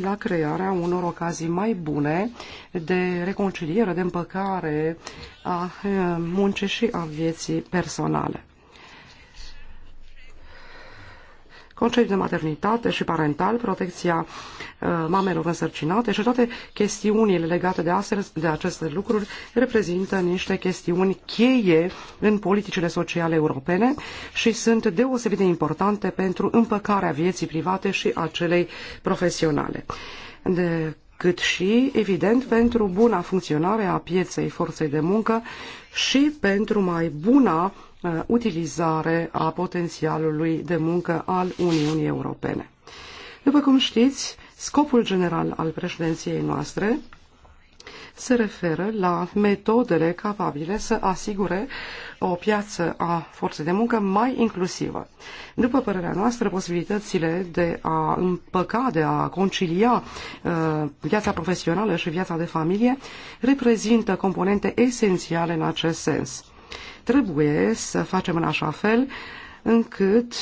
la crearea unor ocazii mai bune de reconciliere, de împăcare a eh, muncii și a vieții personale. concediul de maternitate și parental, protecția uh, mamelor însărcinate și toate chestiunile legate de, de aceste lucruri reprezintă niște chestiuni cheie în politicile sociale europene și sunt deosebit de importante pentru împăcarea vieții private și a celei profesionale. De cât și, evident, pentru buna funcționare a pieței forței de muncă și pentru mai buna Uh, utilizare a potențialului de muncă al Uniunii Europene. După cum știți, scopul general al președinției noastre se referă la metodele capabile să asigure o piață a forței de muncă mai inclusivă. După părerea noastră, posibilitățile de a împăca, de a concilia uh, viața profesională și viața de familie reprezintă componente esențiale în acest sens. Trebuie să facem în așa fel încât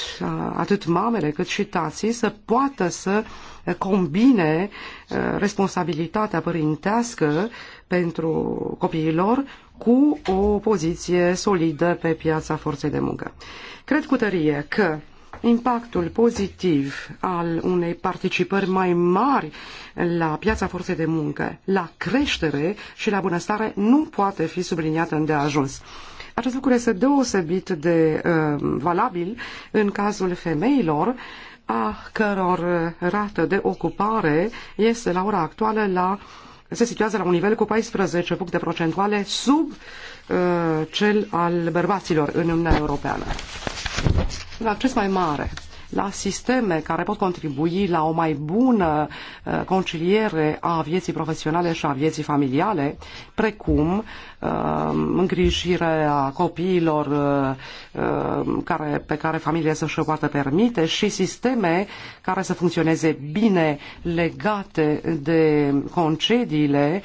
atât mamele cât și tații să poată să combine responsabilitatea părintească pentru copiilor cu o poziție solidă pe piața forței de muncă. Cred cu tărie că impactul pozitiv al unei participări mai mari la piața forței de muncă, la creștere și la bunăstare nu poate fi subliniat îndeajuns. Acest lucru este deosebit de uh, valabil în cazul femeilor, a căror rată de ocupare este la ora actuală la se situează la un nivel cu 14 puncte procentuale sub uh, cel al bărbaților în Uniunea Europeană. La acces mai mare la sisteme care pot contribui la o mai bună uh, conciliere a vieții profesionale și a vieții familiale, precum uh, îngrijirea copiilor uh, care, pe care familia să-și o poată permite și sisteme care să funcționeze bine legate de concediile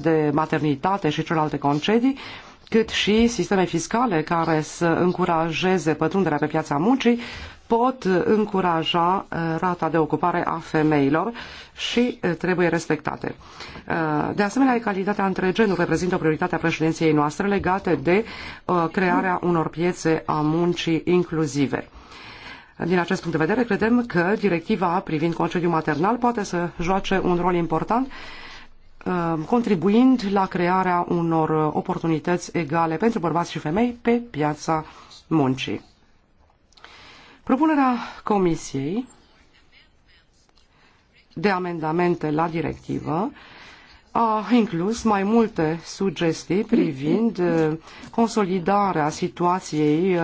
de maternitate și celelalte concedii, cât și sisteme fiscale care să încurajeze pătrunderea pe piața muncii pot încuraja uh, rata de ocupare a femeilor și uh, trebuie respectate. Uh, de asemenea, egalitatea între genuri reprezintă prioritatea președinției noastre legate de crearea unor piețe a muncii inclusive. Din acest punct de vedere, credem că directiva privind concediul maternal poate să joace un rol important contribuind la crearea unor oportunități egale pentru bărbați și femei pe piața muncii. Propunerea Comisiei de amendamente la directivă a inclus mai multe sugestii privind uh, consolidarea situației uh,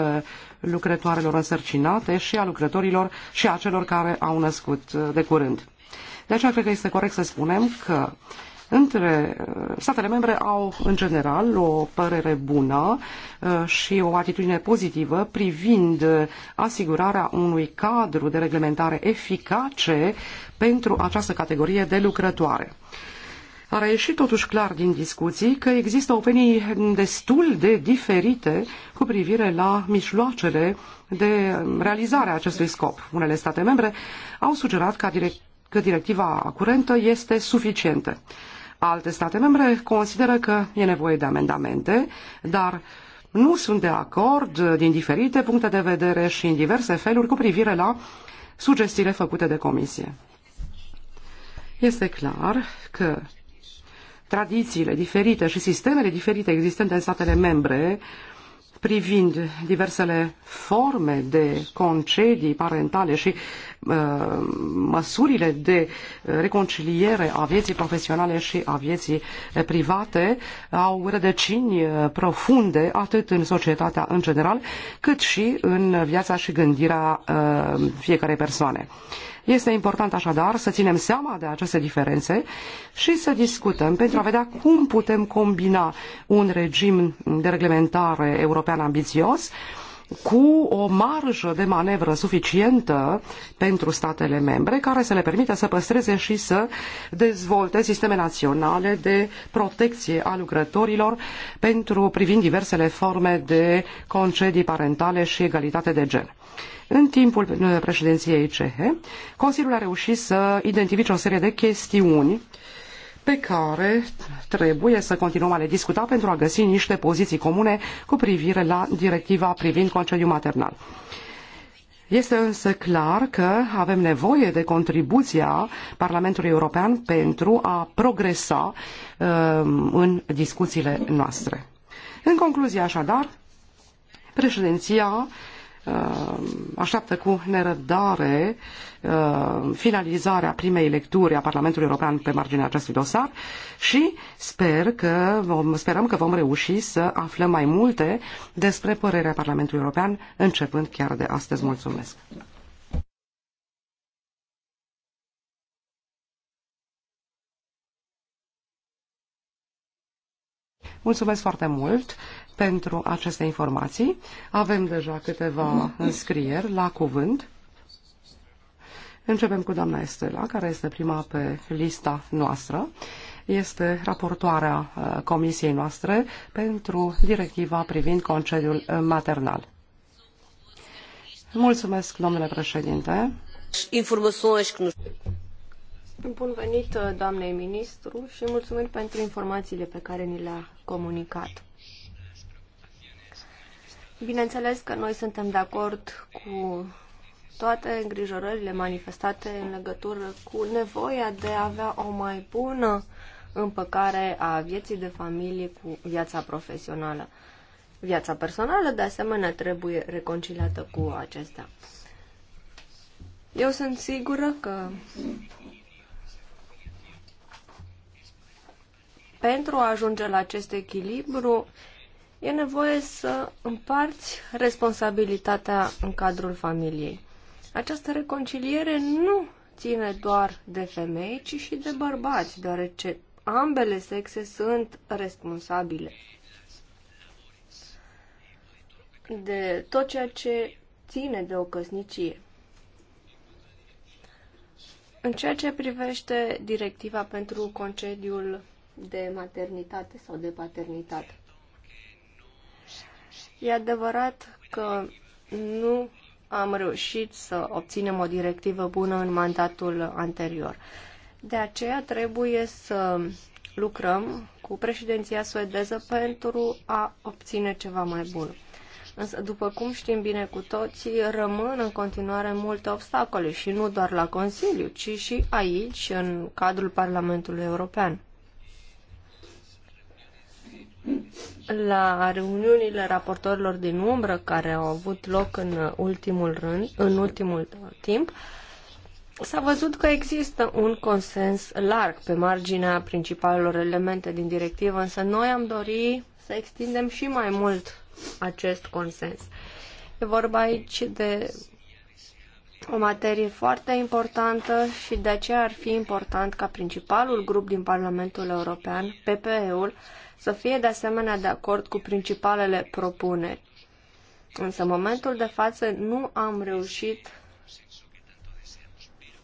lucrătoarelor însărcinate și a lucrătorilor și a celor care au născut uh, de curând. De aceea cred că este corect să spunem că uh, între uh, statele membre au, în general, o părere bună uh, și o atitudine pozitivă privind asigurarea unui cadru de reglementare eficace pentru această categorie de lucrătoare. A reieșit totuși clar din discuții că există opinii destul de diferite cu privire la mijloacele de realizare a acestui scop. Unele state membre au sugerat ca direct, că directiva curentă este suficientă. Alte state membre consideră că e nevoie de amendamente, dar nu sunt de acord din diferite puncte de vedere și în diverse feluri cu privire la sugestiile făcute de comisie. Este clar că tradițiile diferite și sistemele diferite existente în statele membre privind diversele forme de concedii parentale și Uh, măsurile de reconciliere a vieții profesionale și a vieții private au rădăcini uh, profunde atât în societatea în general cât și în viața și gândirea uh, fiecarei persoane. Este important așadar să ținem seama de aceste diferențe și să discutăm pentru a vedea cum putem combina un regim de reglementare european ambițios uh, cu o marjă de manevră suficientă pentru statele membre care să le permită să păstreze și să dezvolte sisteme naționale de protecție a lucrătorilor pentru privind diversele forme de concedii parentale și egalitate de gen. În timpul președinției cehe, Consiliul a reușit să identifice o serie de chestiuni pe care trebuie să continuăm a le discuta pentru a găsi niște poziții comune cu privire la directiva privind concediul maternal. Este însă clar că avem nevoie de contribuția Parlamentului European pentru a progresa um, în discuțiile noastre. În concluzie, așadar, președinția Uh, așteaptă cu nerăbdare uh, finalizarea primei lecturi a Parlamentului European pe marginea acestui dosar și sper că vom, sperăm că vom reuși să aflăm mai multe despre părerea Parlamentului European începând chiar de astăzi. Mulțumesc! Mulțumesc foarte mult pentru aceste informații. Avem deja câteva înscrieri la cuvânt. Începem cu doamna Estela, care este prima pe lista noastră. Este raportoarea uh, comisiei noastre pentru directiva privind concediul uh, maternal. Mulțumesc, domnule președinte. Bun venit, uh, doamnei ministru, și mulțumim pentru informațiile pe care ni le-a comunicat. Bineînțeles că noi suntem de acord cu toate îngrijorările manifestate în legătură cu nevoia de a avea o mai bună împăcare a vieții de familie cu viața profesională. Viața personală, de asemenea, trebuie reconciliată cu acestea. Eu sunt sigură că pentru a ajunge la acest echilibru, e nevoie să împarți responsabilitatea în cadrul familiei. Această reconciliere nu ține doar de femei, ci și de bărbați, deoarece ambele sexe sunt responsabile de tot ceea ce ține de o căsnicie. În ceea ce privește directiva pentru concediul de maternitate sau de paternitate, E adevărat că nu am reușit să obținem o directivă bună în mandatul anterior. De aceea trebuie să lucrăm cu președinția suedeză pentru a obține ceva mai bun. Însă, după cum știm bine cu toții, rămân în continuare multe obstacole și nu doar la Consiliu, ci și aici, în cadrul Parlamentului European la reuniunile raportorilor din umbră care au avut loc în ultimul rând, în ultimul timp, s-a văzut că există un consens larg pe marginea principalelor elemente din directivă, însă noi am dori să extindem și mai mult acest consens. E vorba aici de o materie foarte importantă și de aceea ar fi important ca principalul grup din Parlamentul European, PPE-ul, să fie de asemenea de acord cu principalele propuneri. Însă, în momentul de față, nu am reușit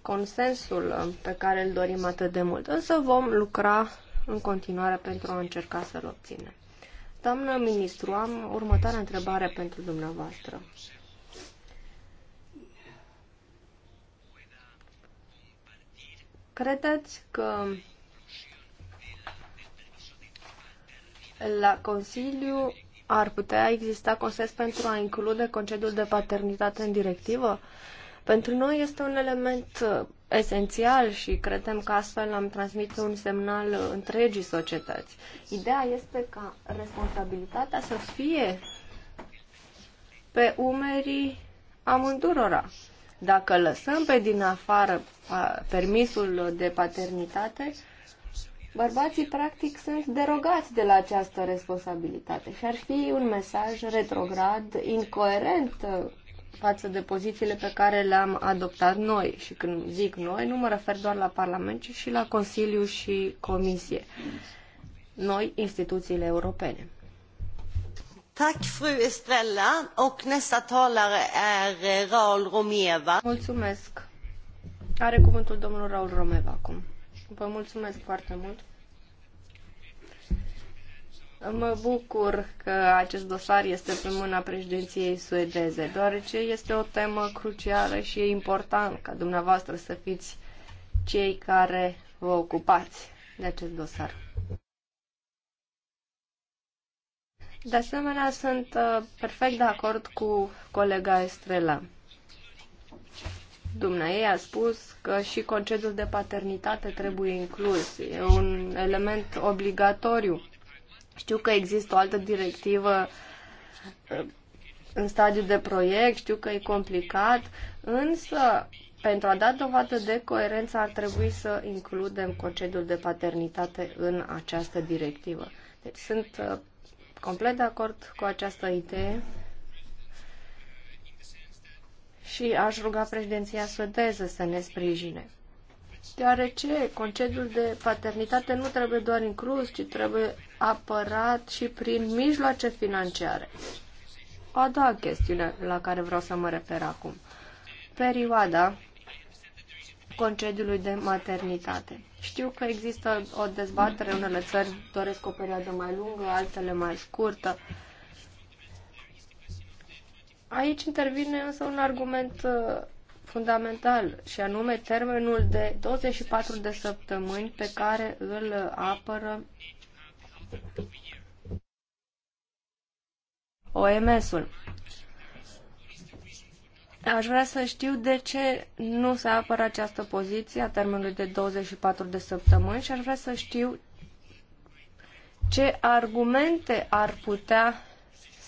consensul pe care îl dorim atât de mult, însă vom lucra în continuare pentru a încerca să-l obținem. Doamnă ministru, am următoarea întrebare pentru dumneavoastră. Credeți că la Consiliu ar putea exista consens pentru a include concediul de paternitate în directivă? Pentru noi este un element uh, esențial și credem că astfel am transmite un semnal uh, întregii societăți. Ideea este ca responsabilitatea să fie pe umerii amândurora. Dacă lăsăm pe din afară uh, permisul de paternitate, bărbații practic sunt derogați de la această responsabilitate și ar fi un mesaj retrograd, incoerent uh, față de pozițiile pe care le-am adoptat noi. Și când zic noi, nu mă refer doar la Parlament, ci și la Consiliu și Comisie. Noi, instituțiile europene. Tak, fru Estrella och nästa talare är eh, Raul Romeva. Mulțumesc. Are cuvântul domnul Raul Romeva acum. Vă mulțumesc foarte mult. Mă bucur că acest dosar este pe mâna președinției suedeze, deoarece este o temă crucială și e important ca dumneavoastră să fiți cei care vă ocupați de acest dosar. De asemenea, sunt uh, perfect de acord cu colega Estrela. Dumnezeu a spus că și concediul de paternitate trebuie inclus. E un element obligatoriu. Știu că există o altă directivă uh, în stadiu de proiect, știu că e complicat, însă pentru a da dovadă de coerență ar trebui să includem concediul de paternitate în această directivă. Deci sunt uh, complet de acord cu această idee și aș ruga președinția suedeză să ne sprijine. Deoarece concediul de paternitate nu trebuie doar inclus, ci trebuie apărat și prin mijloace financiare. a doua chestiune la care vreau să mă refer acum. Perioada concediului de maternitate. Știu că există o dezbatere, unele țări doresc o perioadă mai lungă, altele mai scurtă. Aici intervine însă un argument uh, fundamental și anume termenul de 24 de săptămâni pe care îl apără OMS-ul. Aș vrea să știu de ce nu se apără această poziție a termenului de 24 de săptămâni și aș vrea să știu ce argumente ar putea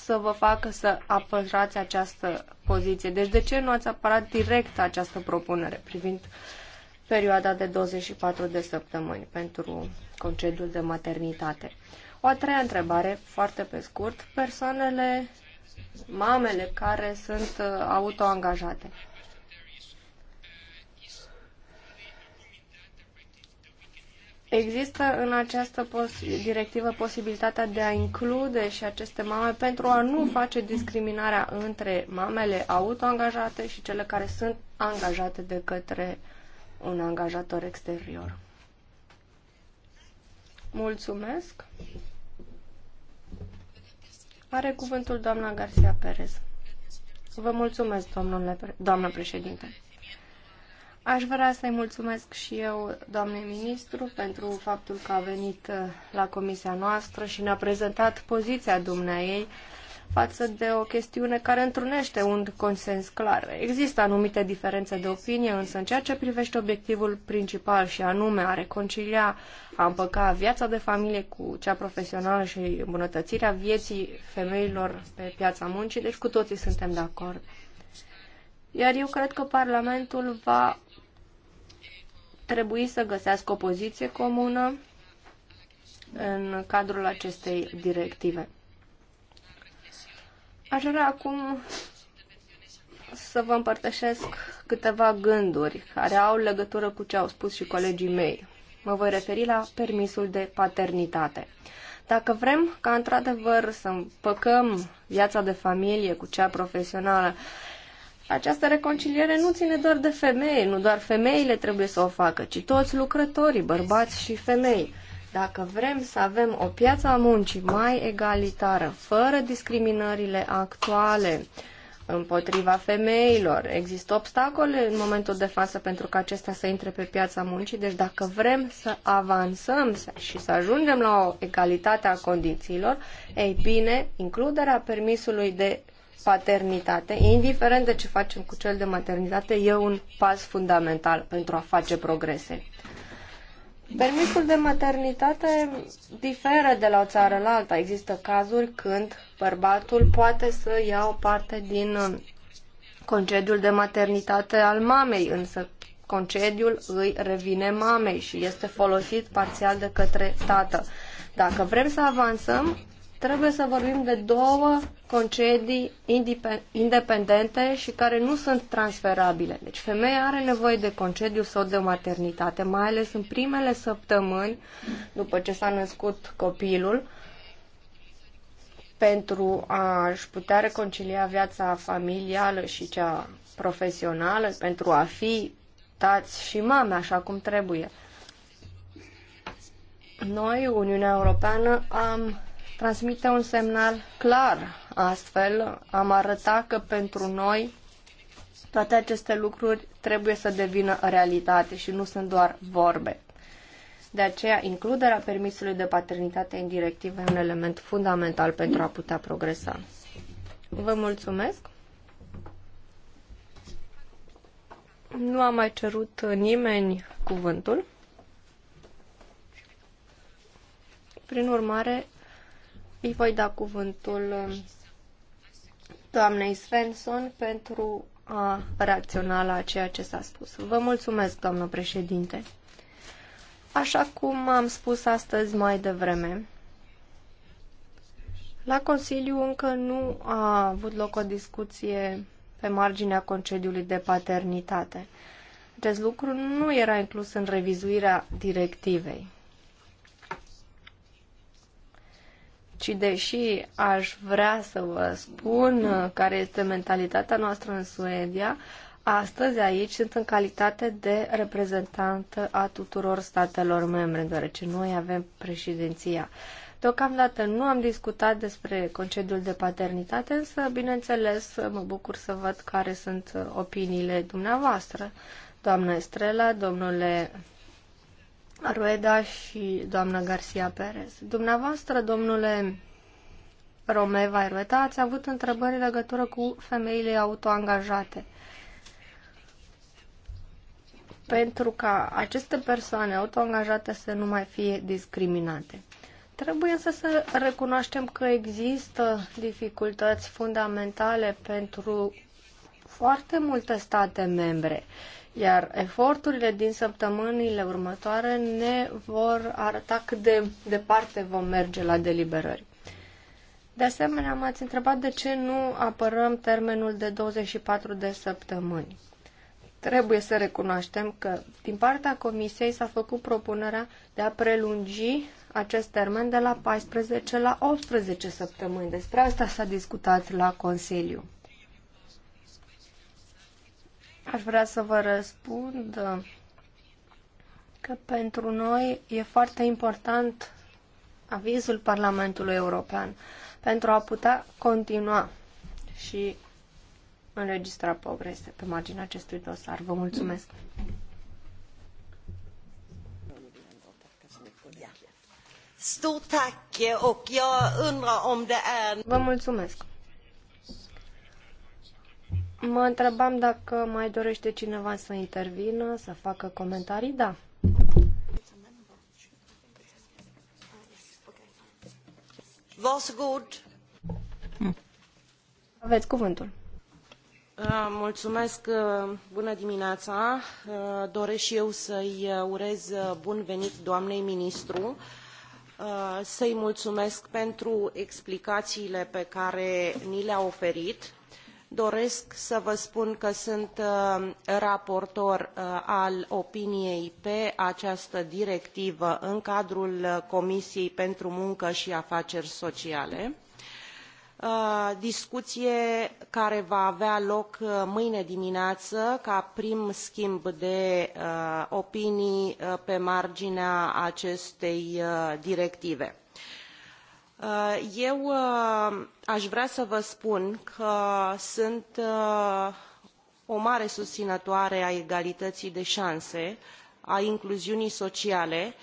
să vă facă să apărați această poziție. Deci de ce nu ați apărat direct această propunere privind perioada de 24 de săptămâni pentru concediul de maternitate? O a treia întrebare, foarte pe scurt, persoanele, mamele care sunt uh, autoangajate. Există în această pos- directivă posibilitatea de a include și aceste mame pentru a nu face discriminarea între mamele autoangajate și cele care sunt angajate de către un angajator exterior. Mulțumesc. Are cuvântul doamna Garcia Perez. Vă mulțumesc, domnule, doamnă președinte. Aș vrea să-i mulțumesc și eu, doamnei ministru, pentru faptul că a venit uh, la comisia noastră și ne-a prezentat poziția dumneaei față de o chestiune care întrunește un consens clar. Există anumite diferențe de opinie, însă în ceea ce privește obiectivul principal și anume a reconcilia, a împăca viața de familie cu cea profesională și îmbunătățirea vieții femeilor pe piața muncii, deci cu toții suntem de acord. Iar eu cred că Parlamentul va trebui să găsească o poziție comună în cadrul acestei directive. Aș vrea acum să vă împărtășesc câteva gânduri care au legătură cu ce au spus și colegii mei. Mă voi referi la permisul de paternitate. Dacă vrem ca într-adevăr să împăcăm viața de familie cu cea profesională, această reconciliere nu ține doar de femei, nu doar femeile trebuie să o facă, ci toți lucrătorii, bărbați și femei. Dacă vrem să avem o piață a muncii mai egalitară, fără discriminările actuale împotriva femeilor, există obstacole în momentul de față pentru ca acestea să intre pe piața muncii, deci dacă vrem să avansăm și să ajungem la o egalitate a condițiilor, ei bine, includerea permisului de paternitate, indiferent de ce facem cu cel de maternitate, e un pas fundamental pentru a face progrese. Permisul de maternitate diferă de la o țară la alta. Există cazuri când bărbatul poate să ia o parte din concediul de maternitate al mamei, însă concediul îi revine mamei și este folosit parțial de către tată. Dacă vrem să avansăm, trebuie să vorbim de două concedii independente și care nu sunt transferabile. Deci femeia are nevoie de concediu sau de maternitate, mai ales în primele săptămâni după ce s-a născut copilul, pentru a-și putea reconcilia viața familială și cea profesională, pentru a fi tați și mame așa cum trebuie. Noi, Uniunea Europeană, am transmite un semnal clar. Astfel am arătat că pentru noi toate aceste lucruri trebuie să devină realitate și nu sunt doar vorbe. De aceea, includerea permisului de paternitate în directivă e un element fundamental pentru a putea progresa. Vă mulțumesc! Nu a mai cerut nimeni cuvântul. Prin urmare, îi voi da cuvântul um, doamnei Svensson pentru a reacționa la ceea ce s-a spus. Vă mulțumesc, doamnă președinte. Așa cum am spus astăzi mai devreme, la Consiliu încă nu a avut loc o discuție pe marginea concediului de paternitate. Acest lucru nu era inclus în revizuirea directivei. ci deși aș vrea să vă spun uh, care este mentalitatea noastră în Suedia, astăzi aici sunt în calitate de reprezentantă a tuturor statelor membre, deoarece noi avem președinția. Deocamdată nu am discutat despre concediul de paternitate, însă, bineînțeles, mă bucur să văd care sunt uh, opiniile dumneavoastră, doamnă Estrela, domnule Rueda și doamna Garcia Perez. Dumneavoastră, domnule Romeva Rueda, ați avut întrebări în legătură cu femeile autoangajate. Pentru ca aceste persoane autoangajate să nu mai fie discriminate. Trebuie însă să recunoaștem că există dificultăți fundamentale pentru foarte multe state membre iar eforturile din săptămânile următoare ne vor arăta cât de departe vom merge la deliberări. De asemenea, m-ați întrebat de ce nu apărăm termenul de 24 de săptămâni. Trebuie să recunoaștem că din partea Comisiei s-a făcut propunerea de a prelungi acest termen de la 14 la 18 săptămâni. Despre asta s-a discutat la Consiliu. Aș vrea să vă răspund că pentru noi e foarte important avizul Parlamentului European pentru a putea continua și înregistra progrese pe marginea acestui dosar. Vă mulțumesc! Vă mulțumesc! Mă întrebam dacă mai dorește cineva să intervină, să facă comentarii. Da. Varsågod. Hmm. Aveți cuvântul. Uh, mulțumesc, uh, bună dimineața. Uh, doresc și eu să-i urez bun venit doamnei ministru să i mulțumesc pentru explicațiile pe care ni le a oferit doresc să vă spun că sunt uh, raportor uh, al opiniei pe această directivă în cadrul uh, comisiei pentru muncă i afaceri sociale discuie care va avea loc mâine dimineaă ca prim schimb de opinii pe marginea acestei directive. Uh, eu uh, aș vrea să vă spun că sunt uh, o mare susținătoare a egalității de șanse, a incluziunii sociale,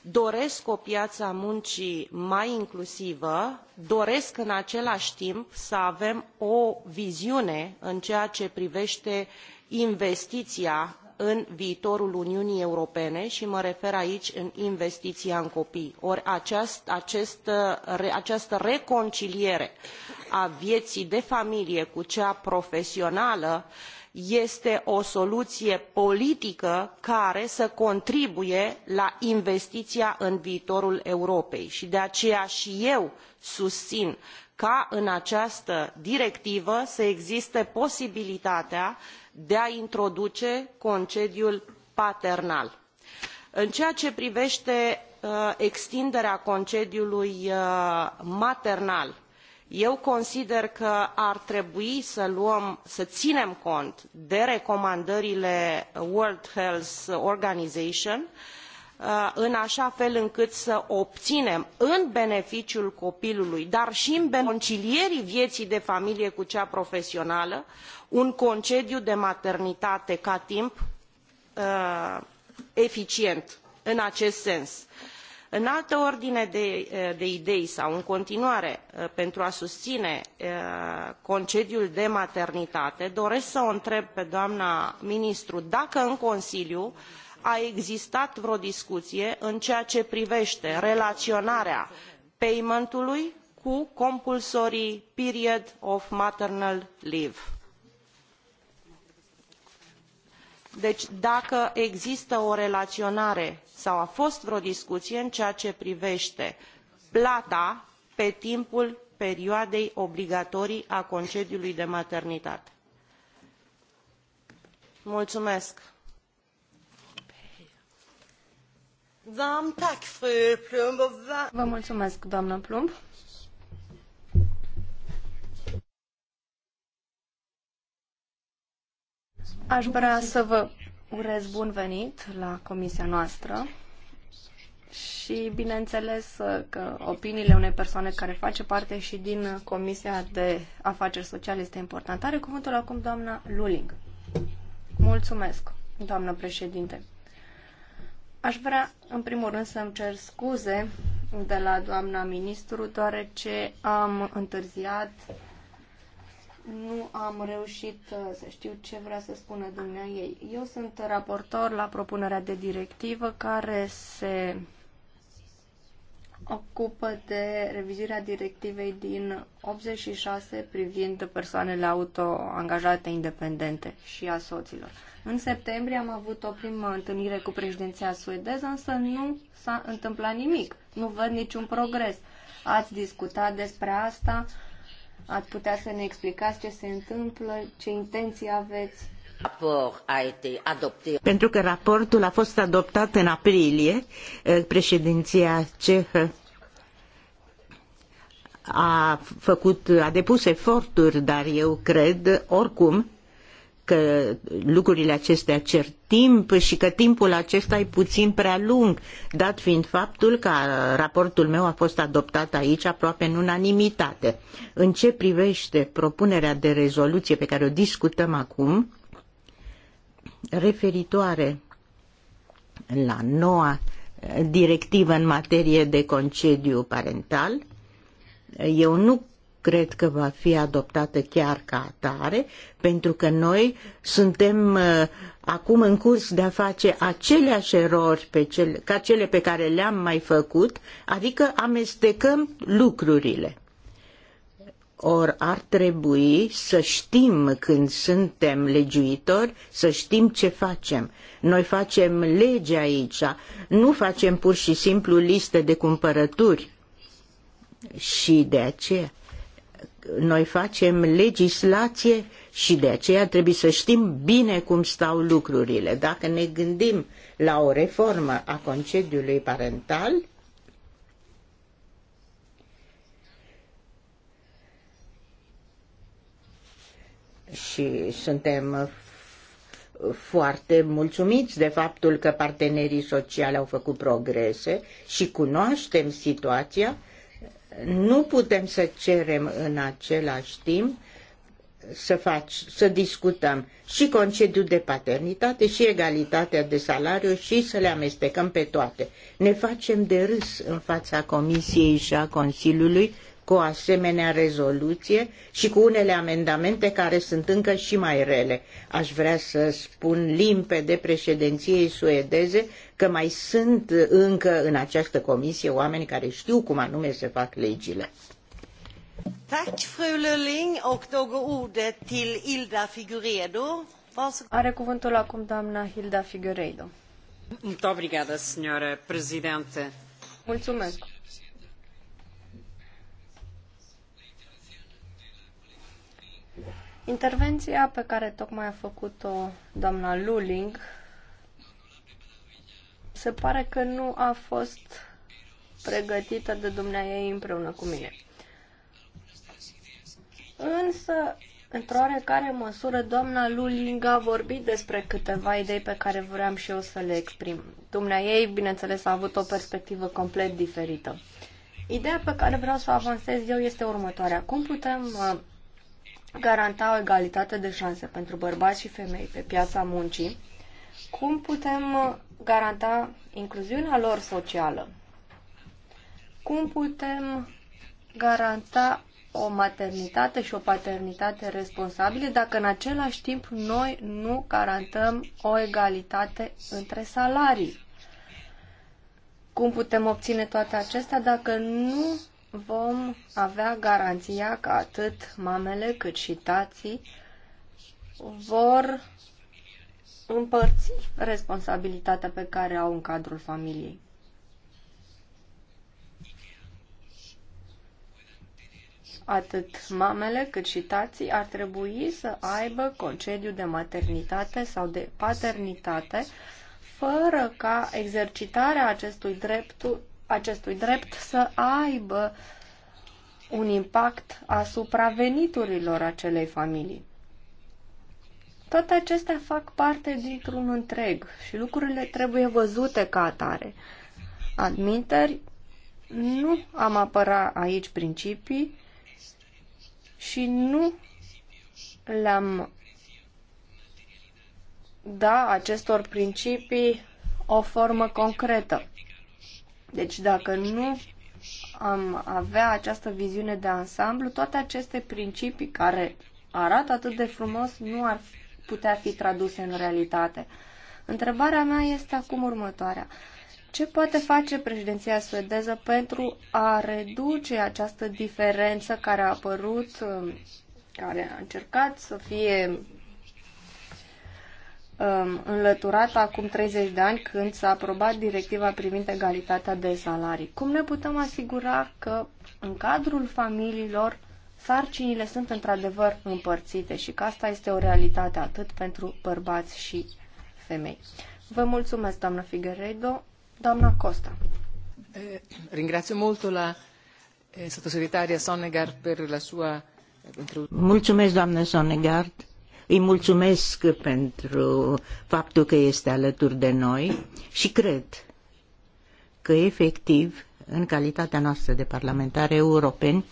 doresc o piaă a muncii mai inclusivă doresc în acelai timp să avem o viziune în ceea ce privete investiia în viitorul uniunii europene i mă refer aici în investiia în copii ori această reconciliere a vieii de familie cu cea profesională este o soluie politică care să contribuie la investiia în viitorul europei i de aceea i eu susin ca în această directivă să existe posibilitatea de a introduce concediul paternal. în ceea ce privete uh, extinderea concediului uh, maternal eu consider că ar trebui să, luăm, să inem cont de recomandările world health organization uh, în aa fel încât să obinem în beneficiul copilului dar i în beneficiul concilierii vieii de familie cu cea profesională un concediu de maternitate ca timp uh, eficient în acest sens. în altă ordine de, uh, de idei sau în continuare uh, pentru a susine concediul de maternitate doresc să o întreb pe doamna ministru dacă în consiliu a existat vreo discuie în ceea ce privete relaionarea paymentului cu compulsory period of maternal leave. deci dacă există o relaionare sau a fost vreo discuie în ceea ce privete plata pe timpul perioadei obligatorii a concediului de maternitate. Mulțumesc. Vă mulțumesc, doamnă Plumb. Aș vrea să vă urez bun venit la comisia noastră și, bineînțeles, că opiniile unei persoane care face parte și din Comisia de Afaceri Sociale este importantă. Are cuvântul acum doamna Luling. Mulțumesc, doamnă președinte. Aș vrea, în primul rând, să-mi cer scuze de la doamna ministru, deoarece am întârziat nu am reușit uh, să știu ce vrea să spună dumnea ei. Eu sunt raportor la propunerea de directivă care se ocupă de revizirea directivei din 86 privind persoanele autoangajate independente și a soților. În septembrie am avut o primă întâlnire cu președinția suedeză, însă nu s-a întâmplat nimic. Nu văd niciun progres. Ați discutat despre asta Ați putea să ne explicați ce se întâmplă, ce intenții aveți? Pentru că raportul a fost adoptat în aprilie, eh, președinția cehă a făcut, a depus eforturi, dar eu cred oricum că lucrurile acestea cer timp și că timpul acesta e puțin prea lung, dat fiind faptul că raportul meu a fost adoptat aici aproape în unanimitate. În ce privește propunerea de rezoluție pe care o discutăm acum, referitoare la noua directivă în materie de concediu parental, eu nu cred că va fi adoptată chiar ca atare, pentru că noi suntem uh, acum în curs de a face aceleași erori pe cele, ca cele pe care le-am mai făcut, adică amestecăm lucrurile. Or ar trebui să știm când suntem legiuitori, să știm ce facem. Noi facem lege aici, nu facem pur și simplu liste de cumpărături. Și de aceea noi facem legislație și de aceea trebuie să știm bine cum stau lucrurile. Dacă ne gândim la o reformă a concediului parental, și suntem foarte mulțumiți de faptul că partenerii sociali au făcut progrese și cunoaștem situația, nu putem să cerem în același timp să, faci, să discutăm și concediul de paternitate și egalitatea de salariu și să le amestecăm pe toate. Ne facem de râs în fața Comisiei și a Consiliului cu o asemenea rezoluție și cu unele amendamente care sunt încă și mai rele. Aș vrea să spun limpede președinției suedeze că mai sunt încă în această comisie oameni care știu cum anume se fac legile. Hilda Are cuvântul acum doamna Hilda Figueiredo. Mulțumesc. Intervenția pe care tocmai a făcut-o doamna Luling se pare că nu a fost pregătită de dumnea ei împreună cu mine. Însă, într-o oarecare măsură, doamna Luling a vorbit despre câteva idei pe care vreau și eu să le exprim. Dumnea ei, bineînțeles, a avut o perspectivă complet diferită. Ideea pe care vreau să o avansez eu este următoarea. Cum putem uh, garanta o egalitate de șanse pentru bărbați și femei pe piața muncii, cum putem uh, garanta incluziunea lor socială? Cum putem garanta o maternitate și o paternitate responsabile dacă în același timp noi nu garantăm o egalitate între salarii? Cum putem obține toate acestea dacă nu vom avea garanția că atât mamele cât și tații vor împărți responsabilitatea pe care au în cadrul familiei. Atât mamele cât și tații ar trebui să aibă concediu de maternitate sau de paternitate, fără ca exercitarea acestui dreptul acestui drept să aibă un impact asupra veniturilor acelei familii. Toate acestea fac parte dintr-un întreg și lucrurile trebuie văzute ca atare. Adminteri, nu am apăra aici principii și nu le-am da acestor principii o formă concretă. Deci dacă nu am avea această viziune de ansamblu, toate aceste principii care arată atât de frumos nu ar putea fi traduse în realitate. Întrebarea mea este acum următoarea. Ce poate face președinția suedeză pentru a reduce această diferență care a apărut, um, care a încercat să fie Um, înlăturat acum 30 de ani când s-a aprobat directiva privind egalitatea de salarii. Cum ne putem asigura că în cadrul familiilor sarcinile sunt într-adevăr împărțite și că asta este o realitate atât pentru bărbați și femei. Vă mulțumesc, doamna Figueredo. Doamna Costa. Eh, ringrazio molto la eh, sottosegretaria Sonnegar per la sua eh, Mulțumesc, doamnă Sonnegar îi mulțumesc pentru faptul că este alături de noi și cred că efectiv, în calitatea noastră de parlamentare europeni,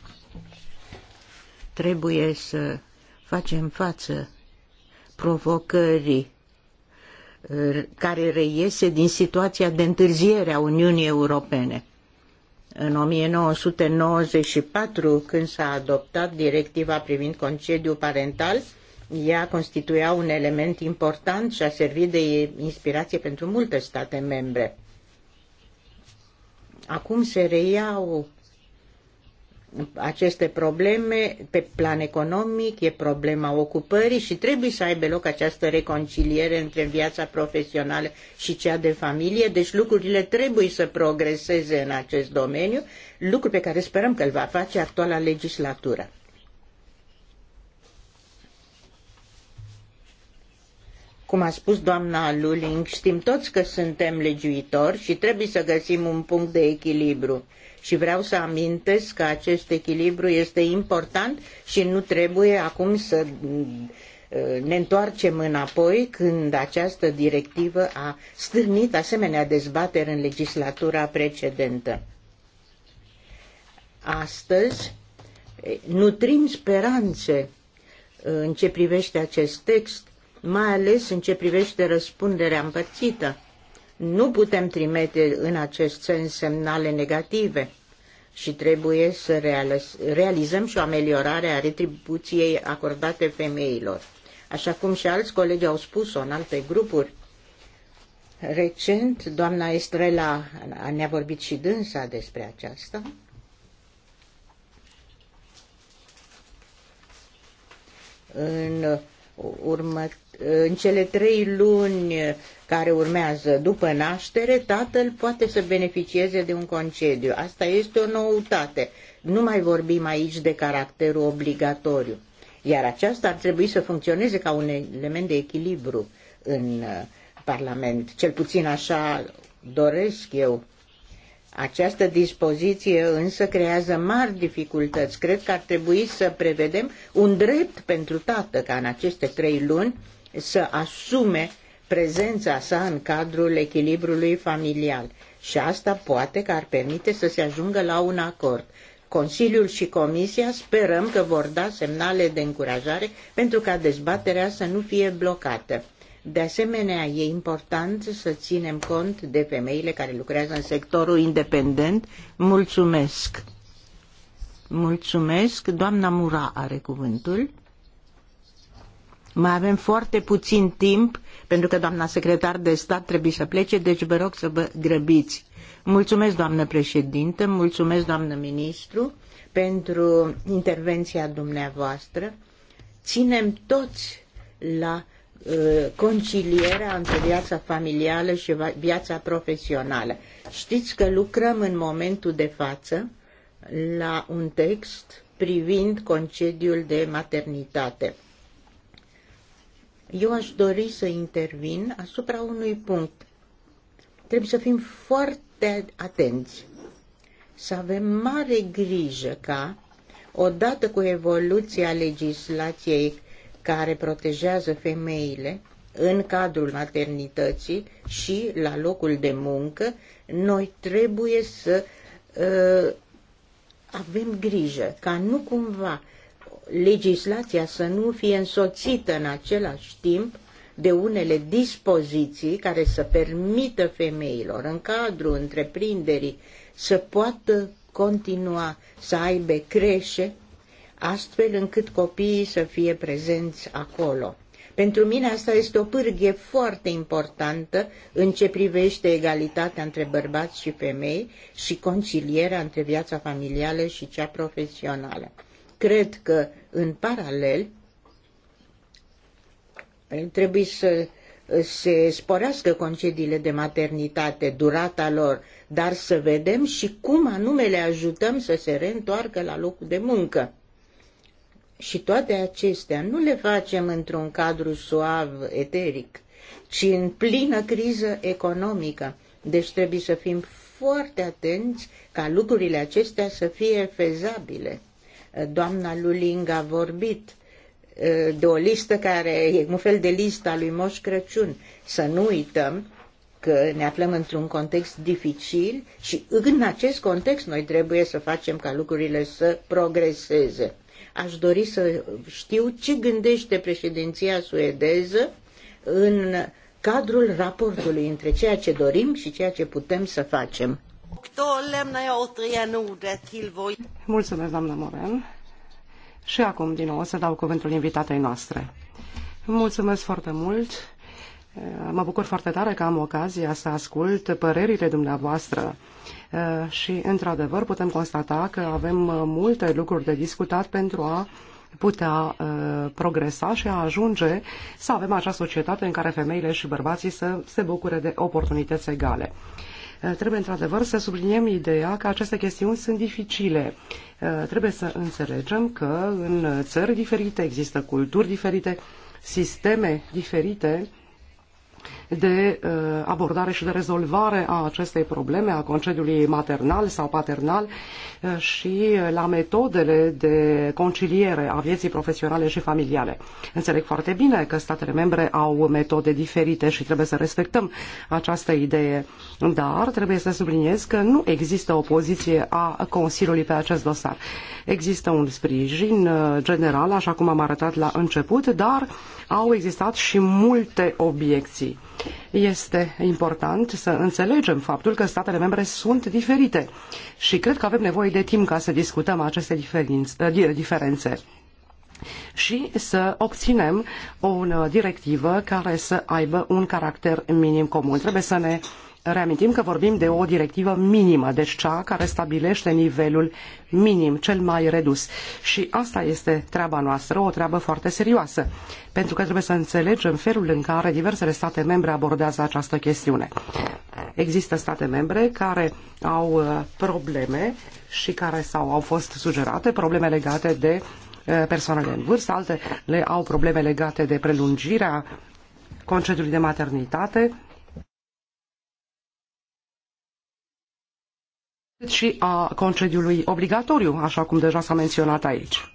trebuie să facem față provocării uh, care reiese din situația de întârziere a Uniunii Europene. În 1994, când s-a adoptat directiva privind concediul parental, ea constituia un element important și a servit de inspirație pentru multe state membre. Acum se reiau aceste probleme pe plan economic, e problema ocupării și trebuie să aibă loc această reconciliere între viața profesională și cea de familie, deci lucrurile trebuie să progreseze în acest domeniu, lucru pe care sperăm că îl va face actuala legislatură. Cum a spus doamna Luling, știm toți că suntem legiuitori și trebuie să găsim un punct de echilibru. Și vreau să amintesc că acest echilibru este important și nu trebuie acum să uh, ne întoarcem înapoi când această directivă a stârnit asemenea dezbateri în legislatura precedentă. Astăzi eh, nutrim speranțe uh, în ce privește acest text mai ales în ce privește răspunderea împărțită. Nu putem trimite în acest sens semnale negative și trebuie să realizăm și o ameliorare a retribuției acordate femeilor. Așa cum și alți colegi au spus-o în alte grupuri, recent doamna Estrela ne-a vorbit și dânsa despre aceasta, în următ în cele trei luni care urmează după naștere, tatăl poate să beneficieze de un concediu. Asta este o noutate. Nu mai vorbim aici de caracterul obligatoriu. Iar aceasta ar trebui să funcționeze ca un element de echilibru în uh, Parlament. Cel puțin așa doresc eu. Această dispoziție însă creează mari dificultăți. Cred că ar trebui să prevedem un drept pentru tată ca în aceste trei luni să asume prezența sa în cadrul echilibrului familial și asta poate că ar permite să se ajungă la un acord. Consiliul și Comisia sperăm că vor da semnale de încurajare pentru ca dezbaterea să nu fie blocată. De asemenea, e important să ținem cont de femeile care lucrează în sectorul independent. Mulțumesc! Mulțumesc! Doamna Mura are cuvântul. Mai avem foarte puțin timp, pentru că doamna secretar de stat trebuie să plece, deci vă rog să vă grăbiți. Mulțumesc, doamnă președintă, mulțumesc, doamnă ministru, pentru intervenția dumneavoastră. Ținem toți la uh, concilierea între viața familială și viața profesională. Știți că lucrăm în momentul de față la un text privind concediul de maternitate. Eu aș dori să intervin asupra unui punct. Trebuie să fim foarte atenți, să avem mare grijă ca, odată cu evoluția legislației care protejează femeile în cadrul maternității și la locul de muncă, noi trebuie să uh, avem grijă ca nu cumva legislația să nu fie însoțită în același timp de unele dispoziții care să permită femeilor în cadrul întreprinderii să poată continua să aibă creșe, astfel încât copiii să fie prezenți acolo. Pentru mine asta este o pârghie foarte importantă în ce privește egalitatea între bărbați și femei și concilierea între viața familială și cea profesională. Cred că în paralel trebuie să se sporească concediile de maternitate, durata lor, dar să vedem și cum anume le ajutăm să se reîntoarcă la locul de muncă. Și toate acestea nu le facem într-un cadru suav, eteric, ci în plină criză economică. Deci trebuie să fim foarte atenți ca lucrurile acestea să fie fezabile. Doamna Luling a vorbit eh, de o listă care e un fel de listă a lui Moș Crăciun. Să nu uităm că ne aflăm într-un context dificil și în acest context noi trebuie să facem ca lucrurile să progreseze. Aș dori să știu ce gândește președinția suedeză în cadrul raportului între ceea ce dorim și ceea ce putem să facem. Mulțumesc, doamna Moren. Și acum, din nou, să dau cuvântul invitatei noastre. Mulțumesc foarte mult. Mă bucur foarte tare că am ocazia să ascult părerile dumneavoastră și, într-adevăr, putem constata că avem multe lucruri de discutat pentru a putea uh, progresa și a ajunge să avem acea societate în care femeile și bărbații să se bucure de oportunități egale. Eh, trebuie într-adevăr să subliniem ideea că aceste chestiuni sunt dificile. Eh, trebuie să înțelegem că în țări diferite există culturi diferite, sisteme diferite de uh, abordare și de rezolvare a acestei probleme, a concediului maternal sau paternal uh, și la metodele de conciliere a vieții profesionale și familiale. Înțeleg foarte bine că statele membre au metode diferite și trebuie să respectăm această idee, dar trebuie să subliniez că nu există o poziție a Consiliului pe acest dosar. Există un sprijin uh, general, așa cum am arătat la început, dar au existat și multe obiecții. Este important să înțelegem faptul că statele membre sunt diferite și cred că avem nevoie de timp ca să discutăm aceste eh, diferențe și să obținem o eh, directivă care să aibă un caracter minim comun. Trebuie să ne reamintim că vorbim de o directivă minimă, deci cea care stabilește nivelul minim, cel mai redus. Și asta este treaba noastră, o treabă foarte serioasă, pentru că trebuie să înțelegem felul în care diversele state membre abordează această chestiune. Există state membre care au uh, probleme și care sau au fost sugerate probleme legate de uh, persoanele în vârstă, altele au probleme legate de prelungirea concediului de maternitate, cât și a concediului obligatoriu, așa cum deja s-a menționat aici.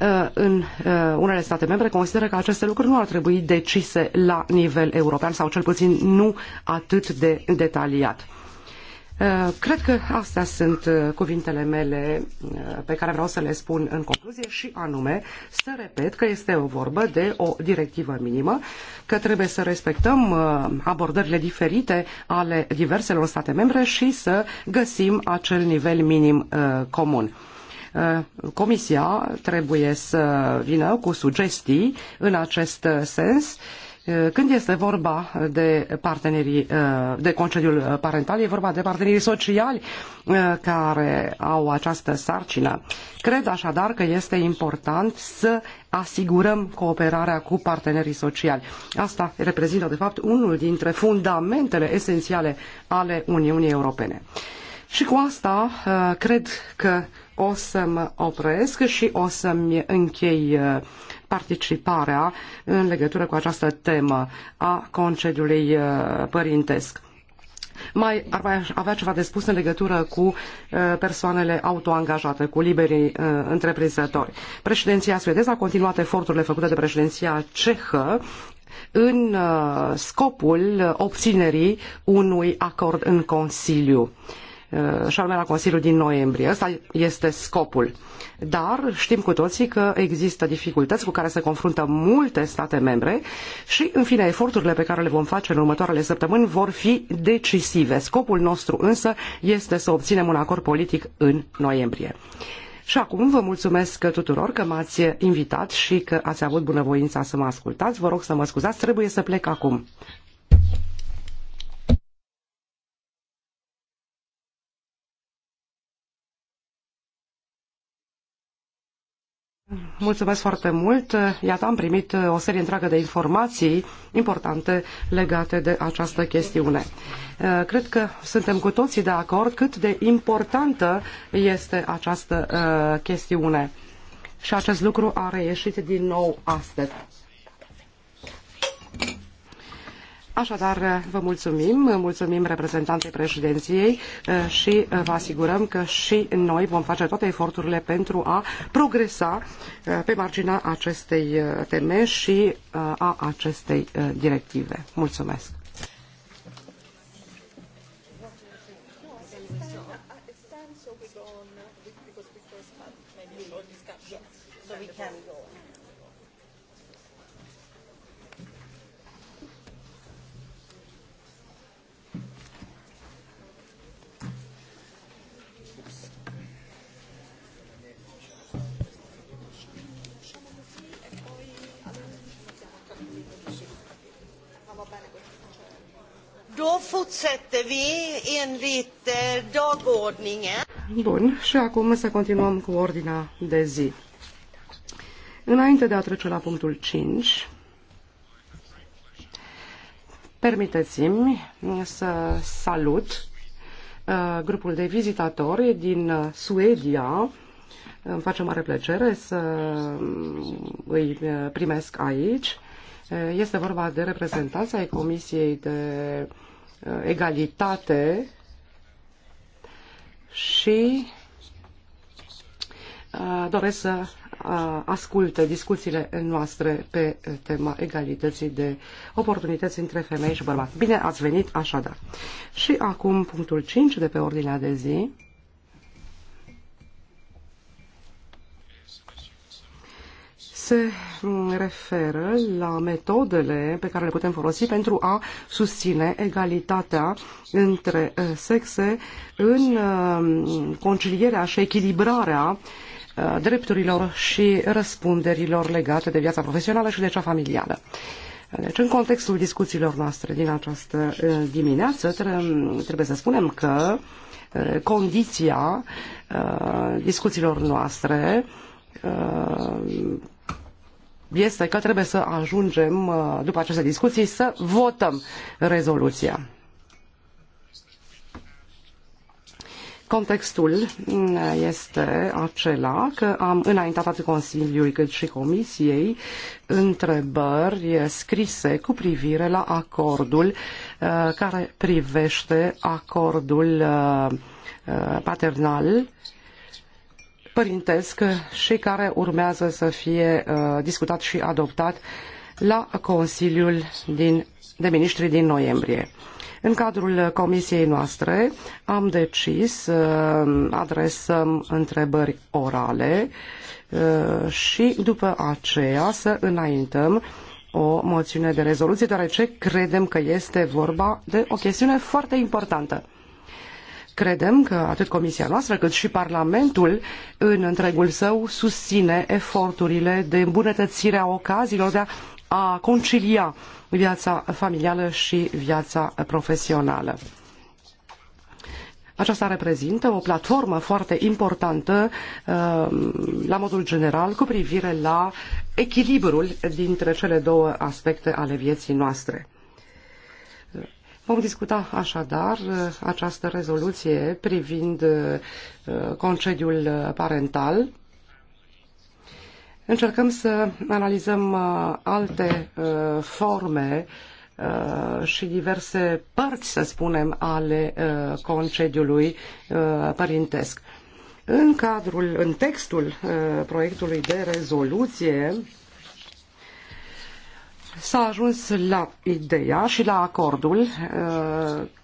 Uh, în uh, unele state membre consideră că aceste lucruri nu ar trebui decise la nivel european sau cel puțin nu atât de detaliat. Uh, cred că astea sunt uh, cuvintele mele uh, pe care vreau să le spun în concluzie și anume să repet că este o vorbă de o directivă minimă, că trebuie să respectăm abordările diferite ale diverselor state membre și să găsim acel nivel minim comun. Comisia trebuie să vină cu sugestii în acest sens Eh, când este vorba de, partenerii, eh, de concediul parental, e vorba de partenerii sociali eh, care au această sarcină. Cred așadar că este important să asigurăm cooperarea cu partenerii sociali. Asta reprezintă, de fapt, unul dintre fundamentele esențiale ale Uniunii Europene. Și cu asta cred că o să mă opresc și o să-mi închei participarea în legătură cu această temă a concediului uh, părintesc mai ar mai avea ceva de spus în legătură cu uh, persoanele autoangajate, cu liberii uh, întreprinzători. Președinția suedeză a continuat eforturile făcute de președinția cehă în scopul obținerii unui acord în Consiliu. Eh, anume la Consiliul din noiembrie. Asta este scopul. Dar știm cu toții că există dificultăți cu care se confruntă multe state membre și, în fine, eforturile pe care le vom face în următoarele săptămâni vor fi decisive. Scopul nostru însă este să obținem un acord politic în noiembrie. Și acum vă mulțumesc tuturor că m-ați invitat și că ați avut bunăvoința să mă ascultați. Vă rog să mă scuzați, trebuie să plec acum. Mulțumesc foarte mult. Iată, am primit uh, o serie întreagă de informații importante legate de această chestiune. Uh, cred că suntem cu toții de acord cât de importantă este această uh, chestiune. Și acest lucru a reieșit din nou astăzi. Așadar, vă mulțumim, mulțumim reprezentantei președinției eh, și eh, vă asigurăm că și noi vom face toate eforturile pentru a progresa eh, pe marginea acestei teme și a acestei directive. Mulțumesc! vi enligt eh, dagordningen. Bun, și acum să continuăm cu ordinea de zi. Înainte de a trece la punctul 5, permiteți-mi să salut eh, grupul de vizitatori din eh, Suedia. Îmi face mare plăcere să mm, îi primesc aici. Este vorba de reprezentanța ai Comisiei de Uh, egalitate și uh, doresc să uh, asculte discuțiile noastre pe tema egalității de oportunități între femei și bărbați. Bine ați venit așadar. Și acum punctul 5 de pe ordinea de zi se referă la metodele pe care le putem folosi pentru a susține egalitatea între uh, sexe în uh, concilierea și echilibrarea uh, drepturilor și răspunderilor legate de viața profesională și de cea familială. Deci, în contextul discuțiilor noastre din această dimineață, trebuie să spunem că condiția discuțiilor noastre este că trebuie să ajungem, uh, după aceste discuții, să votăm rezoluția. Contextul mm, este acela că am înaintat atât Consiliului cât și Comisiei întrebări scrise cu privire la acordul uh, care privește acordul uh, paternal părintesc și care urmează să fie uh, discutat și adoptat la Consiliul din, de Ministri din noiembrie. În cadrul comisiei noastre am decis să uh, adresăm întrebări orale uh, și după aceea să înaintăm o moțiune de rezoluție, deoarece credem că este vorba de o chestiune foarte importantă. Credem că atât Comisia noastră cât și Parlamentul în întregul său susține eforturile de îmbunătățire a ocaziilor de a, a concilia viața familială și viața profesională. Aceasta reprezintă o platformă foarte importantă uh, la modul general cu privire la echilibrul dintre cele două aspecte ale vieții noastre. Vom discuta așadar uh, această rezoluție privind uh, concediul uh, parental. Încercăm să analizăm alte forme și diverse părți, să spunem, ale concediului părintesc. În cadrul, în textul proiectului de rezoluție, S-a ajuns la ideea și la acordul uh,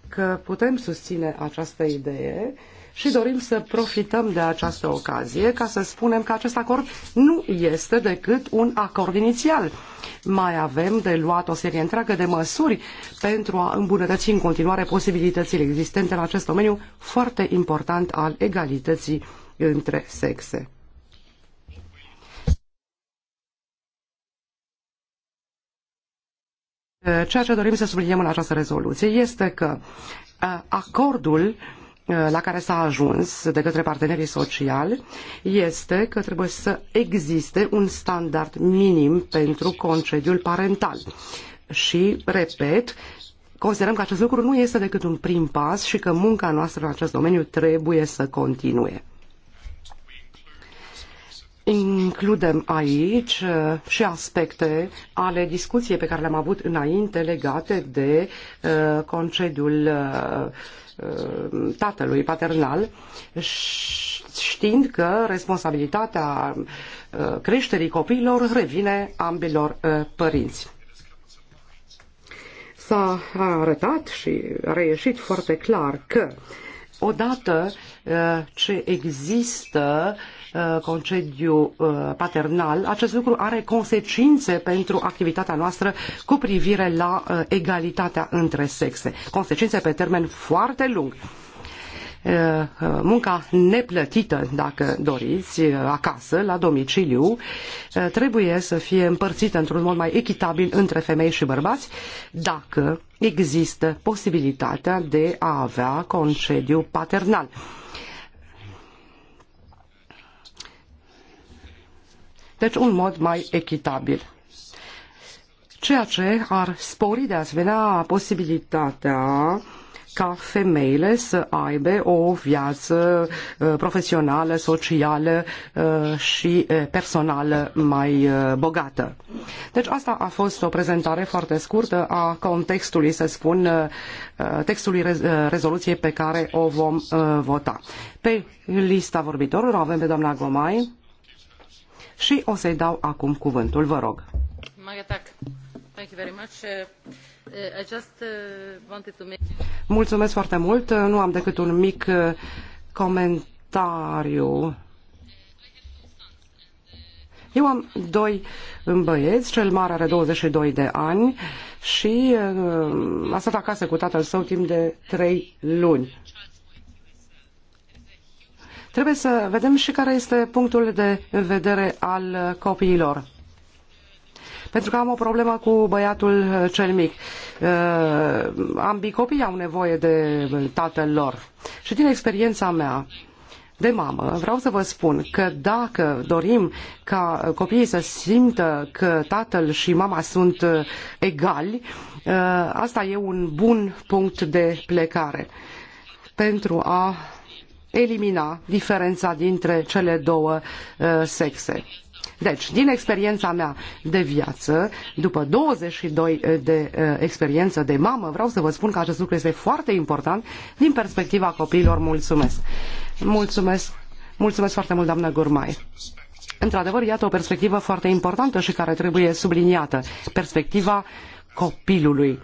că putem susține această idee și dorim să profităm de această ocazie ca să spunem că acest acord nu este decât un acord inițial. Mai avem de luat o serie întreagă de măsuri pentru a îmbunătăți în continuare posibilitățile existente în acest domeniu foarte important al egalității între sexe. Ceea ce dorim să subliniem în această rezoluție este că uh, acordul uh, la care s-a ajuns de către partenerii sociali este că trebuie să existe un standard minim pentru concediul parental. Și, repet, considerăm că acest lucru nu este decât un prim pas și că munca noastră în acest domeniu trebuie să continue. Includem aici uh, și aspecte ale discuției pe care le-am avut înainte legate de uh, concediul uh, tatălui paternal, știind că responsabilitatea creșterii copiilor revine ambilor părinți. S-a arătat și a reieșit foarte clar că odată ce există uh, Uh, concediu uh, paternal, acest lucru are consecințe pentru activitatea noastră cu privire la uh, egalitatea între sexe. Consecințe pe termen foarte lung munca neplătită, dacă doriți, acasă, la domiciliu, trebuie să fie împărțită într-un mod mai echitabil între femei și bărbați, dacă există posibilitatea de a avea concediu paternal. deci un mod mai echitabil. Ceea ce ar spori de asemenea posibilitatea ca femeile să aibă o viață uh, profesională, socială uh, și uh, personală mai bogată. Deci asta a fost o prezentare foarte scurtă a contextului, să spun, textului rezoluției pe care o vom vota. Pe lista vorbitorilor avem pe doamna Gomai, și o să-i dau acum cuvântul, vă rog. Mulțumesc foarte mult, nu am decât un mic uh, comentariu. Eu am doi băieți, cel mare are 22 de ani și uh, a stat acasă cu tatăl său timp de 3 luni. Trebuie să vedem și care este punctul de vedere al copiilor. Pentru că am o problemă cu băiatul cel mic. Uh, ambii copii au nevoie de tatăl lor. Și din experiența mea, de mamă, vreau să vă spun că dacă dorim ca copiii să simtă că tatăl și mama sunt uh, egali, uh, asta e un bun punct de plecare pentru a elimina diferența dintre cele două uh, sexe. Deci, din experiența mea de viață, după 22 uh, de uh, experiență de mamă, vreau să vă spun că acest lucru este foarte important din perspectiva copiilor. Mulțumesc! Mulțumesc, mulțumesc foarte mult, doamnă Gurmai! Într-adevăr, iată o perspectivă foarte importantă și care trebuie subliniată. Perspectiva copilului.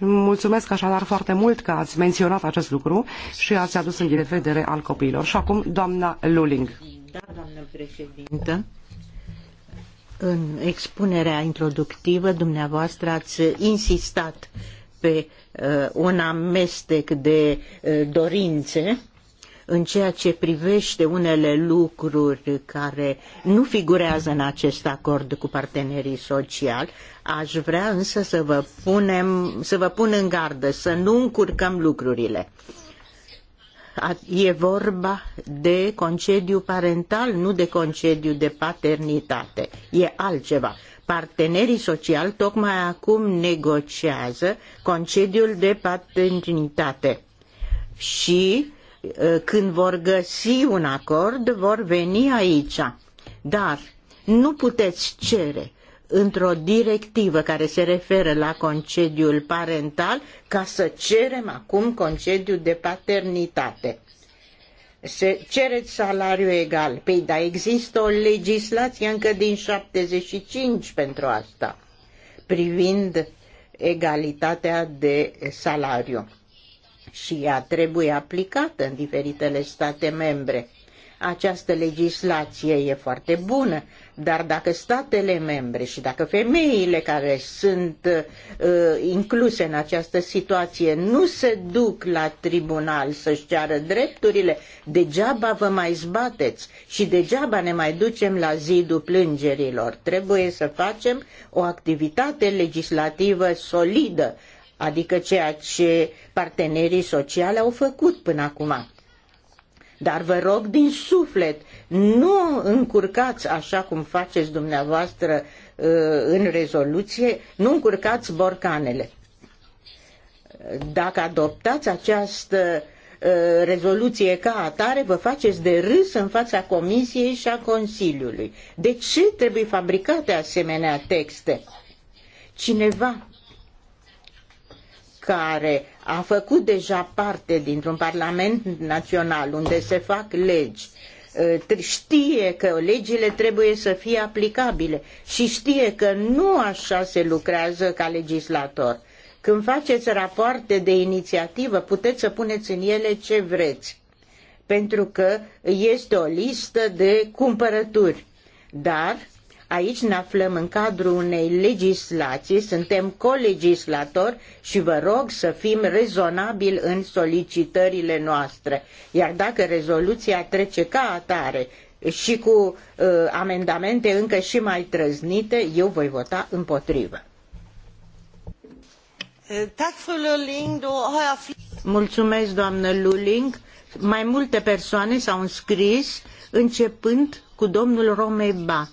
Mulțumesc așadar foarte mult că ați menționat acest lucru și ați adus în vedere al copiilor. Și acum, doamna Luling. Da, doamnă președintă. În expunerea introductivă, dumneavoastră ați insistat pe uh, un amestec de uh, dorințe în ceea ce privește unele lucruri care nu figurează în acest acord cu partenerii sociali, aș vrea însă să vă, punem, să vă pun în gardă, să nu încurcăm lucrurile e vorba de concediu parental, nu de concediu de paternitate. E altceva. Partenerii sociali tocmai acum negociază concediul de paternitate și Eh, când vor găsi un acord, vor veni aici. Dar nu puteți cere într-o directivă care se referă la concediul parental ca să cerem acum concediu de paternitate. Se cereți salariu egal. Păi, dar există o legislație încă din 75 pentru asta, privind egalitatea de salariu și ea trebuie aplicată în diferitele state membre. Această legislație e foarte bună, dar dacă statele membre și dacă femeile care sunt uh, incluse în această situație nu se duc la tribunal să-și ceară drepturile, degeaba vă mai zbateți și degeaba ne mai ducem la zidul plângerilor. Trebuie să facem o activitate legislativă solidă adică ceea ce partenerii sociale au făcut până acum. Dar vă rog din suflet, nu încurcați așa cum faceți dumneavoastră uh, în rezoluție, nu încurcați borcanele. Dacă adoptați această uh, rezoluție ca atare, vă faceți de râs în fața Comisiei și a Consiliului. De ce trebuie fabricate asemenea texte? Cineva care a făcut deja parte dintr-un parlament național unde se fac legi, ă, știe că legile trebuie să fie aplicabile și știe că nu așa se lucrează ca legislator. Când faceți rapoarte de inițiativă, puteți să puneți în ele ce vreți, pentru că este o listă de cumpărături. Dar Aici ne aflăm în cadrul unei legislații, suntem colegislatori și vă rog să fim rezonabili în solicitările noastre. Iar dacă rezoluția trece ca atare și cu uh, amendamente încă și mai trăznite, eu voi vota împotrivă. Mulțumesc, doamnă Luling. Mai multe persoane s-au înscris, începând cu domnul Romeba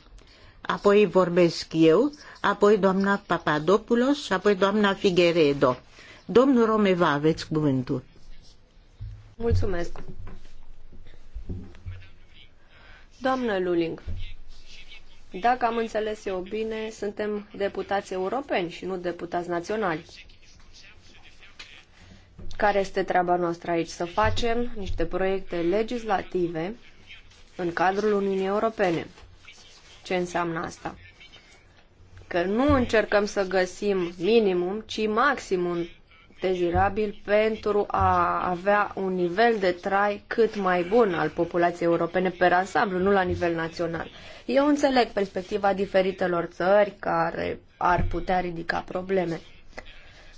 apoi vorbesc eu, apoi doamna Papadopoulos, apoi doamna Figueredo. Domnul Romeva, aveți cuvântul. Mulțumesc. Doamnă Luling, dacă am înțeles eu bine, suntem deputați europeni și nu deputați naționali. Care este treaba noastră aici? Să facem niște proiecte legislative în cadrul Uniunii Europene ce înseamnă asta. Că nu încercăm să găsim minimum, ci maximum dezirabil pentru a avea un nivel de trai cât mai bun al populației europene pe ansamblu, nu la nivel național. Eu înțeleg perspectiva diferitelor țări care ar putea ridica probleme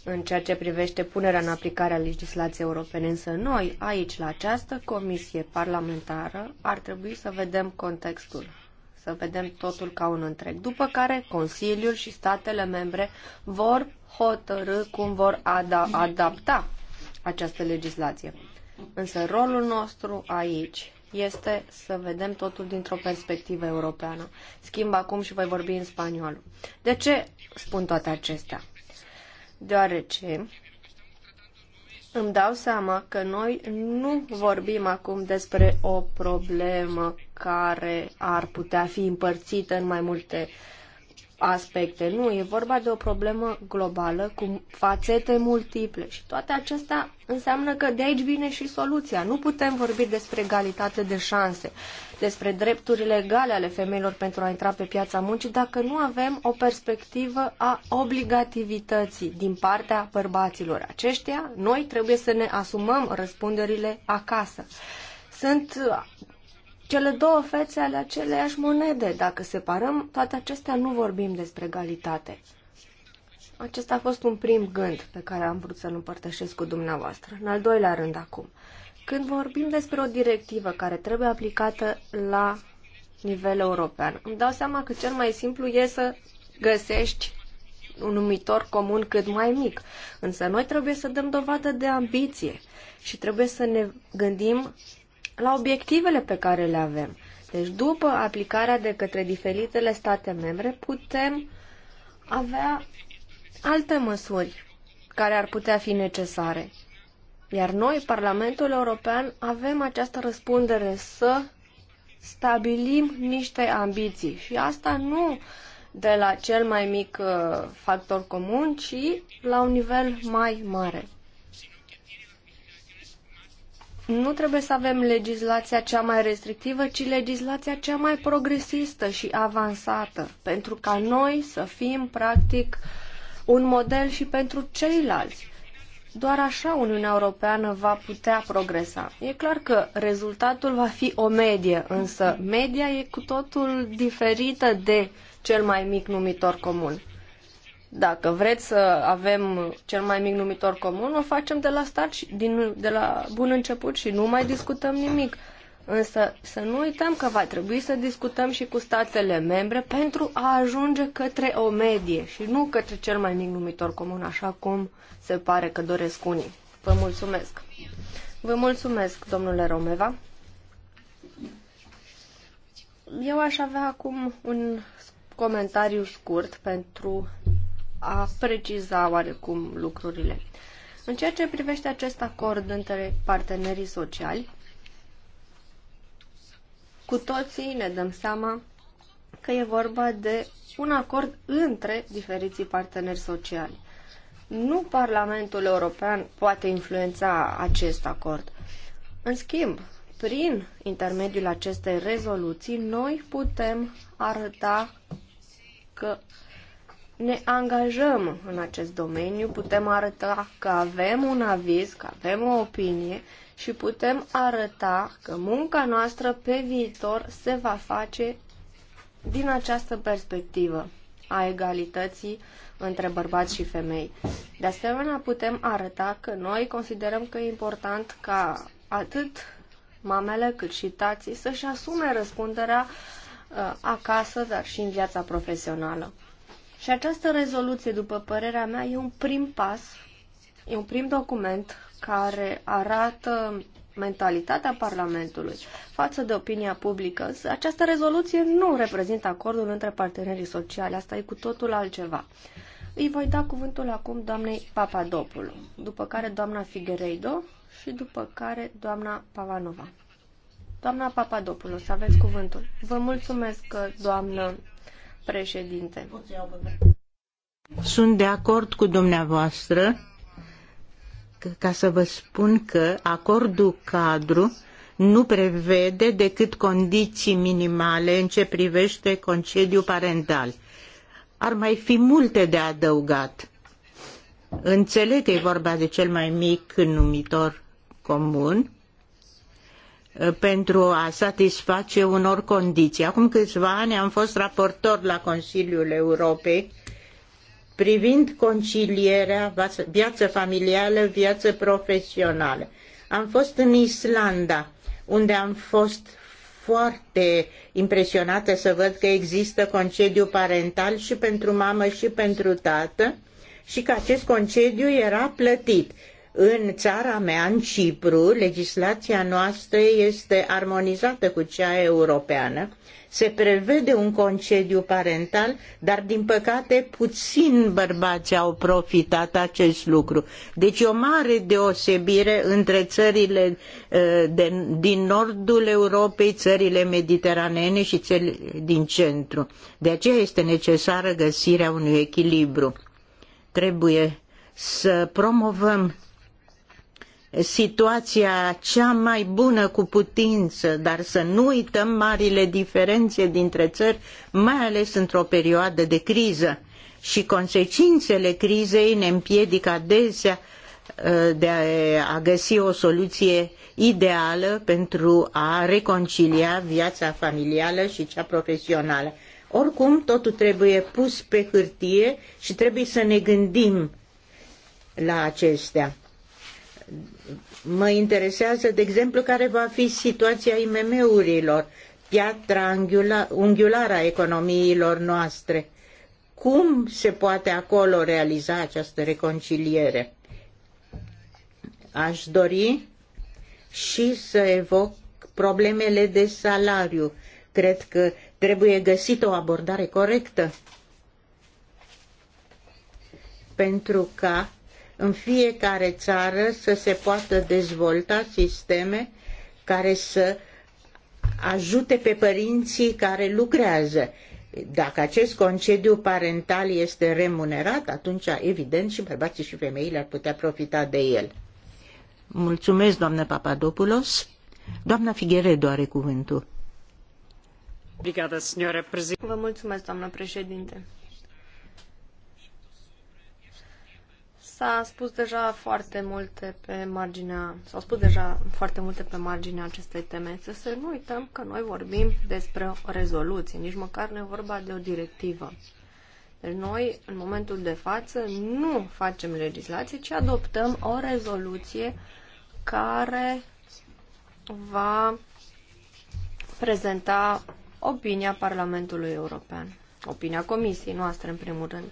în ceea ce privește punerea în aplicare a legislației europene, însă noi, aici, la această comisie parlamentară, ar trebui să vedem contextul să vedem totul ca un întreg. După care Consiliul și statele membre vor hotărâ cum vor ada- adapta această legislație. Însă rolul nostru aici este să vedem totul dintr-o perspectivă europeană. Schimb acum și voi vorbi în spaniol. De ce spun toate acestea? Deoarece îmi dau seama că noi nu vorbim acum despre o problemă care ar putea fi împărțită în mai multe aspecte. Nu, e vorba de o problemă globală cu fațete multiple și toate acestea înseamnă că de aici vine și soluția. Nu putem vorbi despre egalitate de șanse, despre drepturile egale ale femeilor pentru a intra pe piața muncii dacă nu avem o perspectivă a obligativității din partea bărbaților. Aceștia, noi trebuie să ne asumăm răspunderile acasă. Sunt cele două fețe ale aceleiași monede. Dacă separăm toate acestea, nu vorbim despre egalitate. Acesta a fost un prim gând pe care am vrut să-l împărtășesc cu dumneavoastră. În al doilea rând acum, când vorbim despre o directivă care trebuie aplicată la nivel european, îmi dau seama că cel mai simplu e să găsești un numitor comun cât mai mic. Însă noi trebuie să dăm dovadă de ambiție și trebuie să ne gândim la obiectivele pe care le avem. Deci după aplicarea de către diferitele state membre putem avea alte măsuri care ar putea fi necesare. Iar noi, Parlamentul European, avem această răspundere să stabilim niște ambiții și asta nu de la cel mai mic uh, factor comun, ci la un nivel mai mare nu trebuie să avem legislația cea mai restrictivă, ci legislația cea mai progresistă și avansată, pentru ca noi să fim, practic, un model și pentru ceilalți. Doar așa Uniunea Europeană va putea progresa. E clar că rezultatul va fi o medie, însă media e cu totul diferită de cel mai mic numitor comun. Dacă vreți să avem cel mai mic numitor comun, o facem de la start și din, de la bun început și nu mai discutăm nimic. Însă să nu uităm că va trebui să discutăm și cu statele membre pentru a ajunge către o medie și nu către cel mai mic numitor comun, așa cum se pare că doresc unii. Vă mulțumesc! Vă mulțumesc, domnule Romeva. Eu aș avea acum un comentariu scurt pentru a preciza oarecum lucrurile. În ceea ce privește acest acord între partenerii sociali, cu toții ne dăm seama că e vorba de un acord între diferiții parteneri sociali. Nu Parlamentul European poate influența acest acord. În schimb, prin intermediul acestei rezoluții, noi putem arăta că ne angajăm în acest domeniu, putem arăta că avem un aviz, că avem o opinie și putem arăta că munca noastră pe viitor se va face din această perspectivă a egalității între bărbați și femei. De asemenea, putem arăta că noi considerăm că e important ca atât mamele cât și tații să-și asume răspunderea uh, acasă, dar și în viața profesională. Și această rezoluție, după părerea mea, e un prim pas, e un prim document care arată mentalitatea Parlamentului față de opinia publică. Această rezoluție nu reprezintă acordul între partenerii sociali, asta e cu totul altceva. Îi voi da cuvântul acum doamnei Papadopoulou, după care doamna Figueiredo și după care doamna Pavanova. Doamna Papadopoulou, să aveți cuvântul. Vă mulțumesc, doamnă președinte. Sunt de acord cu dumneavoastră ca să vă spun că acordul cadru nu prevede decât condiții minimale în ce privește concediu parental. Ar mai fi multe de adăugat. Înțeleg că e vorba de cel mai mic numitor comun, Uh, pentru a satisface unor condiții. Acum câțiva ani am fost raportor la Consiliul Europei privind concilierea viață familială, viață profesională. Am fost în Islanda, unde am fost foarte impresionată să văd că există concediu parental și pentru mamă și pentru tată și că acest concediu era plătit. În țara mea, în Cipru, legislația noastră este armonizată cu cea europeană, se prevede un concediu parental, dar din păcate puțin bărbați au profitat acest lucru. Deci o mare deosebire între țările eh, de, din nordul Europei, țările mediteranene și țările din centru. De aceea este necesară găsirea unui echilibru. Trebuie să promovăm situația cea mai bună cu putință, dar să nu uităm marile diferențe dintre țări, mai ales într-o perioadă de criză. Și consecințele crizei ne împiedică adesea ă, de a găsi o soluție ideală pentru a reconcilia viața familială și cea profesională. Oricum, totul trebuie pus pe hârtie și trebuie să ne gândim la acestea. Mă interesează, de exemplu, care va fi situația IMM-urilor, piatra unghiulară a economiilor noastre. Cum se poate acolo realiza această reconciliere? Aș dori și să evoc problemele de salariu. Cred că trebuie găsit o abordare corectă pentru ca în fiecare țară să se poată dezvolta sisteme care să ajute pe părinții care lucrează. Dacă acest concediu parental este remunerat, atunci evident și bărbații și femeile ar putea profita de el. Mulțumesc, doamnă Papadopoulos. Doamna Figueredo are cuvântul. Vă mulțumesc, doamnă președinte. S-a spus deja foarte multe pe marginea, s-au spus deja foarte multe pe marginea acestei teme. Să, să nu uităm că noi vorbim despre o rezoluție, nici măcar nu e vorba de o directivă. Deci noi, în momentul de față, nu facem legislație, ci adoptăm o rezoluție care va prezenta opinia Parlamentului European, opinia Comisiei noastre, în primul rând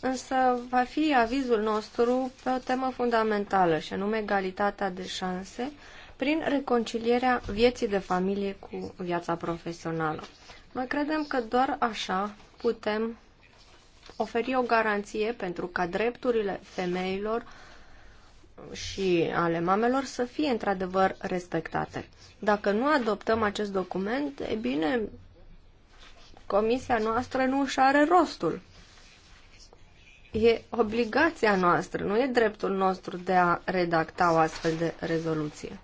însă va fi avizul nostru pe o temă fundamentală, și anume egalitatea de șanse prin reconcilierea vieții de familie cu viața profesională. Noi credem că doar așa putem oferi o garanție pentru ca drepturile femeilor și ale mamelor să fie într-adevăr respectate. Dacă nu adoptăm acest document, e bine, comisia noastră nu își are rostul. E obligația noastră, nu e dreptul nostru de a redacta o astfel de rezoluție.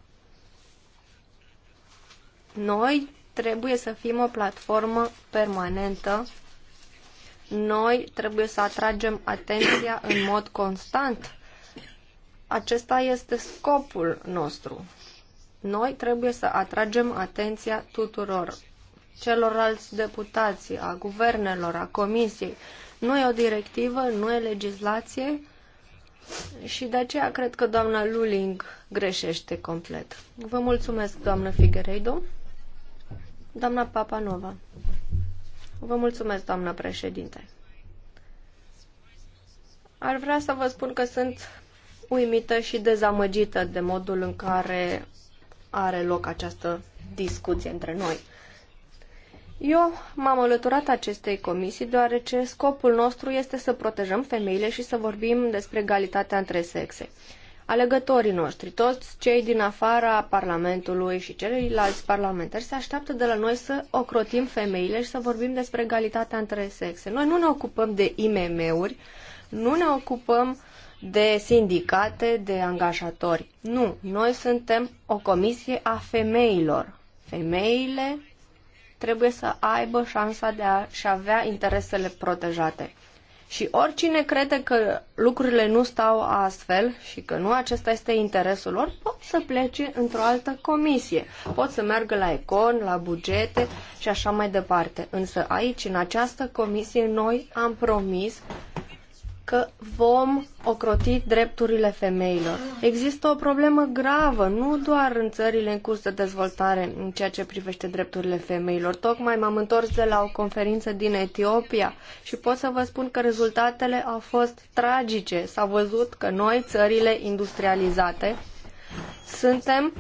Noi trebuie să fim o platformă permanentă. Noi trebuie să atragem atenția în mod constant. Acesta este scopul nostru. Noi trebuie să atragem atenția tuturor, celorlalți deputații, a guvernelor, a comisiei, nu e o directivă, nu e legislație și de aceea cred că doamna Luling greșește complet. Vă mulțumesc, doamnă Figueiredo. Doamna Papanova. Vă mulțumesc, doamnă președinte. Ar vrea să vă spun că sunt uimită și dezamăgită de modul în care are loc această discuție între noi. Eu m-am alăturat acestei comisii deoarece scopul nostru este să protejăm femeile și să vorbim despre egalitatea între sexe. Alegătorii noștri, toți cei din afara Parlamentului și ceilalți parlamentari se așteaptă de la noi să ocrotim femeile și să vorbim despre egalitatea între sexe. Noi nu ne ocupăm de IMM-uri, nu ne ocupăm de sindicate, de angajatori. Nu, noi suntem o comisie a femeilor. Femeile trebuie să aibă șansa de a-și avea interesele protejate. Și oricine crede că lucrurile nu stau astfel și că nu acesta este interesul lor, pot să plece într-o altă comisie. Pot să meargă la econ, la bugete și așa mai departe. Însă aici, în această comisie, noi am promis că vom ocroti drepturile femeilor. Există o problemă gravă, nu doar în țările în curs de dezvoltare în ceea ce privește drepturile femeilor. Tocmai m-am întors de la o conferință din Etiopia și pot să vă spun că rezultatele au fost tragice. S-a văzut că noi, țările industrializate, suntem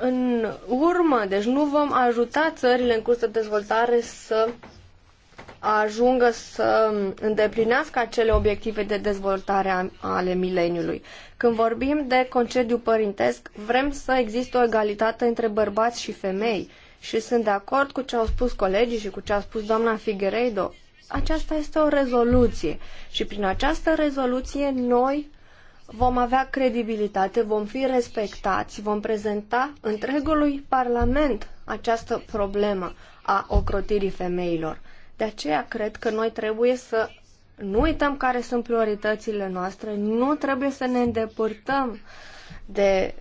în urmă, deci nu vom ajuta țările în curs de dezvoltare să ajungă să îndeplinească acele obiective de dezvoltare ale mileniului. Când vorbim de concediu părintesc, vrem să existe o egalitate între bărbați și femei și sunt de acord cu ce au spus colegii și cu ce a spus doamna Figueiredo. Aceasta este o rezoluție și prin această rezoluție noi vom avea credibilitate, vom fi respectați, vom prezenta întregului Parlament această problemă a ocrotirii femeilor. De aceea cred că noi trebuie să nu uităm care sunt prioritățile noastre, nu trebuie să ne îndepărtăm de,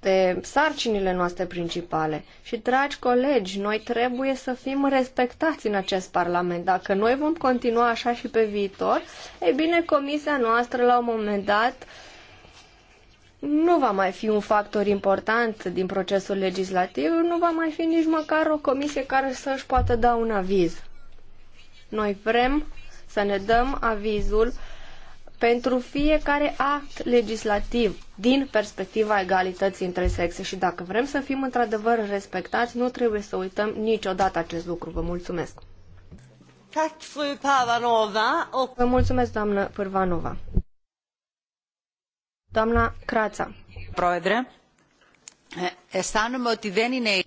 de sarcinile noastre principale. Și, dragi colegi, noi trebuie să fim respectați în acest Parlament. Dacă noi vom continua așa și pe viitor, e bine, comisia noastră la un moment dat uh, nu va mai fi un factor important din procesul legislativ, nu va mai fi nici măcar o comisie care să-și poată da un aviz. Noi vrem să ne dăm avizul pentru fiecare act legislativ din perspectiva egalității între sexe și dacă vrem să fim într-adevăr respectați, nu trebuie să uităm niciodată acest lucru. Vă mulțumesc! Vă mulțumesc, doamnă Pârvanova! Doamna Crața. Proedre.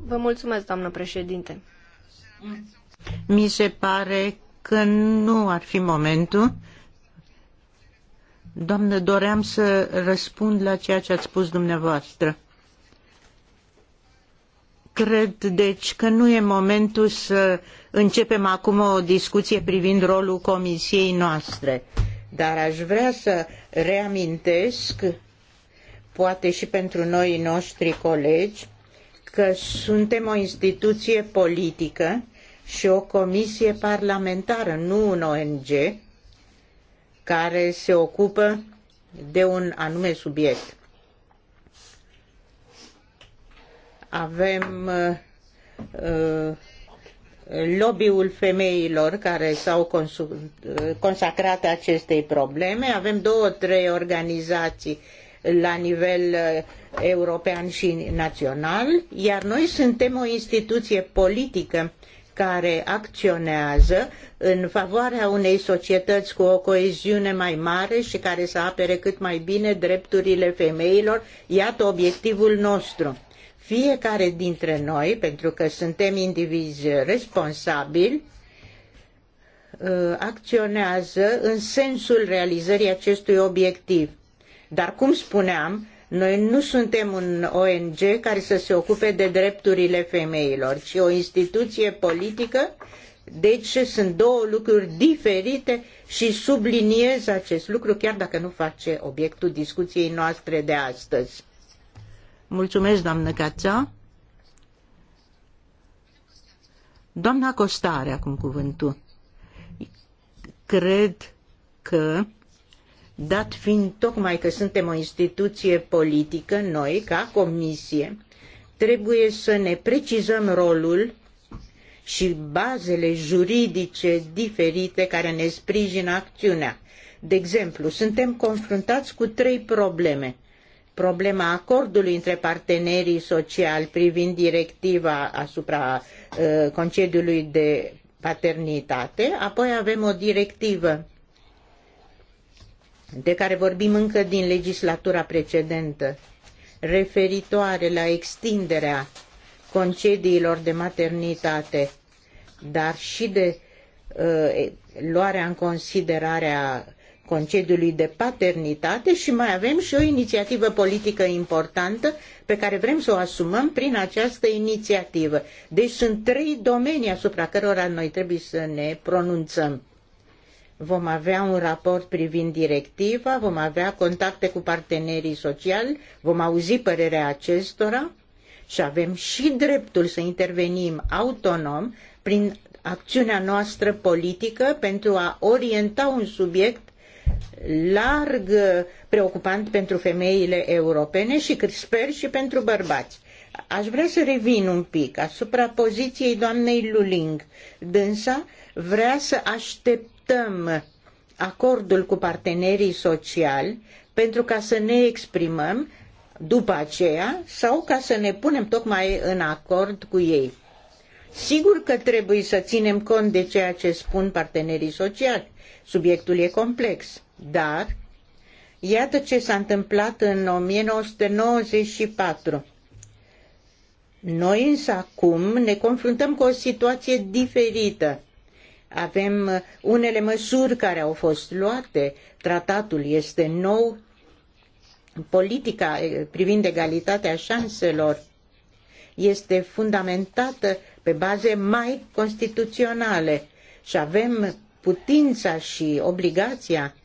Vă mulțumesc, doamnă președinte. Mi se pare că nu ar fi momentul. Doamnă, doream să răspund la ceea ce ați spus dumneavoastră. Cred, deci, că nu e momentul să începem acum o discuție privind rolul comisiei noastre. Uh, dar aș vrea să reamintesc, poate și pentru noi noștri colegi, că suntem o instituție politică și o comisie parlamentară, nu un ONG, care se ocupă de un anume subiect. Avem uh, uh, lobby-ul femeilor care s-au consacrat acestei probleme. Avem două, trei organizații la nivel uh, european și național, iar noi suntem o instituție politică care acționează în favoarea unei societăți cu o coeziune mai mare și care să apere cât mai bine drepturile femeilor. Iată obiectivul nostru fiecare dintre noi, pentru că suntem indivizi responsabili, uh, acționează în sensul realizării acestui obiectiv. Dar, cum spuneam, noi nu suntem un ONG care să se ocupe de drepturile femeilor, ci o instituție politică, deci sunt două lucruri diferite și subliniez acest lucru, chiar dacă nu face obiectul discuției noastre de astăzi. Mulțumesc, doamnă Cața. Doamna Costare, acum cuvântul. Cred că, dat fiind tocmai că suntem o instituție politică, noi, ca comisie, trebuie să ne precizăm rolul și bazele juridice diferite care ne sprijină acțiunea. De exemplu, suntem confruntați cu trei probleme – problema acordului între partenerii sociali privind directiva asupra uh, concediului de paternitate, apoi avem o directivă de care vorbim încă din legislatura precedentă, referitoare la extinderea concediilor de maternitate, dar și de uh, luarea în considerare a concediului de paternitate și mai avem și o inițiativă politică importantă pe care vrem să o asumăm prin această inițiativă. Deci sunt trei domenii asupra cărora noi trebuie să ne pronunțăm. Vom avea un raport privind directiva, vom avea contacte cu partenerii sociali, vom auzi părerea acestora și avem și dreptul să intervenim autonom prin acțiunea noastră politică pentru a orienta un subiect larg preocupant pentru femeile europene și cât sper și pentru bărbați. Aș vrea să revin un pic asupra poziției doamnei Luling. Dânsa vrea să așteptăm acordul cu partenerii sociali pentru ca să ne exprimăm după aceea sau ca să ne punem tocmai în acord cu ei. Sigur că trebuie să ținem cont de ceea ce spun partenerii sociali. Subiectul e complex, dar iată ce s-a întâmplat în 1994. Noi însă acum ne confruntăm cu o situație diferită. Avem uh, unele măsuri care au fost luate, tratatul este nou, politica eh, privind egalitatea șanselor este fundamentată pe baze mai constituționale și avem putința și obligația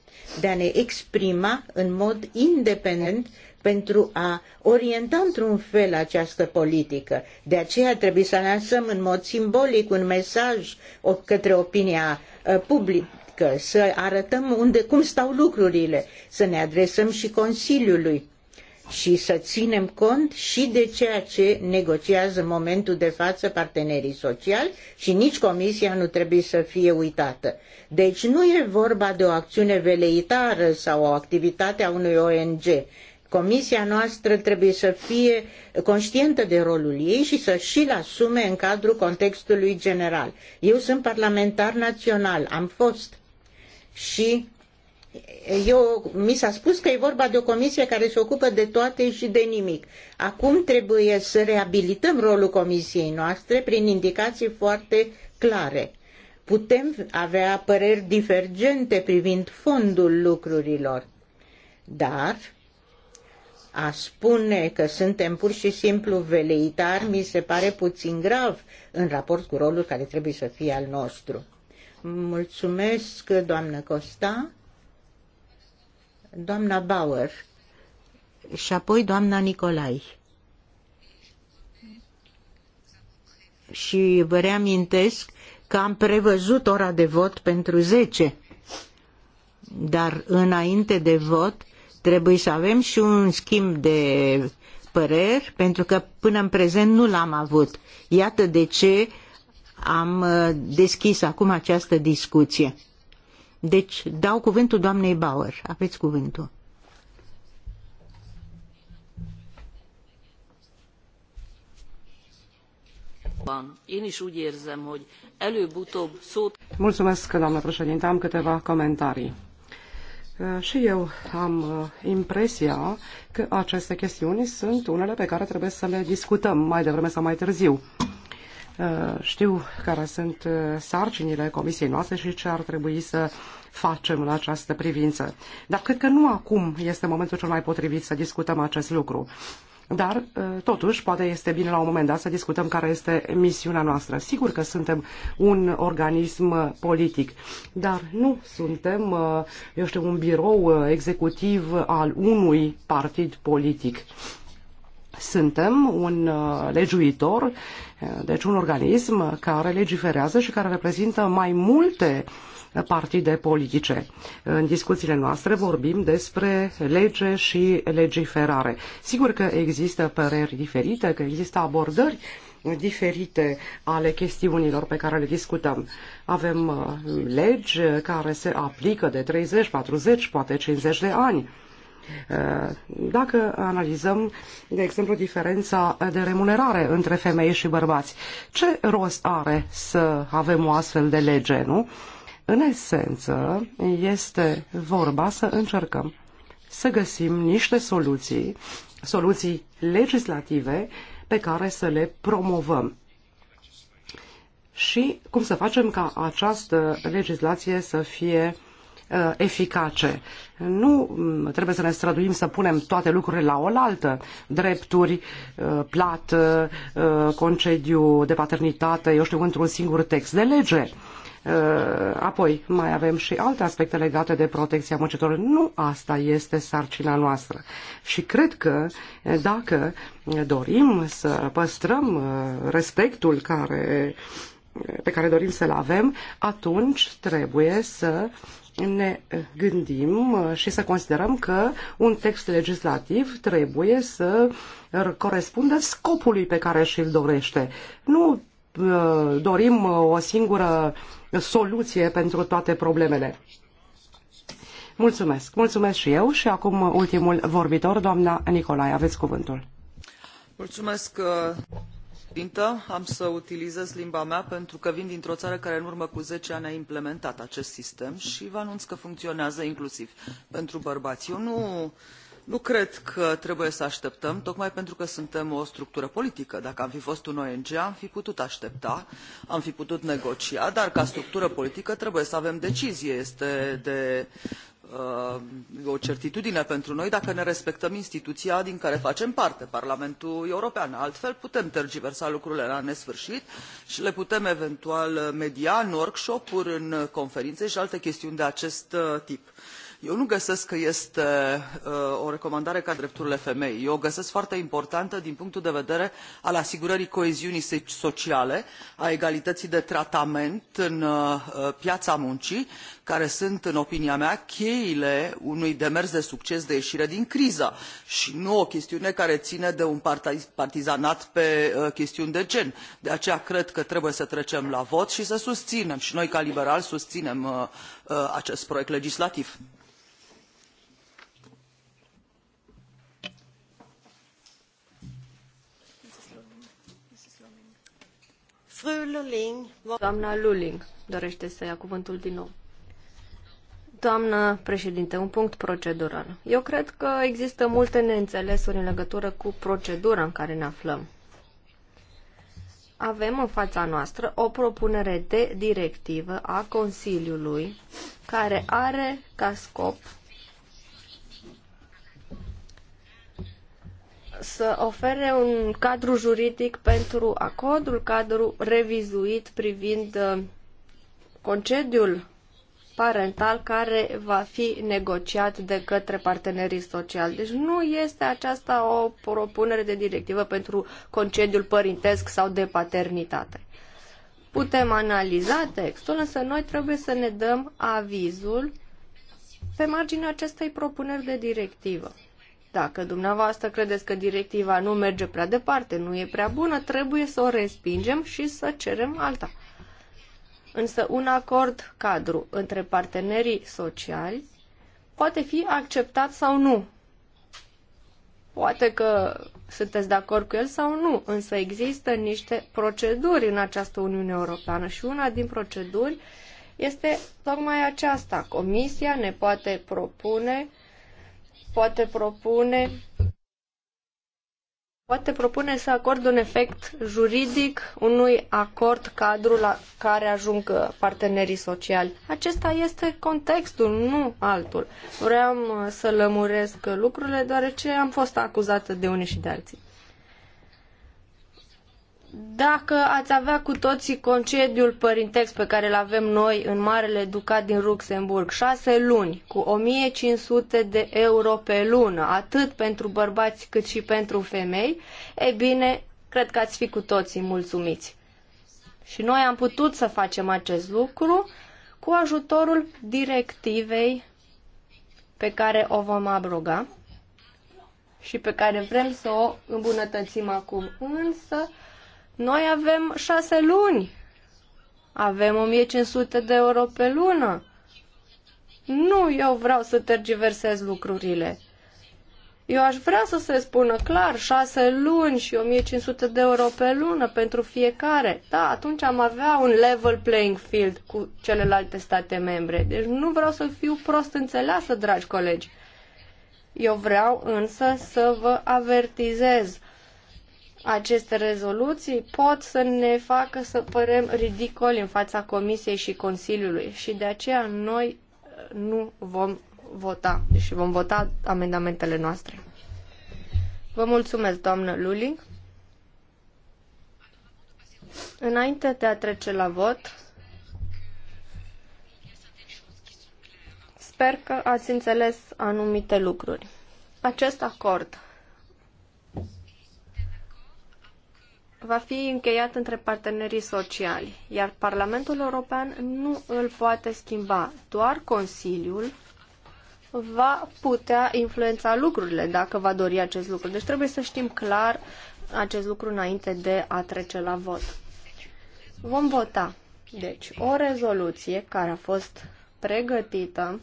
de a ne exprima în mod independent pentru a orienta într-un fel această politică. De aceea trebuie să lansăm în mod simbolic un mesaj către opinia ă, publică, să arătăm unde, cum stau lucrurile, să ne adresăm și Consiliului și să ținem cont și de ceea ce negociază în momentul de față partenerii sociali și nici comisia nu trebuie să fie uitată. Deci nu e vorba de o acțiune veleitară sau o activitate a unui ONG. Comisia noastră trebuie să fie conștientă de rolul ei și să și-l asume în cadrul contextului general. Eu sunt parlamentar național, am fost și eu, mi s-a spus că e vorba de o comisie care se ocupă de toate și de nimic. Acum trebuie să reabilităm rolul comisiei noastre prin indicații foarte clare. Putem avea păreri divergente privind fondul lucrurilor, dar a spune că suntem pur și simplu veleitari mi se pare puțin grav în raport cu rolul care trebuie să fie al nostru. Mulțumesc, doamnă Costa doamna Bauer și apoi doamna Nicolai. Și vă reamintesc că am prevăzut ora de vot pentru 10. Dar înainte de vot trebuie să avem și un schimb de păreri, pentru că până în prezent nu l-am avut. Iată de ce am uh, deschis acum această discuție. Deci dau cuvântul doamnei Bauer. Aveți cuvântul. Mulțumesc, doamnă președinte. Am câteva comentarii. Și eu am impresia că aceste chestiuni sunt unele pe care trebuie să le discutăm mai devreme sau mai târziu. Eh, știu care sunt eh, sarcinile comisiei noastre și ce ar trebui să facem în această privință. Dar cred că nu acum este momentul cel mai potrivit să discutăm acest lucru. Dar, eh, totuși, poate este bine la un moment dat să discutăm care este misiunea noastră. Sigur că suntem un organism politic, dar nu suntem, eu știu, un birou executiv al unui partid politic. Suntem un uh, legiuitor, uh, deci un organism care legiferează și care reprezintă mai multe partide politice. În discuțiile noastre vorbim despre lege și legiferare. Sigur că există păreri diferite, că există abordări diferite ale chestiunilor pe care le discutăm. Avem uh, legi care se aplică de 30, 40, poate 50 de ani Eh, dacă analizăm, de exemplu, diferența de remunerare între femei și bărbați, ce rost are să avem o astfel de lege, nu? În esență, este vorba să încercăm să găsim niște soluții, soluții legislative pe care să le promovăm și cum să facem ca această legislație să fie Uh, eficace. Nu mm, trebuie să ne străduim să punem toate lucrurile la oaltă, drepturi, uh, plată, uh, concediu de paternitate, eu știu, într-un singur text de lege. Apoi mai avem și alte aspecte legate de protecția muncitorilor. Nu asta este sarcina noastră. Și cred că eh, dacă dorim să păstrăm respectul care eh, pe care dorim să-l avem, atunci trebuie să ne gândim uh, și să considerăm că un text legislativ trebuie să corespundă scopului pe care și-l dorește. Nu uh, dorim uh, o singură soluție pentru toate problemele. Mulțumesc. Mulțumesc și eu și acum ultimul vorbitor, doamna Nicolae, aveți cuvântul. Mulțumesc președintă am să utilizez limba mea pentru că vin dintr o țară care în urmă cu zece ani a implementat acest sistem și vă anunț că funcționează inclusiv pentru bărbați. eu nu, nu cred că trebuie să așteptăm tocmai pentru că suntem o structură politică. dacă am fi fost un ong am fi putut aștepta am fi putut negocia dar ca structură politică trebuie să avem decizie este de Uh, o certitudine pentru noi dacă ne respectăm instituția din care facem parte, Parlamentul European. Altfel putem tergiversa lucrurile la nesfârșit și le putem eventual media în workshop-uri, în conferințe și alte chestiuni de acest uh, tip. Eu nu găsesc că este uh, o recomandare ca drepturile femeii. Eu o găsesc foarte importantă din punctul de vedere al asigurării coeziunii sociale, a egalității de tratament în uh, piața muncii care sunt, în opinia mea, cheile unui demers de succes de ieșire din criză și nu o chestiune care ține de un partizanat pe uh, chestiuni de gen. De aceea cred că trebuie să trecem la vot și să susținem, și noi ca liberali susținem uh, uh, acest proiect legislativ. Doamna Luling dorește să ia cuvântul din nou. Doamnă președinte, un punct procedural. Eu cred că există multe neînțelesuri în legătură cu procedura în care ne aflăm. Avem în fața noastră o propunere de directivă a Consiliului care are ca scop să ofere un cadru juridic pentru acordul cadru revizuit privind uh, concediul parental care va fi negociat de către partenerii sociali. Deci nu este aceasta o propunere de directivă pentru concediul părintesc sau de paternitate. Putem analiza textul, însă noi trebuie să ne dăm avizul pe marginea acestei propuneri de directivă. Dacă dumneavoastră credeți că directiva nu merge prea departe, nu e prea bună, trebuie să o respingem și să cerem alta. Însă un acord cadru între partenerii sociali poate fi acceptat sau nu. Poate că sunteți de acord cu el sau nu, însă există niște proceduri în această Uniune Europeană și una din proceduri este tocmai aceasta. Comisia ne poate propune, poate propune poate propune să acorde un efect juridic unui acord cadru la care ajung partenerii sociali. Acesta este contextul, nu altul. Vreau să lămuresc lucrurile, deoarece am fost acuzată de unii și de alții dacă ați avea cu toții concediul părintesc pe care îl avem noi în Marele Ducat din Luxemburg, șase luni, cu 1500 de euro pe lună, atât pentru bărbați cât și pentru femei, e bine, cred că ați fi cu toții mulțumiți. Și noi am putut să facem acest lucru cu ajutorul directivei pe care o vom abroga și pe care vrem să o îmbunătățim acum. Însă, noi avem șase luni. Avem 1500 de euro pe lună. Nu, eu vreau să tergiversez lucrurile. Eu aș vrea să se spună clar, șase luni și 1500 de euro pe lună pentru fiecare. Da, atunci am avea un level playing field cu celelalte state membre. Deci nu vreau să fiu prost înțeleasă, dragi colegi. Eu vreau însă să vă avertizez aceste rezoluții pot să ne facă să părem ridicoli în fața Comisiei și Consiliului și de aceea noi uh, nu vom vota, deși vom vota amendamentele noastre. Vă mulțumesc, doamnă Luling. Înainte de a trece la vot, sper că ați înțeles anumite lucruri. Acest acord va fi încheiat între partenerii sociali, iar Parlamentul European nu îl poate schimba, doar Consiliul va putea influența lucrurile dacă va dori acest lucru. Deci trebuie să știm clar acest lucru înainte de a trece la vot. Vom vota, deci, o rezoluție care a fost pregătită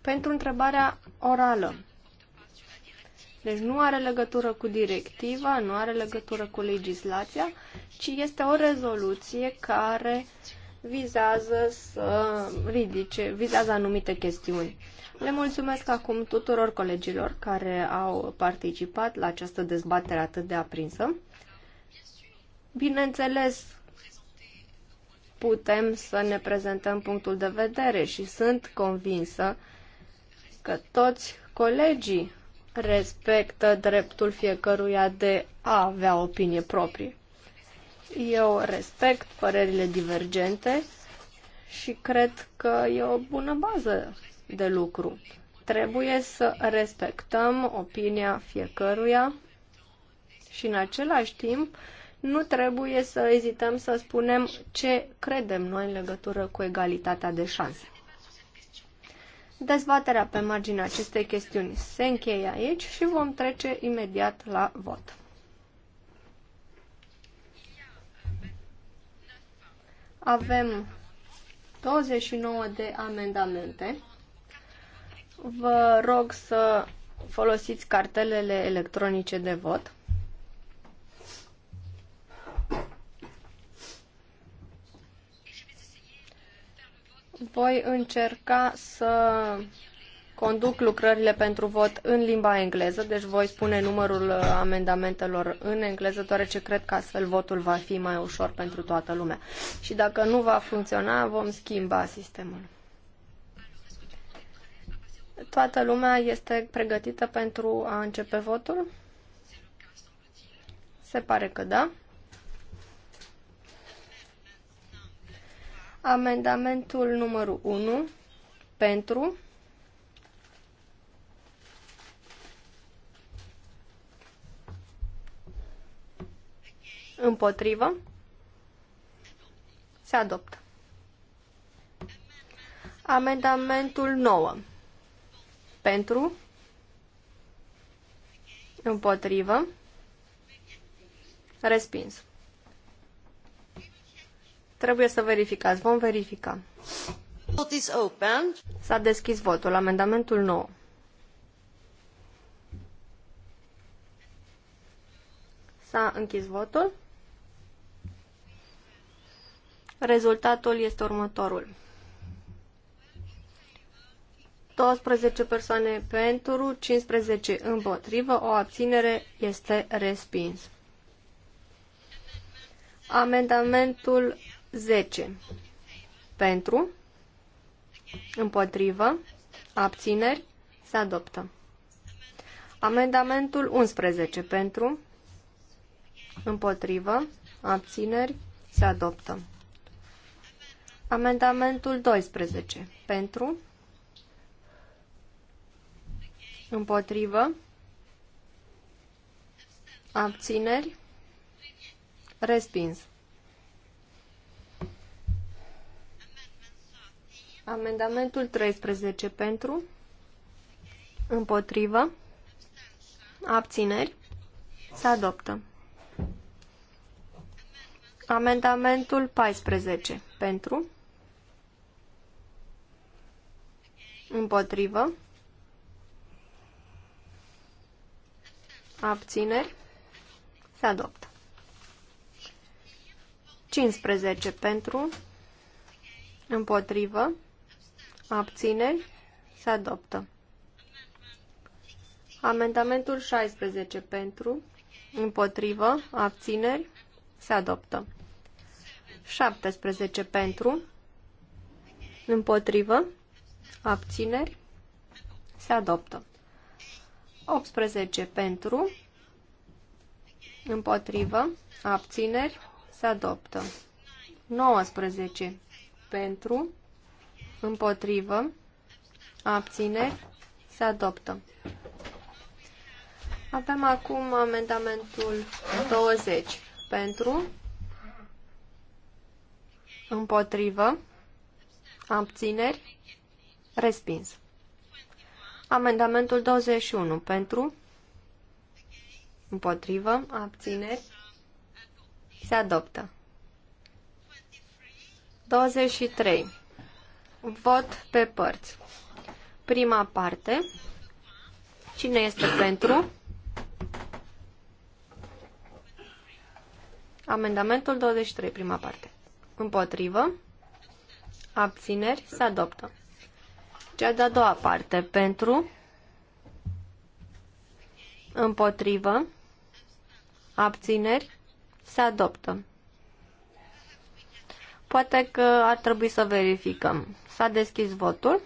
pentru întrebarea orală deci nu are legătură cu directiva, nu are legătură cu legislația, ci este o rezoluție care vizează să ridice, vizează anumite chestiuni. Le mulțumesc acum tuturor colegilor care au participat la această dezbatere atât de aprinsă. Bineînțeles, putem să ne prezentăm punctul de vedere și sunt convinsă că toți colegii respectă dreptul fiecăruia de a avea opinie proprie. Eu respect părerile divergente și cred că e o bună bază de lucru. Trebuie să respectăm opinia fiecăruia și în același timp nu trebuie să ezităm să spunem ce credem noi în legătură cu egalitatea de șanse. Dezbaterea pe marginea acestei chestiuni se încheie aici și vom trece imediat la vot. Avem 29 de amendamente. Vă rog să folosiți cartelele electronice de vot. voi încerca să conduc lucrările pentru vot în limba engleză, deci voi spune numărul uh, amendamentelor în engleză, deoarece cred că astfel votul va fi mai ușor pentru toată lumea. Și dacă nu va funcționa, vom schimba sistemul. Toată lumea este pregătită pentru a începe votul? Se pare că da. Amendamentul numărul 1 pentru împotrivă se adoptă. Amendamentul 9 pentru împotrivă respins. Trebuie să verificați. Vom verifica. S-a deschis votul. Amendamentul 9. S-a închis votul. Rezultatul este următorul. 12 persoane pentru, 15 împotrivă, o abținere este respins. Amendamentul 10. Pentru, împotrivă, abțineri, se adoptă. Amendamentul 11. Pentru, împotrivă, abțineri, se adoptă. Amendamentul 12. Pentru, împotrivă, abțineri, respins. Amendamentul 13 pentru, împotrivă, abțineri, se adoptă. Amendamentul 14 pentru, împotrivă, abțineri, se adoptă. 15 pentru, împotrivă, Abțineri? Se adoptă. Amendamentul 16 pentru, împotrivă, abțineri, se adoptă. 17 pentru, împotrivă, abțineri, se adoptă. 18 pentru, împotrivă, abțineri, se adoptă. 19 pentru, Împotrivă. Abțineri. Se adoptă. Avem acum amendamentul 20 pentru, împotrivă, abțineri, respins. Amendamentul 21 pentru, împotrivă, abțineri, se adoptă. 23 Vot pe părți. Prima parte. Cine este pentru? Amendamentul 23, prima parte. Împotrivă. Abțineri. Se adoptă. Cea de-a doua parte. Pentru. Împotrivă. Abțineri. Se adoptă. Poate că ar trebui să verificăm. S-a deschis votul.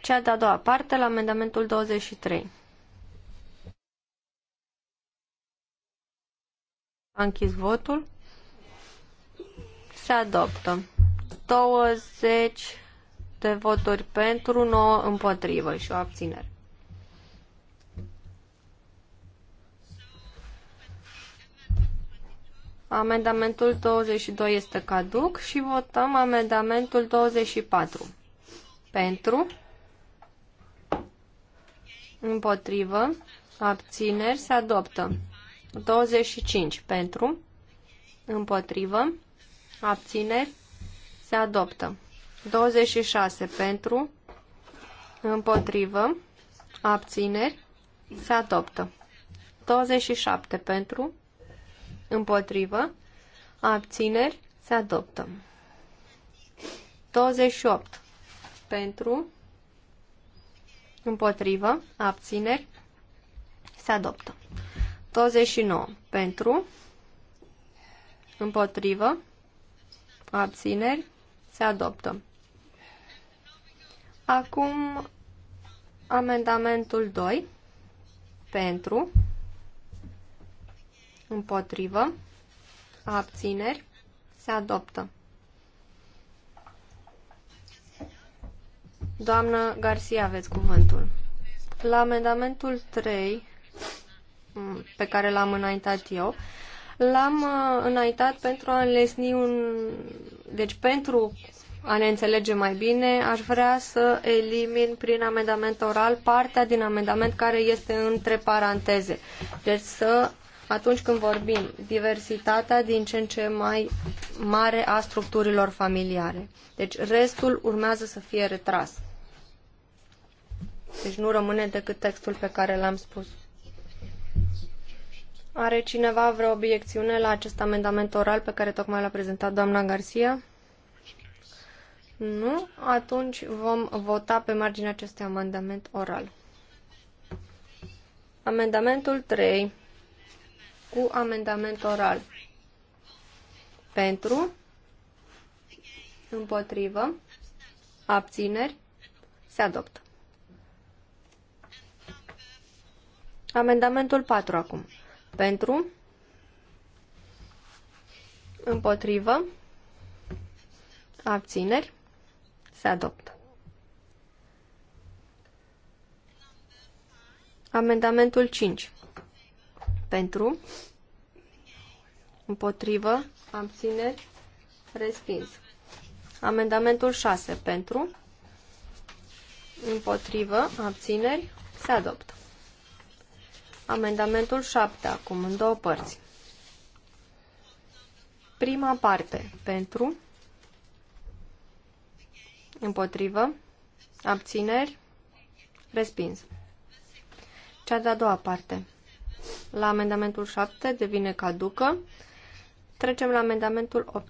Cea de-a doua parte la amendamentul 23. A închis votul. Se adoptă. 20 de voturi pentru, 9 împotrivă și o abținere. Amendamentul 22 este caduc și votăm amendamentul 24. Pentru. Împotrivă. Abțineri. Se adoptă. 25. Pentru. Împotrivă. Abțineri. Se adoptă. 26. Pentru. Împotrivă. Abțineri. Se adoptă. 27. Pentru. Împotrivă. Abțineri. Se adoptă. 28. Pentru. Împotrivă. Abțineri. Se adoptă. 29. Pentru. Împotrivă. Abțineri. Se adoptă. Acum amendamentul 2. Pentru. Împotrivă. Abțineri. Se adoptă. Doamnă Garcia, aveți cuvântul. La amendamentul 3, mm, pe care l-am înaintat eu, l-am uh, înaintat pentru a înlesni un... Deci pentru a ne înțelege mai bine, aș vrea să elimin prin amendament oral partea din amendament care este între paranteze. Deci să atunci când vorbim diversitatea din ce în ce mai mare a structurilor familiare. Deci restul urmează să fie retras. Deci nu rămâne decât textul pe care l-am spus. Are cineva vreo obiecțiune la acest amendament oral pe care tocmai l-a prezentat doamna Garcia? Nu? Atunci vom vota pe marginea acestui amendament oral. Amendamentul 3 cu amendament oral. Pentru, împotrivă, abțineri, se adoptă. Amendamentul 4 acum. Pentru, împotrivă, abțineri, se adoptă. Amendamentul 5. Pentru. Împotrivă. Abțineri. Respins. Amendamentul 6. Pentru. Împotrivă. Abțineri. Se adoptă. Amendamentul 7. Acum în două părți. Prima parte. Pentru. Împotrivă. Abțineri. Respins. Cea de-a doua parte la amendamentul 7, devine caducă. Trecem la amendamentul 8.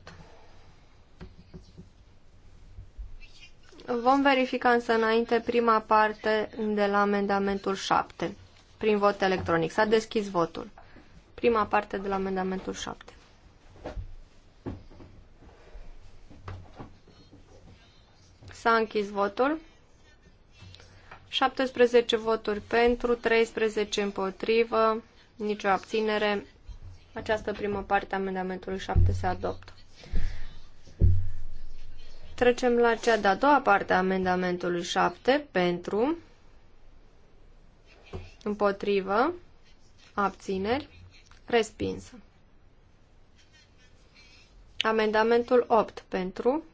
Vom verifica însă înainte prima parte de la amendamentul 7, prin vot electronic. S-a deschis votul. Prima parte de la amendamentul 7. S-a închis votul. 17 voturi pentru, 13 împotrivă, nicio abținere. Această primă parte a amendamentului 7 se adoptă. Trecem la cea de-a doua parte a amendamentului 7 pentru, împotrivă, abțineri, respinsă. Amendamentul 8 pentru,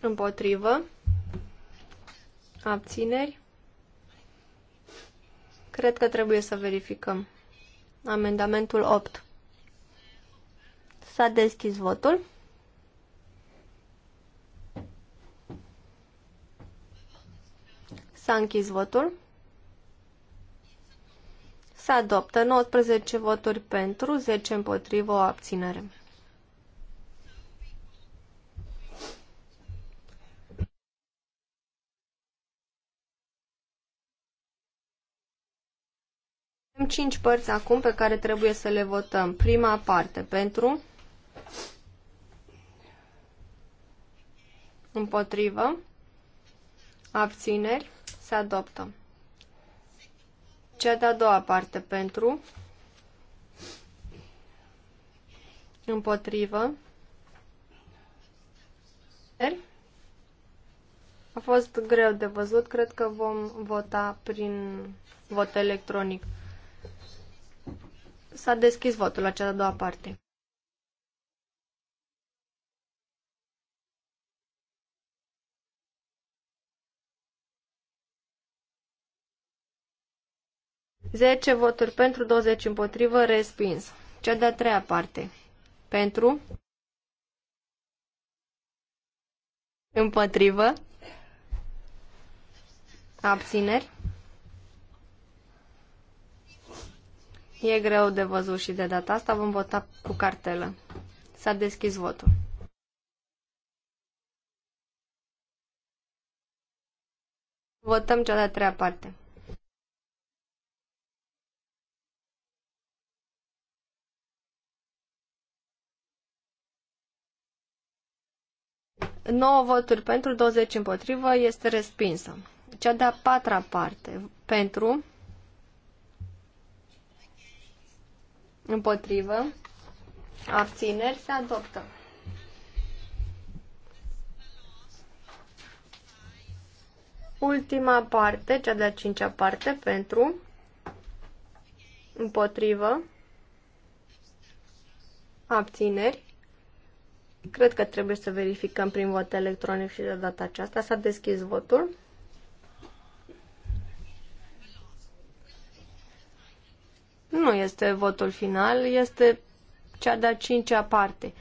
împotrivă, Abțineri? Cred că trebuie să verificăm. Amendamentul 8. S-a deschis votul. S-a închis votul. s adoptă 19 voturi pentru, 10 împotrivă, o abținere. Avem cinci părți acum pe care trebuie să le votăm. Prima parte pentru, împotrivă, abțineri, se adoptă. Cea de-a doua parte pentru, împotrivă, a fost greu de văzut, cred că vom vota prin vot electronic. S-a deschis votul la cea de-a doua parte. Zece voturi pentru, 20 împotrivă, respins. Cea de-a treia parte. Pentru. Împotrivă. Abțineri. E greu de văzut și de data asta vom vota cu cartelă. S-a deschis votul. Votăm cea de-a treia parte. Nouă voturi pentru, 20 împotrivă, este respinsă. Cea de-a patra parte, pentru, Împotrivă. Abțineri se adoptă. Ultima parte, cea de-a cincea parte, pentru, împotrivă, abțineri. Cred că trebuie să verificăm prin vot electronic și de data aceasta. S-a deschis votul. Nu este votul final, este cea de-a cincea parte.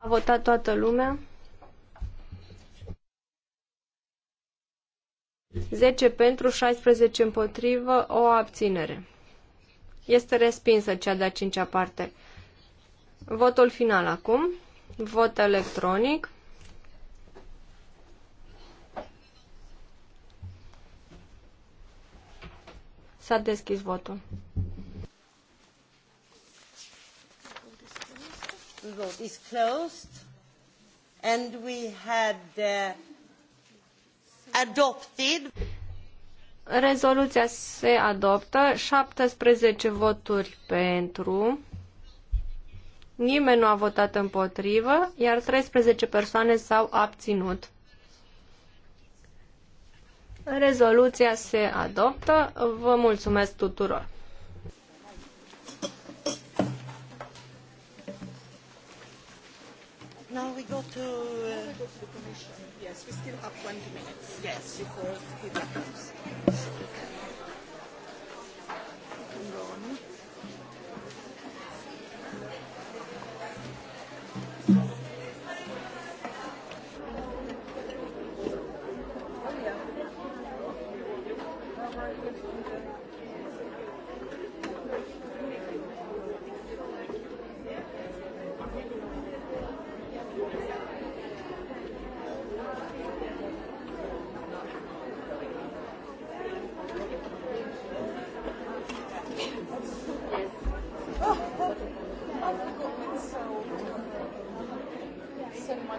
A votat toată lumea. 10 pentru, 16 împotrivă, o abținere. Este respinsă cea de-a cincea parte. Votul final acum. Vot electronic. S-a deschis votul. vote is closed and we had uh, adopted Rezoluția se adoptă, 17 voturi pentru, nimeni nu a votat împotrivă, iar 13 persoane s-au abținut. Rezoluția se adoptă. Vă mulțumesc tuturor! Now we go to. Uh, to the commission. Yes, we still have 20 minutes. Yes, before he comes.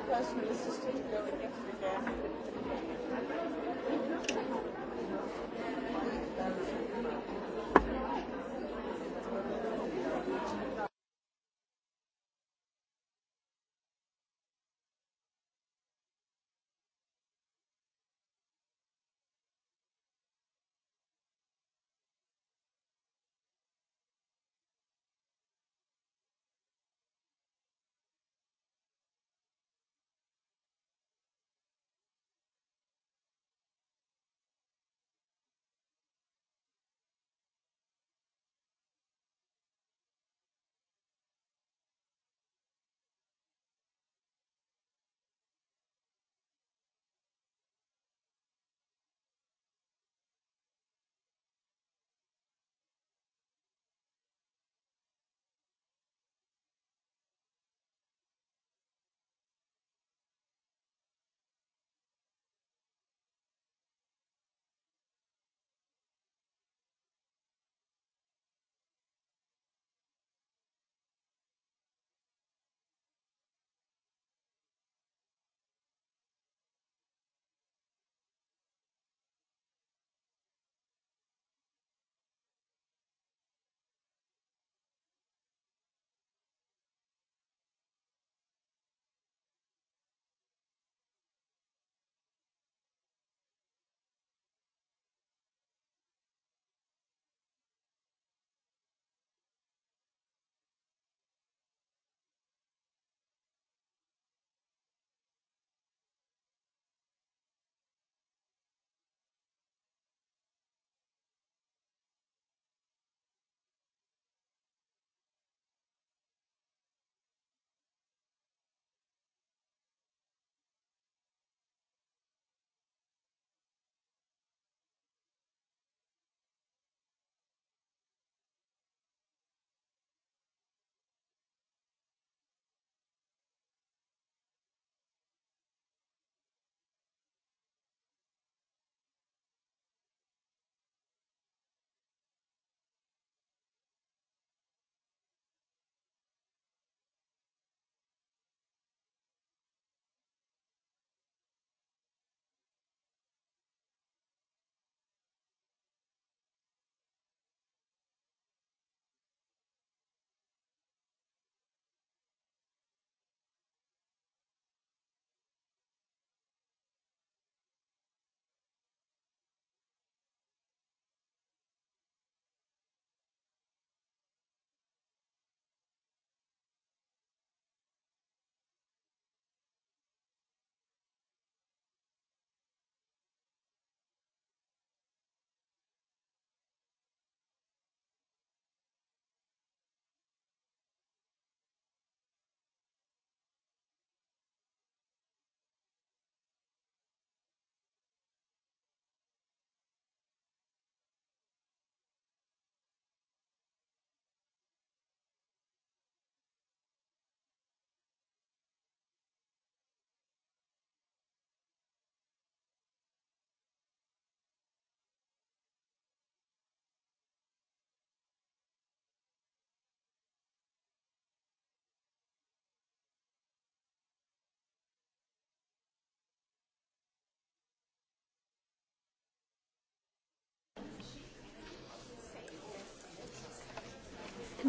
personal assistant will get me there.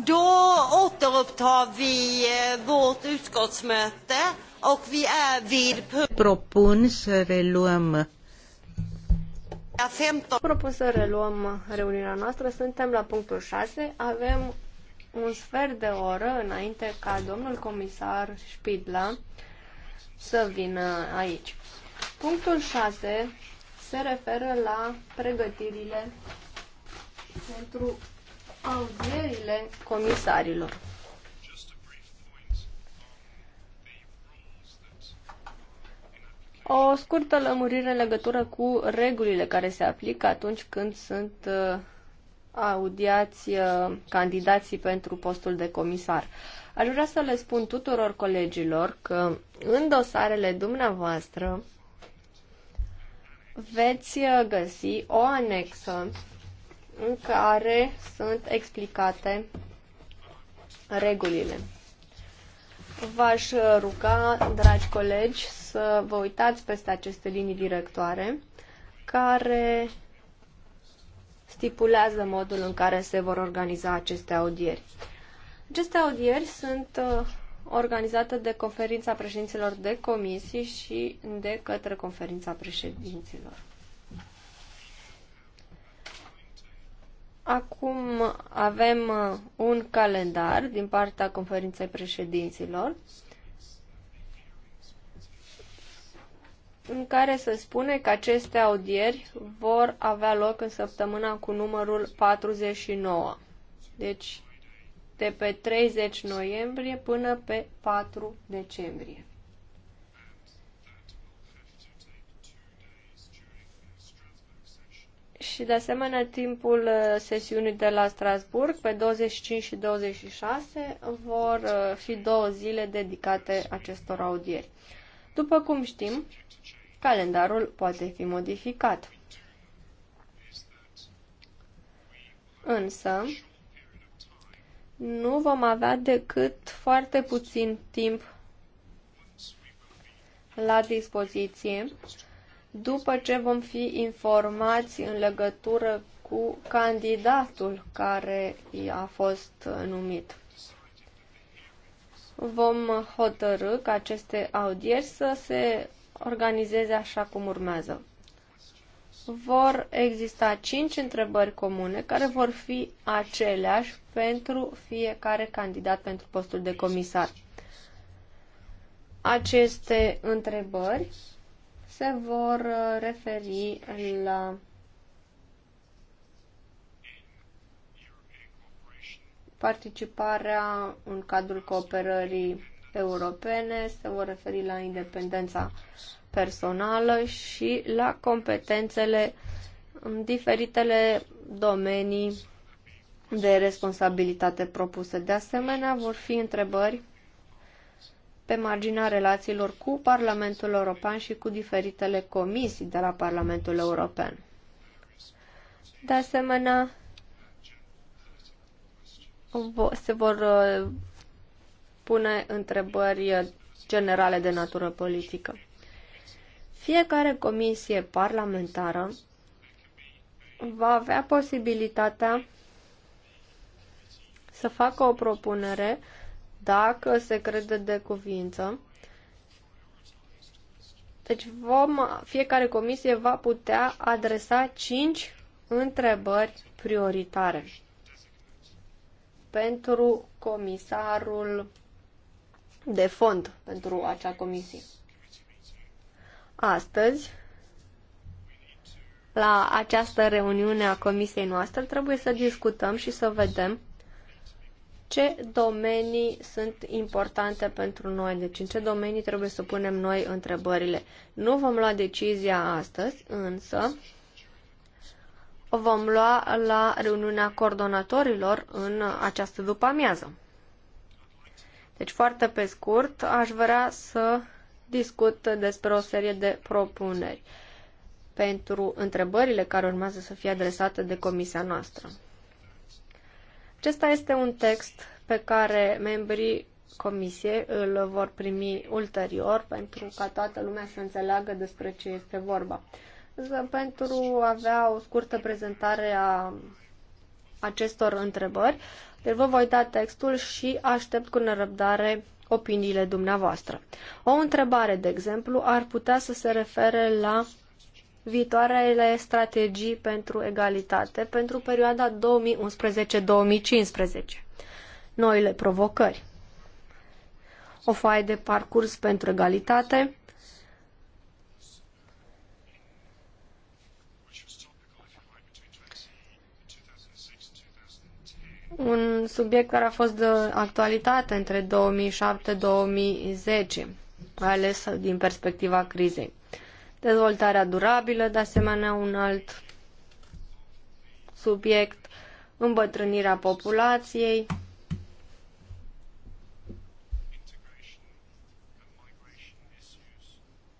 Då återupptar vi eh, vårt utskottsmöte och vi är vid... Propun să reluăm... Propun să reluăm reuniunea noastră. Suntem la punctul 6. Avem un sfert de oră înainte ca domnul comisar Spidla să vină aici. Punctul 6 se referă la pregătirile pentru audierile comisarilor. O scurtă lămurire în legătură cu regulile care se aplică atunci când sunt uh, audiați uh, candidații pentru postul de comisar. Aș vrea să le spun tuturor colegilor că în dosarele dumneavoastră veți uh, găsi o anexă în care sunt explicate regulile. V-aș ruga, dragi colegi, să vă uitați peste aceste linii directoare care stipulează modul în care se vor organiza aceste audieri. Aceste audieri sunt uh, organizate de conferința președinților de comisii și de către conferința președinților. Acum avem uh, un calendar din partea conferinței președinților în care se spune că aceste audieri vor avea loc în săptămâna cu numărul 49. Deci de pe 30 noiembrie până pe 4 decembrie. și de asemenea timpul uh, sesiunii de la Strasburg pe 25 și 26 vor uh, fi două zile dedicate acestor audieri. După cum știm, calendarul poate fi modificat. Însă, nu vom avea decât foarte puțin timp la dispoziție după ce vom fi informați în legătură cu candidatul care a fost numit. Vom hotărâ ca aceste audieri să se organizeze așa cum urmează. Vor exista cinci întrebări comune care vor fi aceleași pentru fiecare candidat pentru postul de comisar. Aceste întrebări se vor uh, referi la participarea în cadrul cooperării europene, se vor referi la independența personală și la competențele în diferitele domenii de responsabilitate propuse. De asemenea, vor fi întrebări pe marginea relațiilor cu Parlamentul European și cu diferitele comisii de la Parlamentul European. De asemenea, se vor uh, pune întrebări generale de natură politică. Fiecare comisie parlamentară va avea posibilitatea să facă o propunere dacă se crede de cuvință. Deci vom, fiecare comisie va putea adresa 5 întrebări prioritare pentru comisarul de fond pentru acea comisie. Astăzi, la această reuniune a comisiei noastre, trebuie să discutăm și să vedem ce domenii sunt importante pentru noi, deci în ce domenii trebuie să punem noi întrebările. Nu vom lua decizia astăzi, însă o vom lua la reuniunea coordonatorilor în această după-amiază. Deci, foarte pe scurt, aș vrea să discut despre o serie de propuneri pentru întrebările care urmează să fie adresate de comisia noastră. Acesta este un text pe care membrii comisiei îl vor primi ulterior pentru ca toată lumea să înțeleagă despre ce este vorba. Pentru a avea o scurtă prezentare a acestor întrebări, deci vă voi da textul și aștept cu nerăbdare opiniile dumneavoastră. O întrebare, de exemplu, ar putea să se refere la viitoarele strategii pentru egalitate pentru perioada 2011-2015. Noile provocări. O foaie de parcurs pentru egalitate. Un subiect care a fost de actualitate între 2007-2010, mai ales din perspectiva crizei dezvoltarea durabilă, de asemenea un alt subiect, îmbătrânirea populației,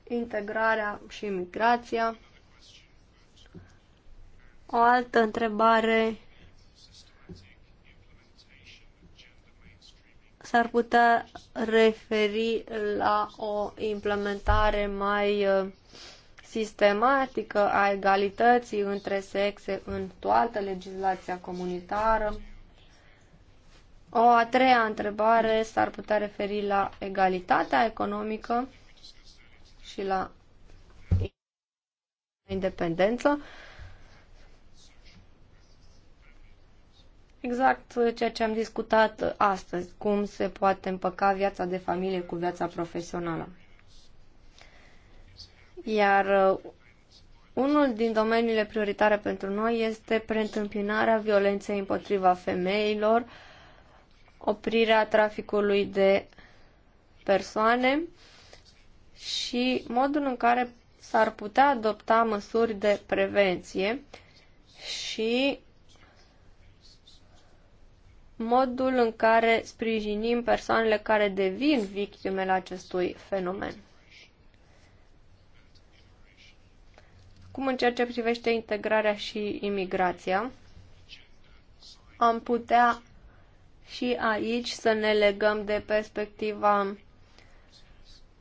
integrarea și migrația. O altă întrebare s-ar putea referi la o implementare mai uh, sistematică a egalității între sexe în toată legislația comunitară. O a treia întrebare s-ar putea referi la egalitatea economică și la independență. Exact ceea ce am discutat astăzi, cum se poate împăca viața de familie cu viața profesională. Iar uh, unul din domeniile prioritare pentru noi este preîntâmpinarea violenței împotriva femeilor, oprirea traficului de persoane și modul în care s-ar putea adopta măsuri de prevenție și modul în care sprijinim persoanele care devin victimele acestui fenomen. Cum în ceea ce privește integrarea și imigrația, am putea și aici să ne legăm de perspectiva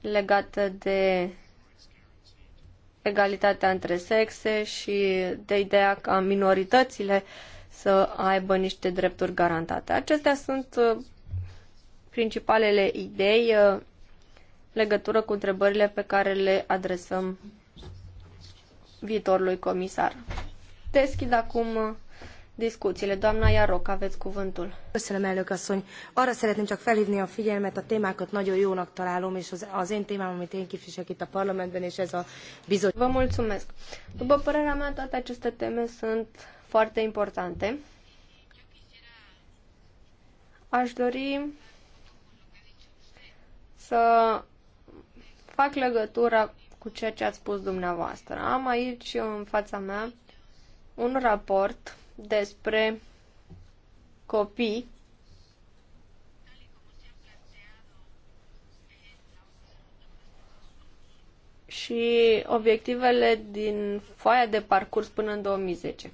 legată de egalitatea între sexe și de ideea ca minoritățile să aibă niște drepturi garantate. Acestea sunt uh, principalele idei uh, legătură cu întrebările pe care le adresăm viitorului comisar. Deschid acum discuțiile. Doamna Iaroc, aveți cuvântul. Köszönöm, elnök asszony. Arra szeretném csak felhívni a figyelmet, a témákat nagyon jónak találom, és az, az én témám, amit én képviselek itt a parlamentben, és ez a bizottság. Vă mulțumesc. După părerea mea, toate aceste teme sunt foarte importante. Aș dori să fac legătura cu ceea ce ați spus dumneavoastră. Am aici în fața mea un raport despre copii și obiectivele din foaia de parcurs până în 2010.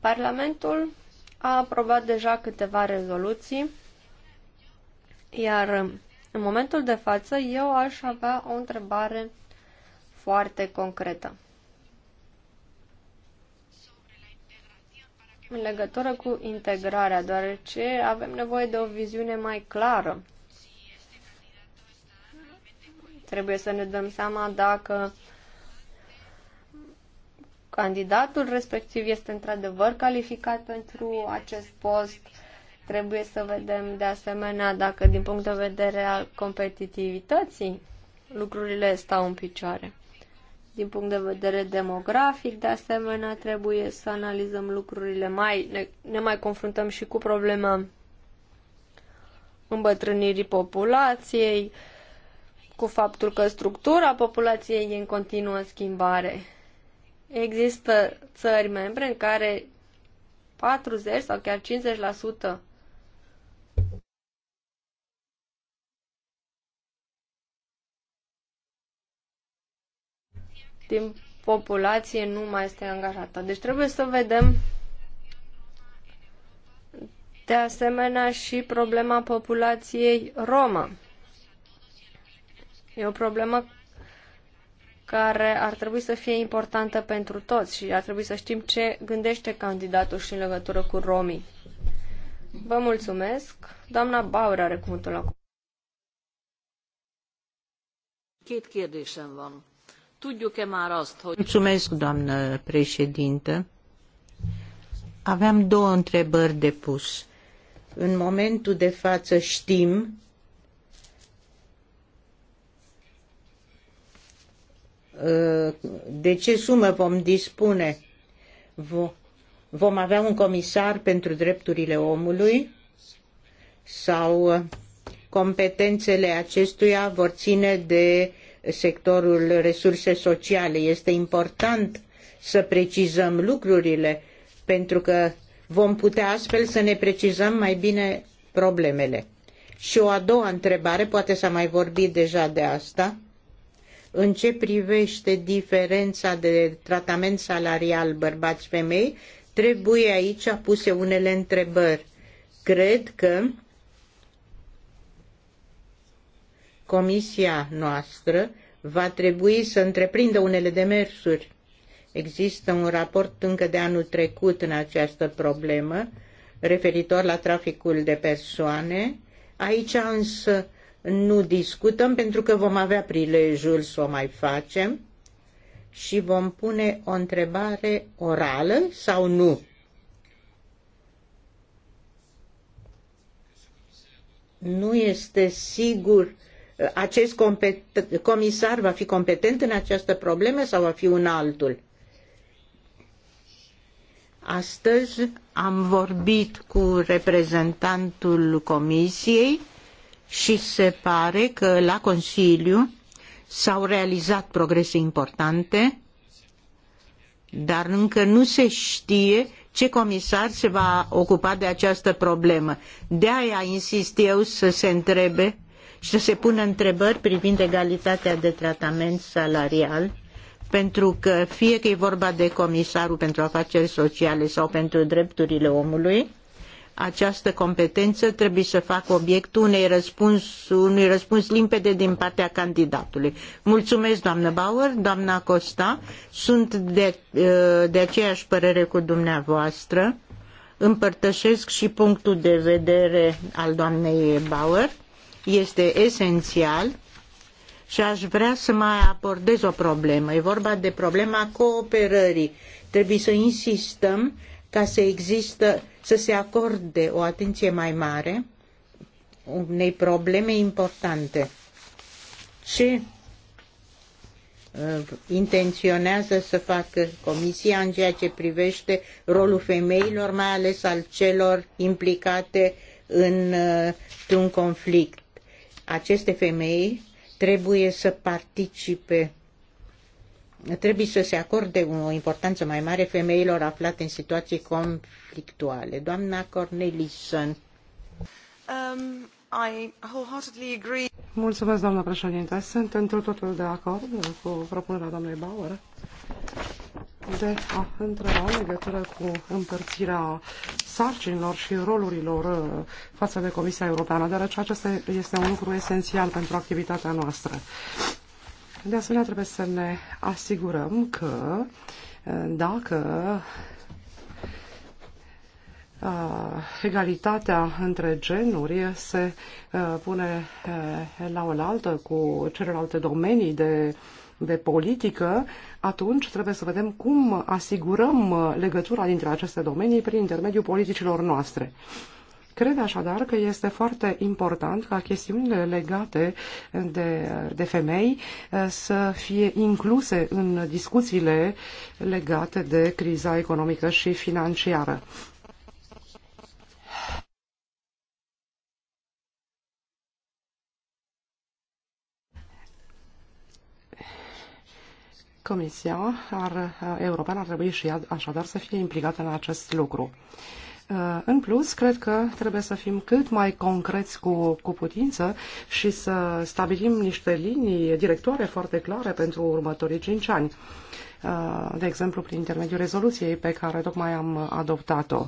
Parlamentul a aprobat deja câteva rezoluții, iar în momentul de față eu aș avea o întrebare foarte concretă. În legătură cu integrarea, deoarece avem nevoie de o viziune mai clară. Trebuie să ne dăm seama dacă candidatul respectiv este într-adevăr calificat pentru acest post. Trebuie să vedem de asemenea dacă din punct de vedere al competitivității lucrurile stau în picioare din punct de vedere demografic, de asemenea, trebuie să analizăm lucrurile mai, ne, ne mai confruntăm și cu problema îmbătrânirii populației, cu faptul că structura populației e în continuă schimbare. Există țări membre în care 40 sau chiar timp populație nu mai este angajată. Deci trebuie să vedem de asemenea și problema populației romă. E o problemă care ar trebui să fie importantă pentru toți și ar trebui să știm ce gândește candidatul și în legătură cu romii. Vă mulțumesc. Doamna Bauer are cuvântul acum. Két kérdésem van doamnă președintă. Aveam două întrebări de pus. În momentul de față știm de ce sumă vom dispune? Vom avea un comisar pentru drepturile omului sau competențele acestuia vor ține de sectorul resurse sociale. Este important să precizăm lucrurile pentru că vom putea astfel să ne precizăm mai bine problemele. Și o a doua întrebare, poate s-a mai vorbit deja de asta, în ce privește diferența de tratament salarial bărbați-femei, trebuie aici puse unele întrebări. Cred că Comisia noastră va trebui să întreprindă unele demersuri. Există un raport încă de anul trecut în această problemă referitor la traficul de persoane. Aici însă nu discutăm pentru că vom avea prilejul să o mai facem și vom pune o întrebare orală sau nu. Nu este sigur acest comisar va fi competent în această problemă sau va fi un altul? Astăzi am vorbit cu reprezentantul Comisiei și se pare că la Consiliu s-au realizat progrese importante, dar încă nu se știe ce comisar se va ocupa de această problemă. De aia insist eu să se întrebe și să se pună întrebări privind egalitatea de tratament salarial, pentru că fie că e vorba de comisarul pentru afaceri sociale sau pentru drepturile omului, această competență trebuie să facă obiectul unei răspuns, unui răspuns limpede din partea candidatului. Mulțumesc, doamnă Bauer, doamna Costa, sunt de, ă, de aceeași părere cu dumneavoastră, împărtășesc și punctul de vedere al doamnei Bauer este esențial și aș vrea să mai abordez o problemă. E vorba de problema cooperării. Trebuie să insistăm ca să există, să se acorde o atenție mai mare unei probleme importante. Ce uh, intenționează să facă Comisia în ceea ce privește rolul femeilor, mai ales al celor implicate în uh, un conflict aceste femei trebuie să participe trebuie să se acorde o importanță mai mare femeilor aflate în situații conflictuale. Doamna Cornelison. Um, Mulțumesc, doamnă președinte. Sunt într totul de acord cu propunerea doamnei Bauer de a întreba în legătură cu împărțirea sarcinilor și rolurilor uh, față de Comisia Europeană, deoarece acesta este un lucru esențial pentru activitatea noastră. De asemenea, trebuie să ne asigurăm că uh, dacă egalitatea între genuri se pune la oaltă cu celelalte domenii de, de politică, atunci trebuie să vedem cum asigurăm legătura dintre aceste domenii prin intermediul politicilor noastre. Cred așadar că este foarte important ca chestiunile legate de, de femei să fie incluse în discuțiile legate de criza economică și financiară. Comisia ar, uh, Europeană ar trebui și ea așadar să fie implicată în acest lucru. Uh, în plus, cred că trebuie să fim cât mai concreți cu, cu putință și să stabilim niște linii directoare foarte clare pentru următorii cinci ani. Uh, de exemplu, prin intermediul rezoluției pe care tocmai am adoptat-o.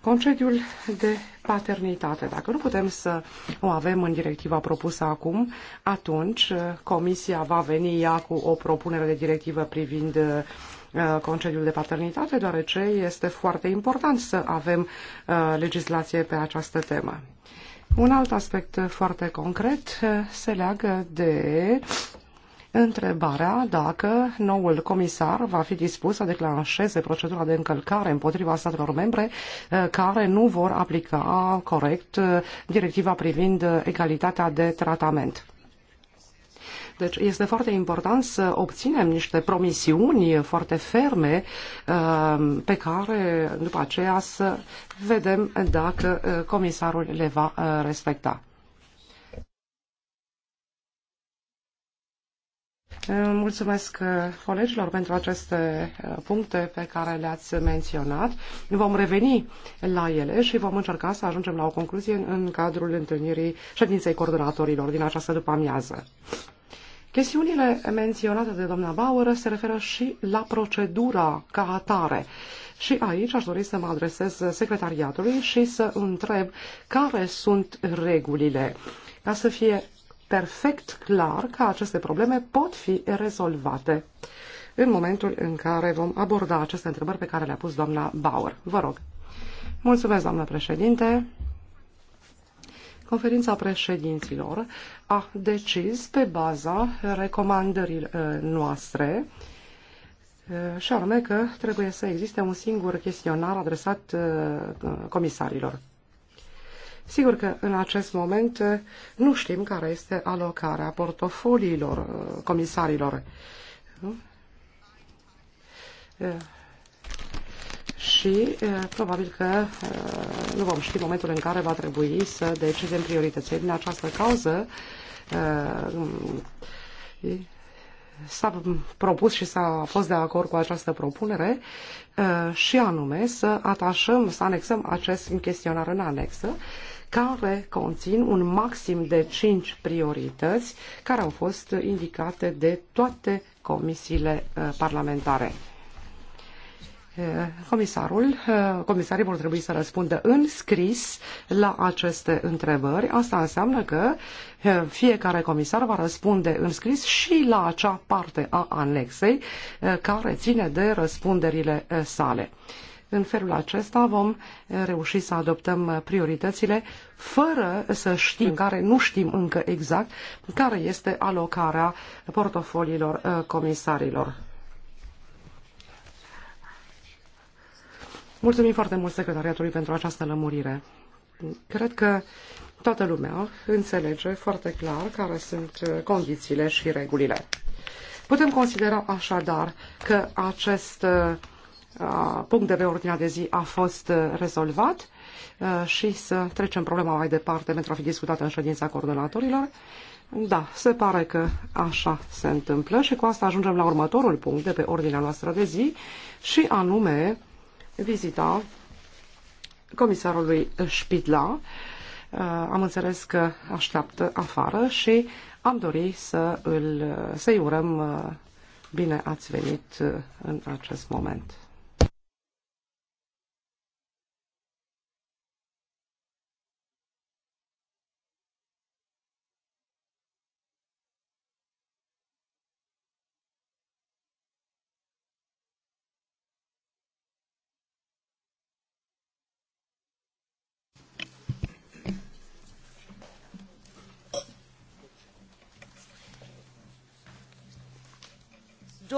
Concediul de paternitate. Dacă nu putem să o avem în directiva propusă acum, atunci uh, Comisia va veni ea cu o propunere de directivă privind uh, concediul de paternitate, deoarece este foarte important să avem uh, legislație pe această temă. Un alt aspect foarte concret se leagă de întrebarea dacă noul comisar va fi dispus să declanșeze procedura de încălcare împotriva statelor membre eh, care nu vor aplica corect eh, directiva privind egalitatea de tratament. Deci este foarte important să obținem niște promisiuni foarte ferme eh, pe care după aceea să vedem dacă comisarul le va respecta. Mulțumesc uh, colegilor pentru aceste uh, puncte pe care le-ați menționat. Vom reveni la ele și vom încerca să ajungem la o concluzie în cadrul întâlnirii ședinței coordonatorilor din această după-amiază. Chestiunile menționate de doamna Bauer se referă și la procedura ca atare. Și aici aș dori să mă adresez secretariatului și să întreb care sunt regulile ca să fie perfect clar că aceste probleme pot fi rezolvate în momentul în care vom aborda aceste întrebări pe care le-a pus doamna Bauer. Vă rog. Mulțumesc, doamnă președinte. Conferința președinților a decis pe baza recomandării uh, noastre uh, și anume că trebuie să existe un singur chestionar adresat uh, comisarilor. Sigur că în acest moment eh, nu știm care este alocarea portofoliilor eh, comisarilor. Nu? Eh, și probabil că nu vom ști momentul în care va trebui să decidem prioritățile. Din această cauză mm, s-a propus și s-a fost de acord cu această propunere și anume să atașăm, să anexăm acest chestionar în anexă care conțin un maxim de 5 priorități care au fost indicate de toate comisiile uh, parlamentare. Uh, comisarul, uh, comisarii vor trebui să răspundă în scris la aceste întrebări. Asta înseamnă că fiecare comisar va răspunde în scris și la acea parte a anexei care ține de răspunderile sale. În felul acesta vom reuși să adoptăm prioritățile fără să știm, care nu știm încă exact, care este alocarea portofoliilor uh, comisarilor. Mulțumim foarte mult secretariatului pentru această lămurire. Cred că toată lumea înțelege foarte clar care sunt uh, condițiile și regulile. Putem considera așadar că acest uh, punct de pe ordinea de zi a fost uh, rezolvat uh, și să trecem problema mai departe pentru a fi discutată în ședința coordonatorilor. Da, se pare că așa se întâmplă și cu asta ajungem la următorul punct de pe ordinea noastră de zi și anume vizita comisarului Spidla. Uh, am înțeles că așteaptă afară și am dorit să îl, să-i urăm bine ați venit în acest moment.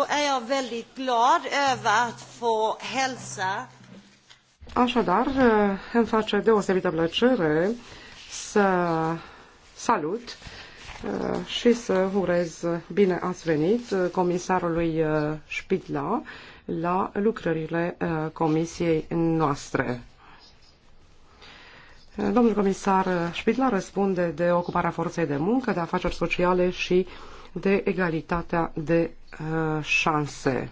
Așadar, är jag väldigt glad över att få hälsa. Așadar, eh, îmi face deosebită plăcere să salut eh, și să urez bine ați venit eh, comisarului Spidla la lucrările comisiei noastre. Domnul comisar Spidla răspunde de ocuparea forței de muncă, de afaceri sociale și uh, de egalitatea de uh, șanse.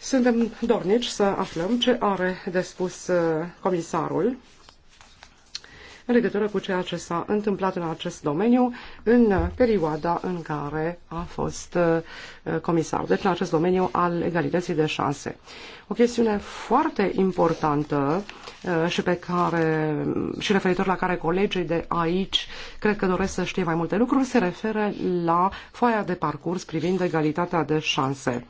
Suntem dornici să aflăm ce are de spus uh, comisarul în legătură cu ceea ce s-a întâmplat în acest domeniu în perioada în care a fost uh, comisar, deci în acest domeniu al egalității de șanse. O chestiune foarte importantă uh, și pe care și referitor la care colegii de aici cred că doresc să știe mai multe lucruri se referă la foaia de parcurs privind egalitatea de șanse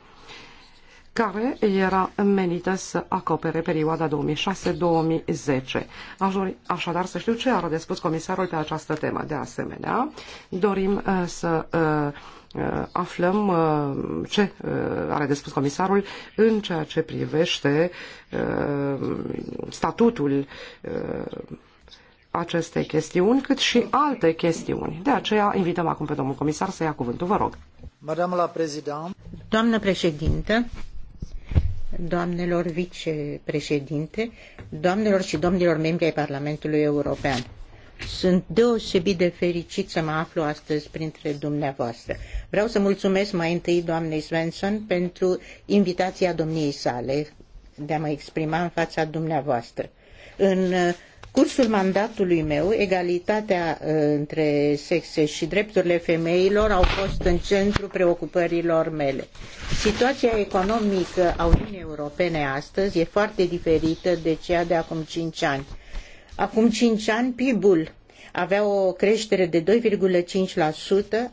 care era menită să acopere perioada 2006-2010. Aș dori așadar să știu ce are de spus comisarul pe această temă. De asemenea, dorim uh, să uh, uh, aflăm ce are de spus comisarul în ceea ce privește statutul aceste chestiuni, cât și alte chestiuni. De aceea invităm acum pe domnul comisar să ia cuvântul. Vă rog. Doamnă președintă, doamnelor vicepreședinte, doamnelor și domnilor membri ai Parlamentului European. Sunt deosebit de fericit să mă aflu astăzi printre dumneavoastră. Vreau să mulțumesc mai întâi doamnei Svensson pentru invitația domniei sale de a mă exprima în fața dumneavoastră. În cursul mandatului meu, egalitatea uh, între sexe și drepturile femeilor au fost în centru preocupărilor mele. Situația economică a Uniunii Europene astăzi e foarte diferită de cea de acum cinci ani. Acum cinci ani PIB-ul avea o creștere de 2,5%,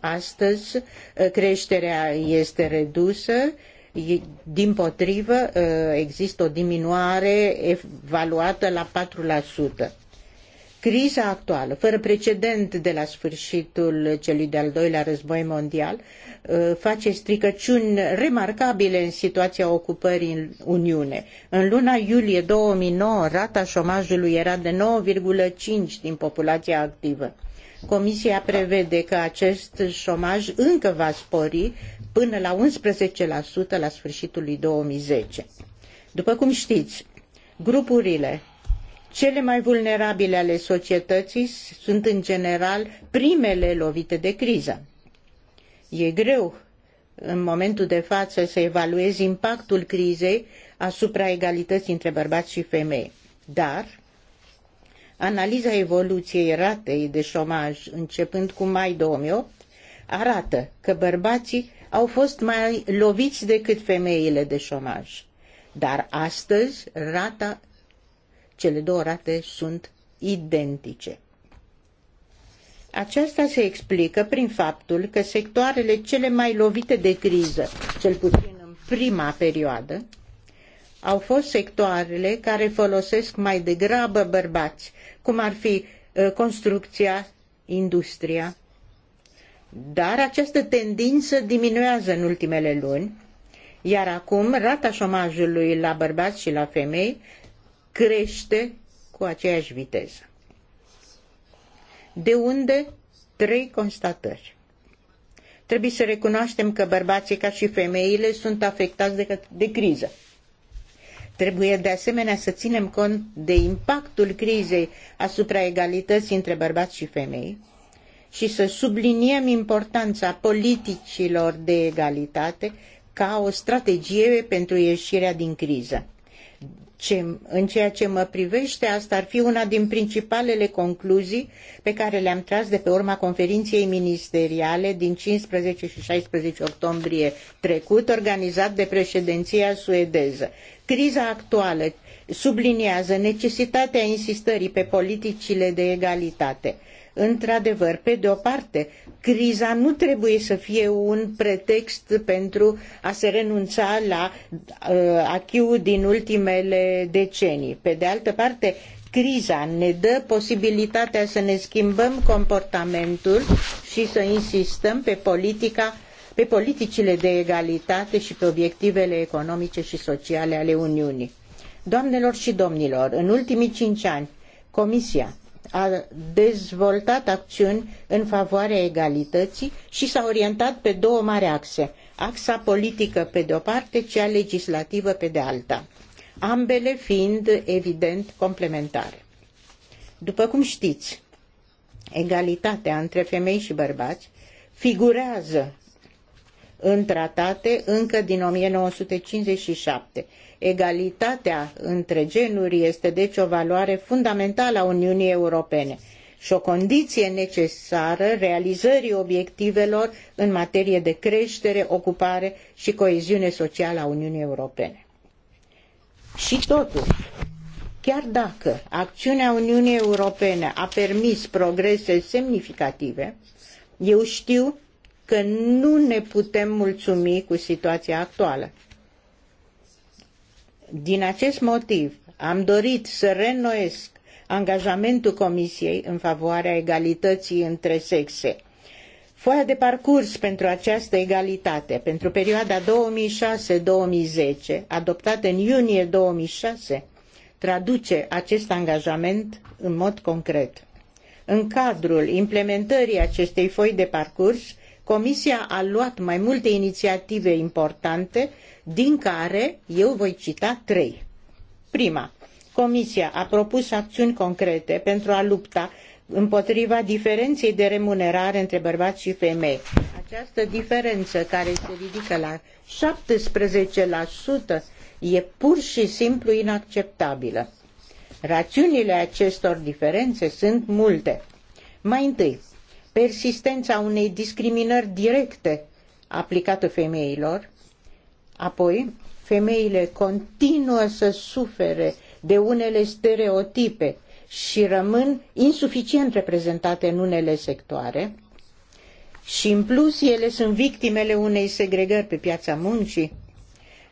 astăzi uh, creșterea este redusă din potrivă, ă, există o diminuare evaluată la 4%. Criza actuală, fără precedent de la sfârșitul celui de-al doilea război mondial, ă, face stricăciuni remarcabile în situația ocupării în Uniune. În luna iulie 2009, rata șomajului era de 9,5 din populația activă. Comisia prevede că acest șomaj încă va spori până la 11% la sfârșitul lui 2010. După cum știți, grupurile cele mai vulnerabile ale societății sunt în general primele lovite de criză. E greu în momentul de față să evaluezi impactul crizei asupra egalității între bărbați și femei. Dar Analiza evoluției ratei de șomaj începând cu mai 2008 arată că bărbații au fost mai loviți decât femeile de șomaj. Dar astăzi rata, cele două rate sunt identice. Aceasta se explică prin faptul că sectoarele cele mai lovite de criză, cel puțin în prima perioadă, au fost sectoarele care folosesc mai degrabă bărbați, cum ar fi ă, construcția, industria. Dar această tendință diminuează în ultimele luni, iar acum rata șomajului la bărbați și la femei crește cu aceeași viteză. De unde trei constatări. Trebuie să recunoaștem că bărbații ca și femeile sunt afectați de, de criză Trebuie de asemenea să ținem cont de impactul crizei asupra egalității între bărbați și femei și să subliniem importanța politicilor de egalitate ca o strategie pentru ieșirea din criză ce, în ceea ce mă privește, asta ar fi una din principalele concluzii pe care le-am tras de pe urma conferinței ministeriale din 15 și 16 octombrie trecut, organizat de președinția suedeză. Criza actuală subliniază necesitatea insistării pe politicile de egalitate. Într-adevăr, pe de o parte, criza nu trebuie să fie un pretext pentru a se renunța la uh, achiul din ultimele decenii. Pe de altă parte, criza ne dă posibilitatea să ne schimbăm comportamentul și să insistăm pe politica pe politicile de egalitate și pe obiectivele economice și sociale ale Uniunii. Doamnelor și domnilor, în ultimii cinci ani, Comisia, a dezvoltat acțiuni în favoarea egalității și s-a orientat pe două mari axe, axa politică pe de-o parte, cea legislativă pe de alta, ambele fiind, evident, complementare. După cum știți, egalitatea între femei și bărbați figurează în tratate încă din 1957. Egalitatea între genuri este deci o valoare fundamentală a Uniunii Europene și o condiție necesară realizării obiectivelor în materie de creștere, ocupare și coeziune socială a Uniunii Europene. Și totuși, chiar dacă acțiunea Uniunii Europene a permis progrese semnificative, eu știu că nu ne putem mulțumi cu situația actuală. Din acest motiv, am dorit să reînnoiesc angajamentul Comisiei în favoarea egalității între sexe. Foaia de parcurs pentru această egalitate pentru perioada 2006-2010, adoptată în iunie 2006, traduce acest angajament în mod concret. În cadrul implementării acestei foi de parcurs, Comisia a luat mai multe inițiative importante, din care eu voi cita trei. Prima, Comisia a propus acțiuni concrete pentru a lupta împotriva diferenței de remunerare între bărbați și femei. Această diferență care se ridică la 17% e pur și simplu inacceptabilă. Rațiunile acestor diferențe sunt multe. Mai întâi, persistența unei discriminări directe aplicată femeilor, apoi femeile continuă să sufere de unele stereotipe și rămân insuficient reprezentate în unele sectoare și în plus ele sunt victimele unei segregări pe piața muncii,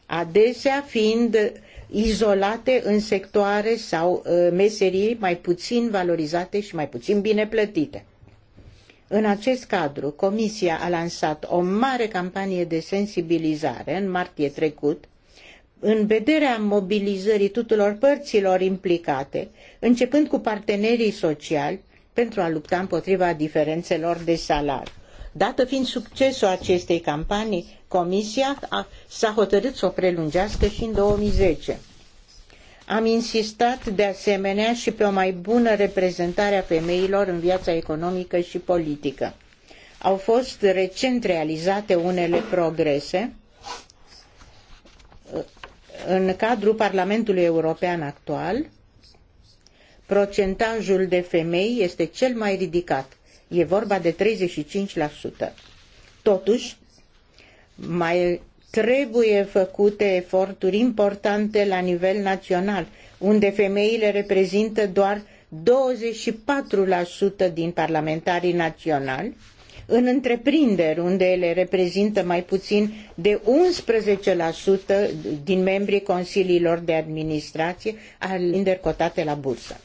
adesea fiind izolate în sectoare sau uh, meserii mai puțin valorizate și mai puțin bine plătite. În acest cadru, Comisia a lansat o mare campanie de sensibilizare în martie trecut, în vederea mobilizării tuturor părților implicate, începând cu partenerii sociali, pentru a lupta împotriva diferențelor de salari. Dată fiind succesul acestei campanii, Comisia s-a hotărât să o prelungească și în 2010. Am insistat de asemenea și pe o mai bună reprezentare a femeilor în viața economică și politică. Au fost recent realizate unele progrese în cadrul Parlamentului European actual. Procentajul de femei este cel mai ridicat. E vorba de 35%. Totuși, mai trebuie făcute eforturi importante la nivel național, unde femeile reprezintă doar 24% din parlamentarii naționali, în întreprinderi, unde ele reprezintă mai puțin de 11% din membrii consiliilor de administrație, al cotate la bursă.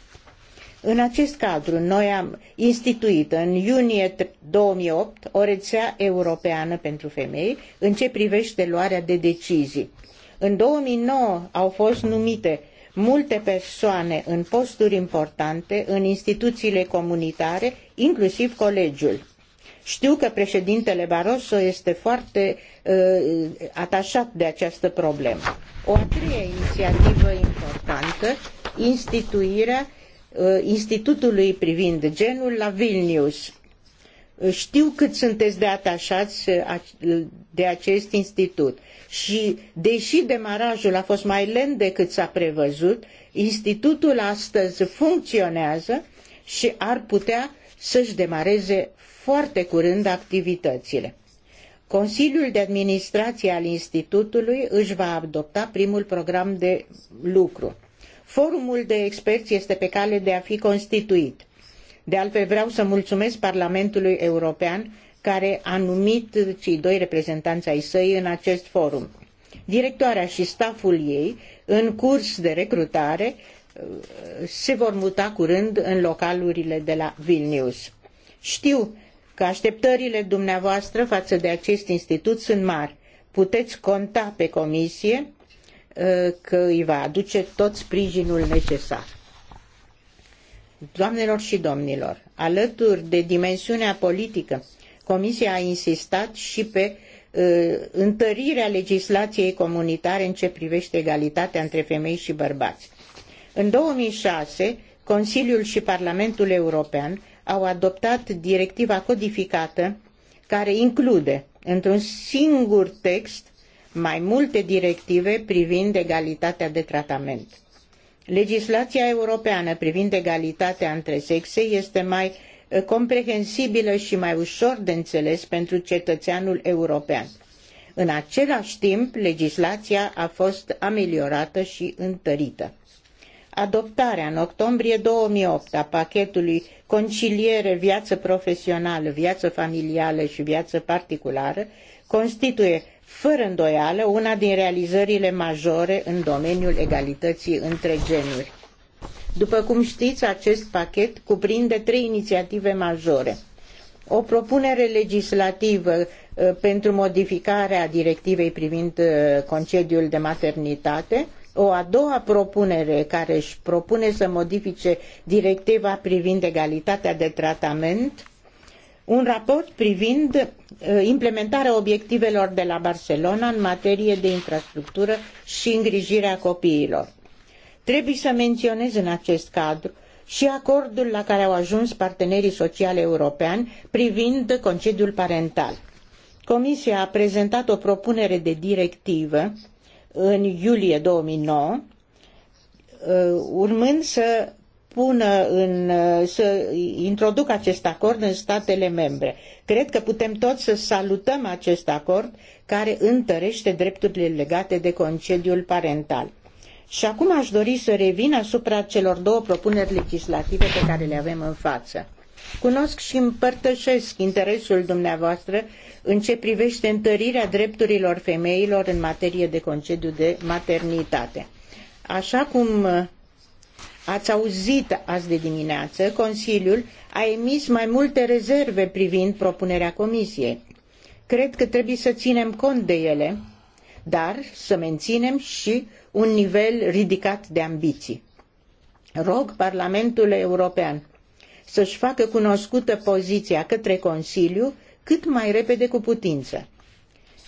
În acest cadru, noi am instituit în iunie 2008 o rețea europeană pentru femei în ce privește luarea de decizii. În 2009 au fost numite multe persoane în posturi importante în instituțiile comunitare, inclusiv colegiul. Știu că președintele Barroso este foarte uh, atașat de această problemă. O a treia inițiativă importantă, instituirea Uh, institutului privind genul la Vilnius. Uh, știu cât sunteți de atașați uh, de acest institut și, deși demarajul a fost mai lent decât s-a prevăzut, institutul astăzi funcționează și ar putea să-și demareze foarte curând activitățile. Consiliul de administrație al institutului își va adopta primul program de lucru. Forumul de experți este pe cale de a fi constituit. De altfel, vreau să mulțumesc Parlamentului European care a numit cei doi reprezentanți ai săi în acest forum. Directoarea și staful ei, în curs de recrutare, se vor muta curând în localurile de la Vilnius. Știu că așteptările dumneavoastră față de acest institut sunt mari. Puteți conta pe comisie Uh, că îi va aduce tot sprijinul necesar. Doamnelor și domnilor, alături de dimensiunea politică, Comisia a insistat și pe uh, întărirea legislației comunitare în ce privește egalitatea între femei și bărbați. În 2006, Consiliul și Parlamentul European au adoptat directiva codificată care include într-un singur text mai multe directive privind egalitatea de tratament. Legislația europeană privind egalitatea între sexe este mai eh, comprehensibilă și mai ușor de înțeles pentru cetățeanul european. În același timp, legislația a fost ameliorată și întărită. Adoptarea în octombrie 2008 a pachetului Conciliere viață profesională, viață familială și viață particulară constituie fără îndoială una din realizările majore în domeniul egalității între genuri. După cum știți, acest pachet cuprinde trei inițiative majore. O propunere legislativă uh, pentru modificarea directivei privind uh, concediul de maternitate, o a doua propunere care își propune să modifice directiva privind egalitatea de tratament un raport privind uh, implementarea obiectivelor de la Barcelona în materie de infrastructură și îngrijirea copiilor. Trebuie să menționez în acest cadru și acordul la care au ajuns partenerii sociale europeni privind concediul parental. Comisia a prezentat o propunere de directivă în iulie 2009, uh, urmând să pună în, uh, să introducă acest acord în statele membre. Cred că putem toți să salutăm acest acord care întărește drepturile legate de concediul parental. Și acum aș dori să revin asupra celor două propuneri legislative pe care le avem în față. Cunosc și împărtășesc interesul dumneavoastră în ce privește întărirea drepturilor femeilor în materie de concediu de maternitate. Așa cum uh, ați auzit azi de dimineață, Consiliul a emis mai multe rezerve privind propunerea Comisiei. Cred că trebuie să ținem cont de ele, dar să menținem și un nivel ridicat de ambiții. Rog Parlamentul European să-și facă cunoscută poziția către Consiliu cât mai repede cu putință.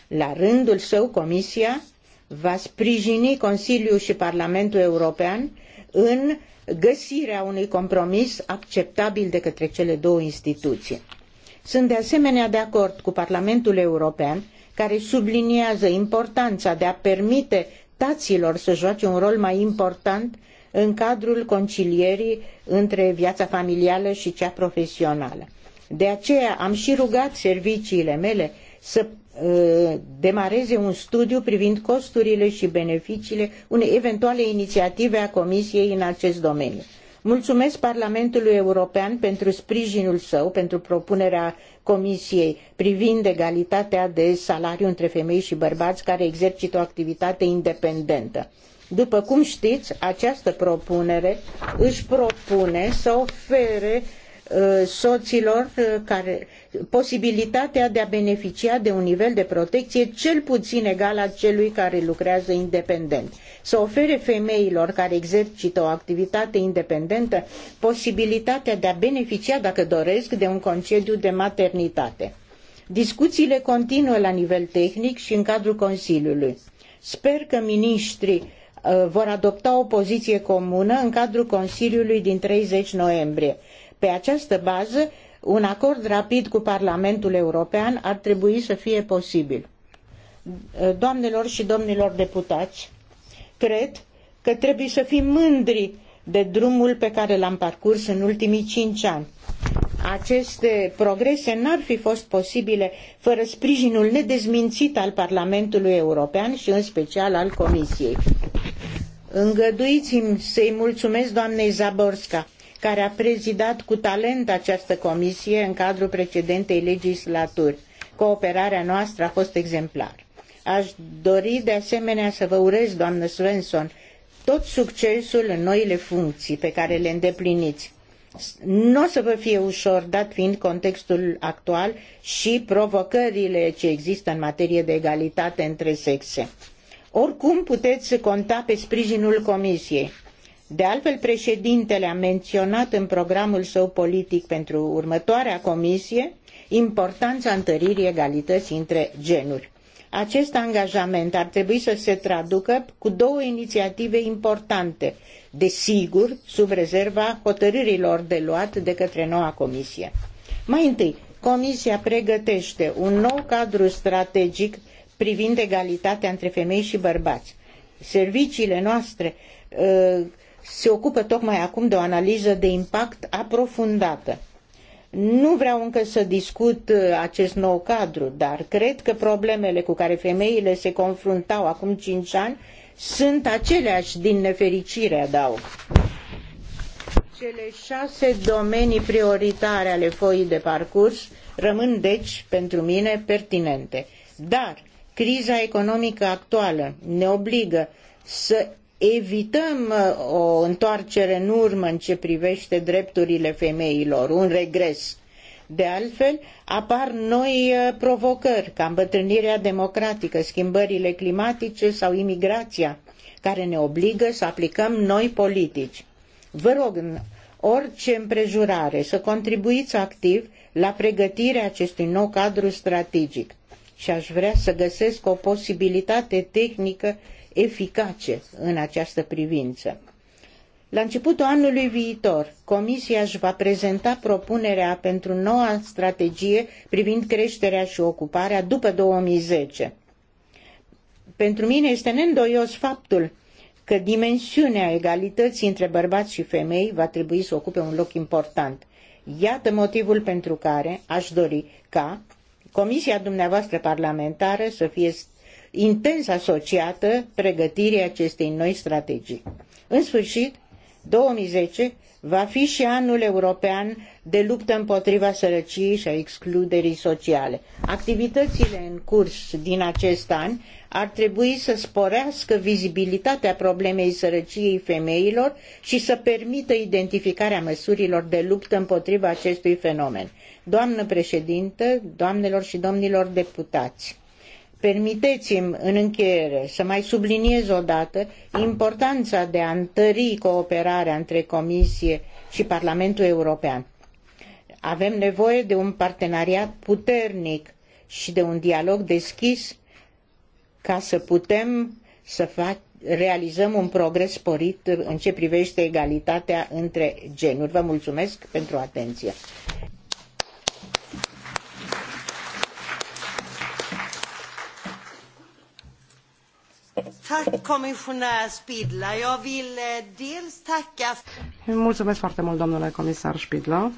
La rândul său, Comisia va sprijini Consiliul și Parlamentul European în găsirea unui compromis acceptabil de către cele două instituții. Sunt de asemenea de acord cu Parlamentul European, care subliniază importanța de a permite taților să joace un rol mai important în cadrul concilierii între viața familială și cea profesională. De aceea am și rugat serviciile mele să Uh, demareze un studiu privind costurile și beneficiile unei eventuale inițiative a Comisiei în acest domeniu. Mulțumesc Parlamentului European pentru sprijinul său, pentru propunerea Comisiei privind egalitatea de salariu între femei și bărbați care exercită o activitate independentă. După cum știți, această propunere își propune să ofere uh, Uh, soților uh, care posibilitatea de a beneficia de un nivel de protecție cel puțin egal al celui care lucrează independent. Să ofere femeilor care exercită o activitate independentă posibilitatea de a beneficia, dacă doresc, de un concediu de maternitate. Discuțiile continuă la nivel tehnic și în cadrul Consiliului. Sper că miniștrii uh, vor adopta o poziție comună în cadrul Consiliului din 30 noiembrie. Pe această bază, un acord rapid cu Parlamentul European ar trebui să fie posibil. Doamnelor și domnilor deputați, cred că trebuie să fim mândri de drumul pe care l-am parcurs în ultimii cinci ani. Aceste progrese n-ar fi fost posibile fără sprijinul nedezmințit al Parlamentului European și în special al Comisiei. Îngăduiți-mi să-i mulțumesc doamnei Zaborska care a prezidat cu talent această comisie în cadrul precedentei legislaturi. Cooperarea noastră a fost exemplară. Aș dori de asemenea să vă urez, doamnă Svensson, tot succesul în noile funcții pe care le îndepliniți. Nu o să vă fie ușor, dat fiind contextul actual și provocările ce există în materie de egalitate între sexe. Oricum puteți conta pe sprijinul Comisiei de altfel, președintele a menționat în programul său politic pentru următoarea comisie importanța întăririi egalității între genuri. Acest angajament ar trebui să se traducă cu două inițiative importante, desigur, sub rezerva hotărârilor de luat de către noua comisie. Mai întâi, Comisia pregătește un nou cadru strategic privind egalitatea între femei și bărbați. Serviciile noastre uh, se ocupă tocmai acum de o analiză de impact aprofundată. Nu vreau încă să discut uh, acest nou cadru, dar cred că problemele cu care femeile se confruntau acum cinci ani sunt aceleași din nefericire, adaug. Cele șase domenii prioritare ale foii de parcurs rămân deci pentru mine pertinente. Dar criza economică actuală ne obligă să evităm uh, o întoarcere în urmă în ce privește drepturile femeilor, un regres. De altfel, apar noi uh, provocări, ca îmbătrânirea democratică, schimbările climatice sau imigrația, care ne obligă să aplicăm noi politici. Vă rog, în orice împrejurare, să contribuiți activ la pregătirea acestui nou cadru strategic. Și aș vrea să găsesc o posibilitate tehnică eficace în această privință. La începutul anului viitor, Comisia își va prezenta propunerea pentru noua strategie privind creșterea și ocuparea după 2010. Pentru mine este neîndoios faptul că dimensiunea egalității între bărbați și femei va trebui să ocupe un loc important. Iată motivul pentru care aș dori ca Comisia dumneavoastră parlamentară să fie intens asociată pregătirii acestei noi strategii. În sfârșit, 2010 va fi și anul european de luptă împotriva sărăciei și a excluderii sociale. Activitățile în curs din acest an ar trebui să sporească vizibilitatea problemei sărăciei femeilor și să permită identificarea măsurilor de luptă împotriva acestui fenomen. Doamnă președintă, doamnelor și domnilor deputați, Permiteți-mi în încheiere să mai subliniez o dată importanța de a întări cooperarea între Comisie și Parlamentul European. Avem nevoie de un parteneriat puternic și de un dialog deschis ca să putem să fac, realizăm un progres sporit în ce privește egalitatea între genuri. Vă mulțumesc pentru atenție. Tack Spidla. Jag vill eh, dels tacka... Mulțumesc foarte mult, domnule comisar Spidla.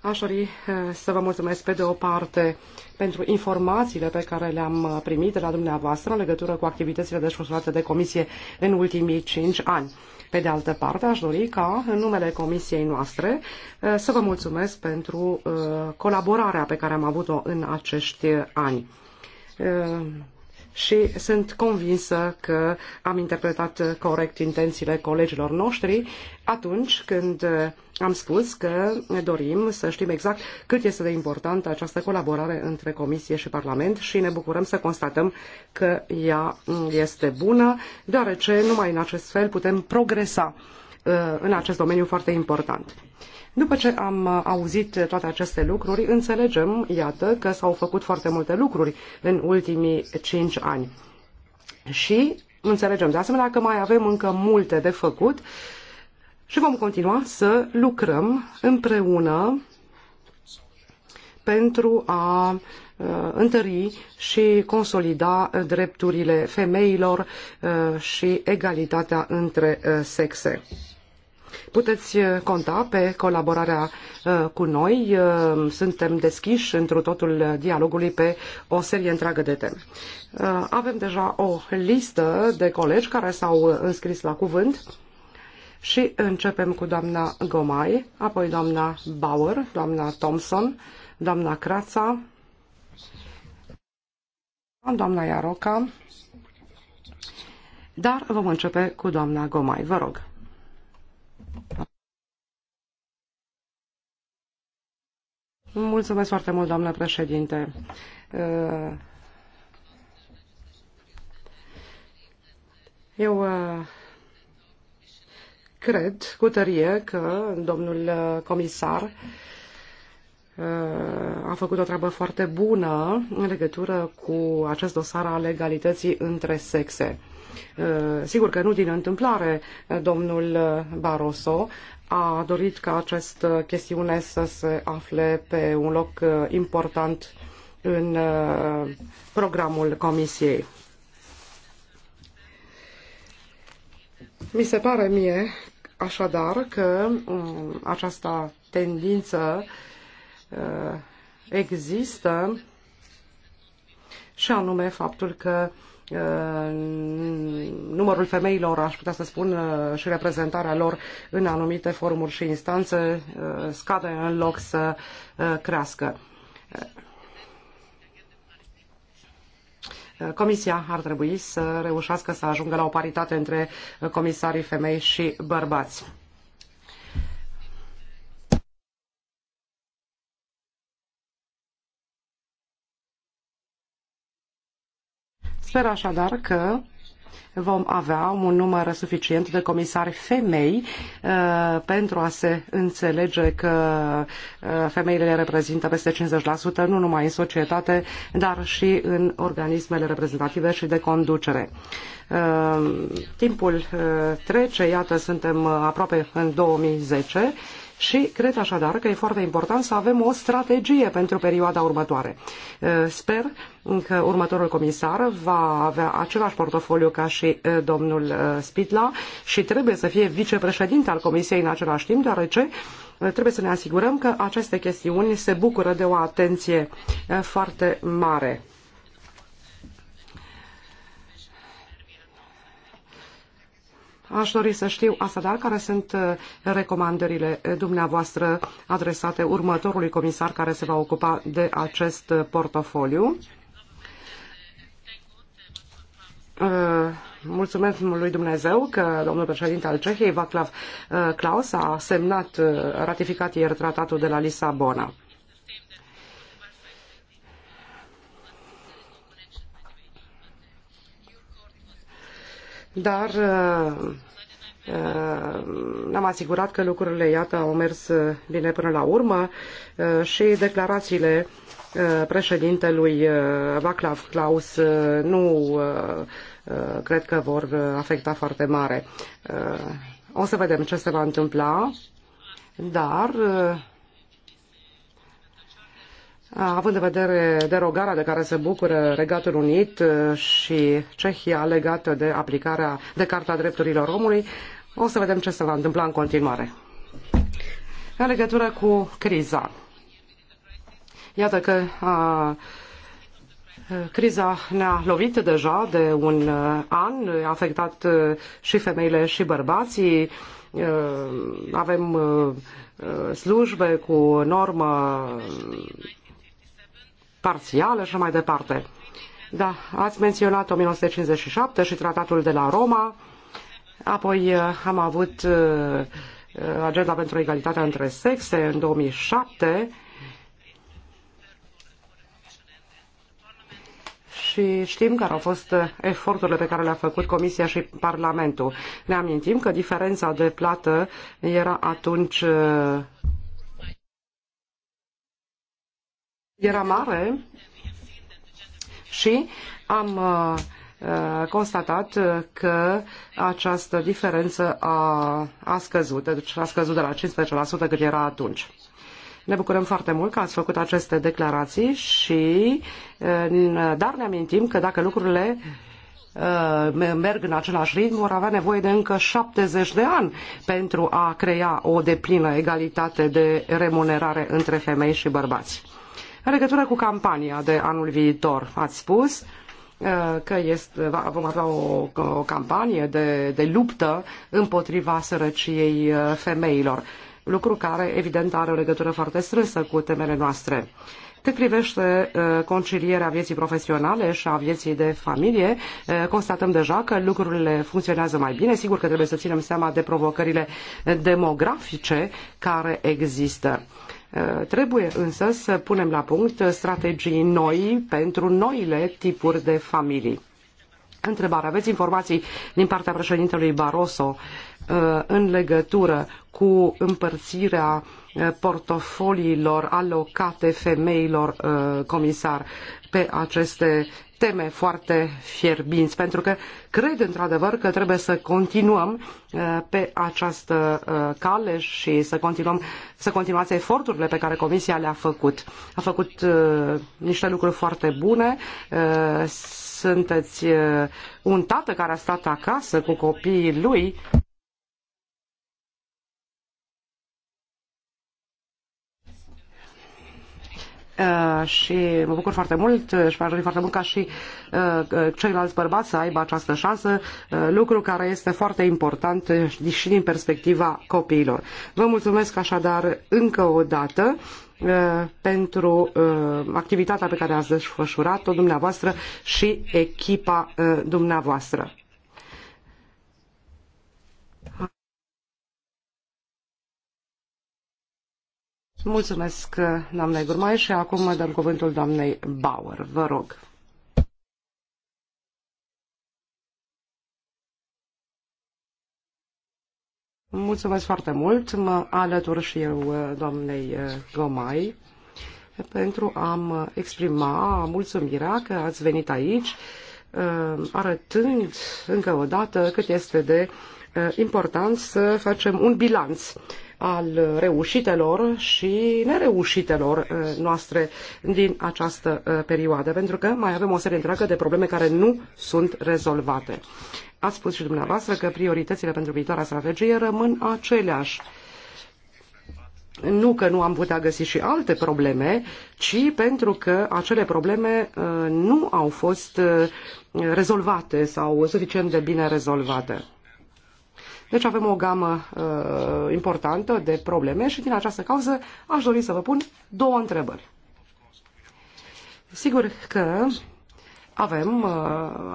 Aș dori eh, să vă mulțumesc pe de o parte pentru informațiile pe care le-am eh, primit de la dumneavoastră în legătură cu activitățile desfășurate de comisie în ultimii cinci ani. Pe de altă parte, aș dori ca, în numele comisiei noastre, să vă mulțumesc pentru colaborarea pe care am avut-o în acești ani și sunt convinsă că am interpretat corect intențiile colegilor noștri atunci când am spus că ne dorim să știm exact cât este de importantă această colaborare între Comisie și Parlament și ne bucurăm să constatăm că ea este bună, deoarece numai în acest fel putem progresa uh, în acest domeniu foarte important. După ce am uh, auzit toate aceste lucruri, înțelegem, iată, că s-au făcut foarte multe lucruri în ultimii cinci ani. Și înțelegem de asemenea că mai avem încă multe de făcut și vom continua să lucrăm împreună pentru a uh, întări și consolida drepturile femeilor uh, și egalitatea între sexe. Puteți uh, conta pe colaborarea uh, cu noi. Uh, suntem deschiși întru totul dialogului pe o serie întreagă de teme. Avem deja o listă de colegi care s-au înscris la cuvânt și începem cu doamna Gomai, apoi doamna Bauer, doamna Thompson, doamna Crața, doamna Iaroca, dar vom începe cu doamna Gomai, vă rog. Mulțumesc foarte mult, doamnă președinte. Uh, eu uh, cred cu tărie că domnul uh, comisar a făcut o treabă foarte bună în legătură cu acest dosar al legalității între sexe. Eh, sigur că nu din întâmplare eh, domnul eh, Barroso a dorit ca această chestiune să se afle pe un loc important în programul Comisiei. Mi se pare mie, așadar, că mm, această tendință există și anume faptul că uh, Uh, numărul femeilor, aș putea să spun, uh, și reprezentarea lor în anumite forumuri și instanțe uh, scade în loc să crească. Comisia ar trebui să reușească să ajungă la o paritate între comisarii femei și bărbați. Sper așadar că vom avea un număr suficient de comisari femei uh, pentru a se înțelege că uh, femeile le reprezintă peste 50% nu numai în societate, dar și în organismele reprezentative și de conducere. Uh, timpul uh, trece, iată, suntem uh, aproape în 2010 și cred așadar că e foarte important să avem o strategie pentru perioada următoare. Sper că următorul comisar va avea același portofoliu ca și domnul Spitla și trebuie să fie vicepreședinte al Comisiei în același timp, deoarece trebuie să ne asigurăm că aceste chestiuni se bucură de o atenție foarte mare. Aș dori să știu așadar care sunt uh, recomandările uh, dumneavoastră adresate următorului comisar care se va ocupa de acest uh, portofoliu. Mulțumesc lui Dumnezeu că domnul președinte al Cehiei, Vaclav Klaus, a semnat, ratificat ieri tratatul de la Lisabona. dar uh, uh, ne-am asigurat că lucrurile, iată, au mers uh, bine până la urmă și declarațiile președintelui Vaclav Klaus nu cred că vor afecta foarte mare. O să vedem ce se va întâmpla, dar Având în vedere derogarea de care se bucură Regatul Unit uh, și Cehia legată de aplicarea de Carta Drepturilor Omului, o să vedem ce se va întâmpla în continuare. În legătură cu criza. Iată că a, criza ne-a lovit deja de un uh, an, a afectat uh, și femeile și bărbații. Avem slujbe cu normă parțială și mai departe. Da, ați menționat 1957 și tratatul de la Roma, apoi uh, am avut uh, uh, agenda pentru egalitatea între sexe în 2007 și știm care au fost eforturile pe care le-a făcut Comisia și Parlamentul. Ne amintim că diferența de plată era atunci era mare și am uh, uh, constatat că această diferență a, a scăzut, deci a scăzut de la 15% cât era atunci. Ne bucurăm foarte mult că ați făcut aceste declarații și uh, dar ne amintim că dacă lucrurile merg în același ritm, vor avea nevoie de încă 70 de ani pentru a crea o deplină egalitate de remunerare între femei și bărbați. În legătură cu campania de anul viitor, ați spus uh, că este, vom avea o, o campanie de, de luptă împotriva sărăciei uh, femeilor, lucru care, evident, are o legătură foarte strânsă cu temele noastre. Cât privește uh, concilierea vieții profesionale și a vieții de familie, constatăm deja că lucrurile funcționează mai bine. Sigur că trebuie să ținem seama de provocările demografice care există. Eh, trebuie însă să punem la punct strategii noi pentru noile tipuri de familii. Întrebare. Aveți informații din partea președintelui Barroso eh, în legătură cu împărțirea eh, portofoliilor alocate femeilor comisar pe aceste teme foarte fierbinți, pentru că cred într-adevăr că trebuie să continuăm uh, pe această uh, cale și să continuăm să continuați eforturile pe care Comisia le-a făcut. A făcut uh, niște lucruri foarte bune. Sunteți un tată care a stat acasă cu copiii lui Uh, și mă bucur foarte mult și mă foarte mult ca și uh, uh, ceilalți bărbați să aibă această șansă, lucru care este foarte important și din perspectiva copiilor. Vă mulțumesc așadar încă o dată pentru activitatea pe care ați desfășurat-o dumneavoastră și echipa dumneavoastră. Mulțumesc, uh, doamnei Gurmai, și acum dăm cuvântul doamnei Bauer. Vă rog. Mulțumesc foarte mult. Mă alătur și eu uh, doamnei uh, Gomai pentru a-mi exprima mulțumirea că ați venit aici arătând încă o dată cât este de important să facem un bilanț al reușitelor și nereușitelor eh, noastre din această eh, perioadă, pentru că mai avem o serie întreagă de probleme care nu sunt rezolvate. Ați spus și dumneavoastră că prioritățile pentru viitoarea strategie rămân aceleași. Nu că nu am putea găsi și alte probleme, ci pentru că acele probleme eh, nu au fost rezolvate sau suficient de bine rezolvate. Deci avem o gamă uh, importantă de probleme și din această cauză aș dori să vă pun două întrebări. Sigur că avem uh,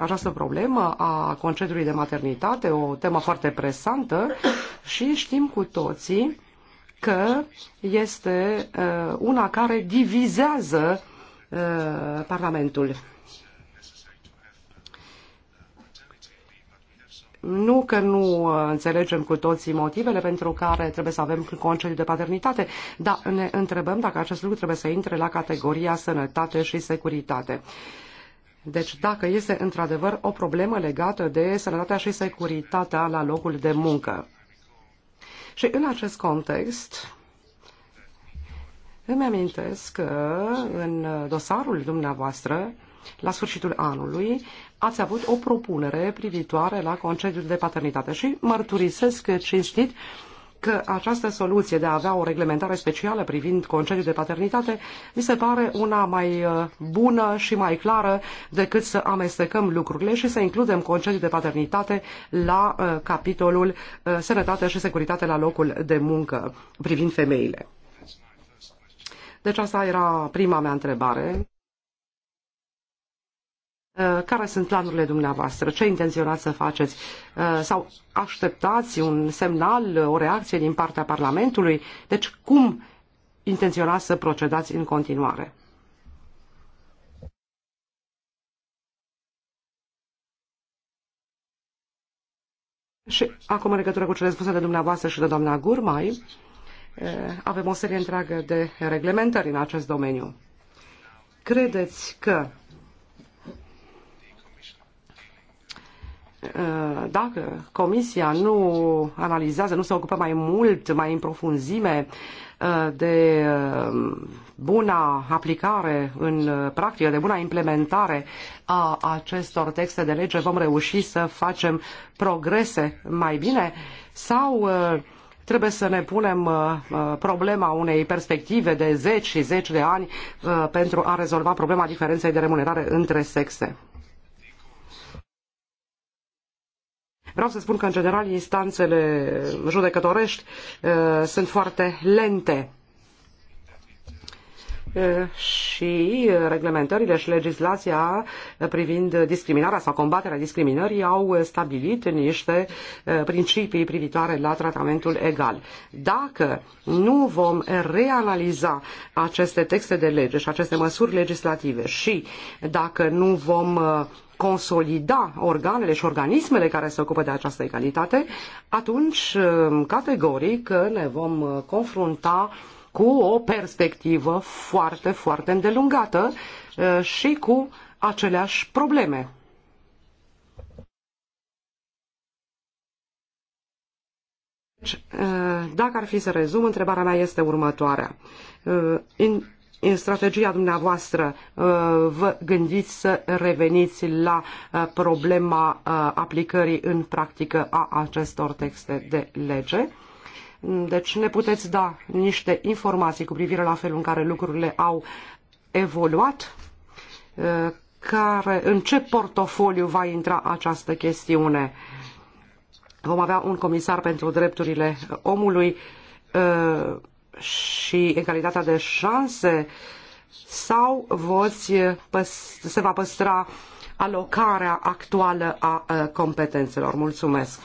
această problemă a concediului de maternitate, o temă foarte presantă și știm cu toții că este uh, una care divizează uh, Parlamentul. Nu că nu uh, înțelegem cu toții motivele pentru care trebuie să avem concediu de paternitate, dar ne întrebăm dacă acest lucru trebuie să intre la categoria sănătate și securitate. Deci dacă este într-adevăr o problemă legată de sănătatea și securitatea la locul de muncă. Și în acest context, îmi amintesc că în dosarul dumneavoastră, la sfârșitul anului, ați avut o propunere privitoare la concediul de paternitate și mărturisesc cinstit că această soluție de a avea o reglementare specială privind concediul de paternitate mi se pare una mai uh, bună și mai clară decât să amestecăm lucrurile și să includem concediul de paternitate la uh, capitolul uh, sănătate și securitate la locul de muncă privind femeile. Deci asta era prima mea întrebare. Uh, care sunt planurile dumneavoastră? Ce intenționați să faceți? Uh, sau așteptați un semnal, o reacție din partea Parlamentului? Deci cum intenționați să procedați în continuare? Și acum, în legătură cu cele spuse de dumneavoastră și de doamna Gurmai, uh, avem o serie întreagă de reglementări în acest domeniu. Credeți că Eh, dacă Comisia nu analizează, nu se ocupă mai mult, mai în profunzime eh, de eh, buna aplicare în practică, de buna implementare a acestor texte de lege, vom reuși să facem progrese mai bine sau trebuie să ne punem problema unei perspective de zeci și zeci de ani pentru a rezolva problema diferenței de remunerare între sexe. Vreau să spun că, în general, instanțele judecătorești uh, sunt foarte lente uh, și reglementările și legislația privind discriminarea sau combaterea discriminării au stabilit niște uh, principii privitoare la tratamentul egal. Dacă nu vom reanaliza aceste texte de lege și aceste măsuri legislative și dacă nu vom consolida organele și organismele care se ocupă de această egalitate, atunci uh, categoric ne vom uh, confrunta cu o perspectivă foarte, foarte îndelungată uh, și cu aceleași probleme. Deci, dacă ar fi să rezum, întrebarea mea este următoarea în strategia dumneavoastră uh, vă gândiți să reveniți la uh, problema uh, aplicării în practică a acestor texte de lege. Deci ne puteți da niște informații cu privire la felul în care lucrurile au evoluat, care, în ce portofoliu va intra această chestiune. Vom avea un comisar pentru drepturile omului și egalitatea de șanse sau voți, se va păstra alocarea actuală a competențelor? Mulțumesc!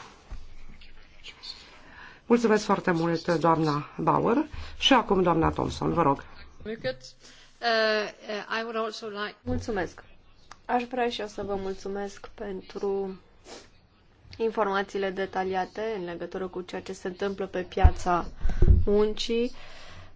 Mulțumesc foarte mult, doamna Bauer. Și acum, doamna Thompson, vă rog. Mulțumesc. Aș vrea și eu să vă mulțumesc pentru informațiile detaliate în legătură cu ceea ce se întâmplă pe piața muncii,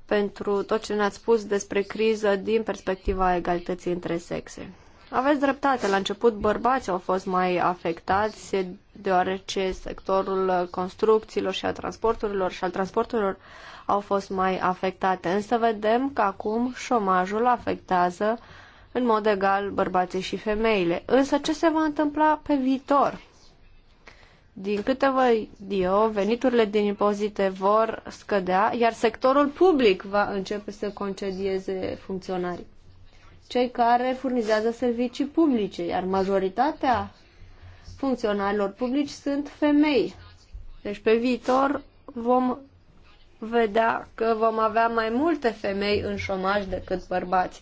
pentru tot ce ne-ați spus despre criză din perspectiva egalității între sexe. Aveți dreptate, la început bărbații au fost mai afectați, deoarece sectorul construcțiilor și a transporturilor și al transporturilor au fost mai afectate, însă vedem că acum șomajul afectează în mod egal bărbații și femeile. Însă ce se va întâmpla pe viitor? Din câte văd eu, veniturile din impozite vor scădea, iar sectorul public va începe să concedieze funcționarii. Cei care furnizează servicii publice, iar majoritatea funcționarilor publici sunt femei. Deci pe viitor vom vedea că vom avea mai multe femei în șomaj decât bărbați.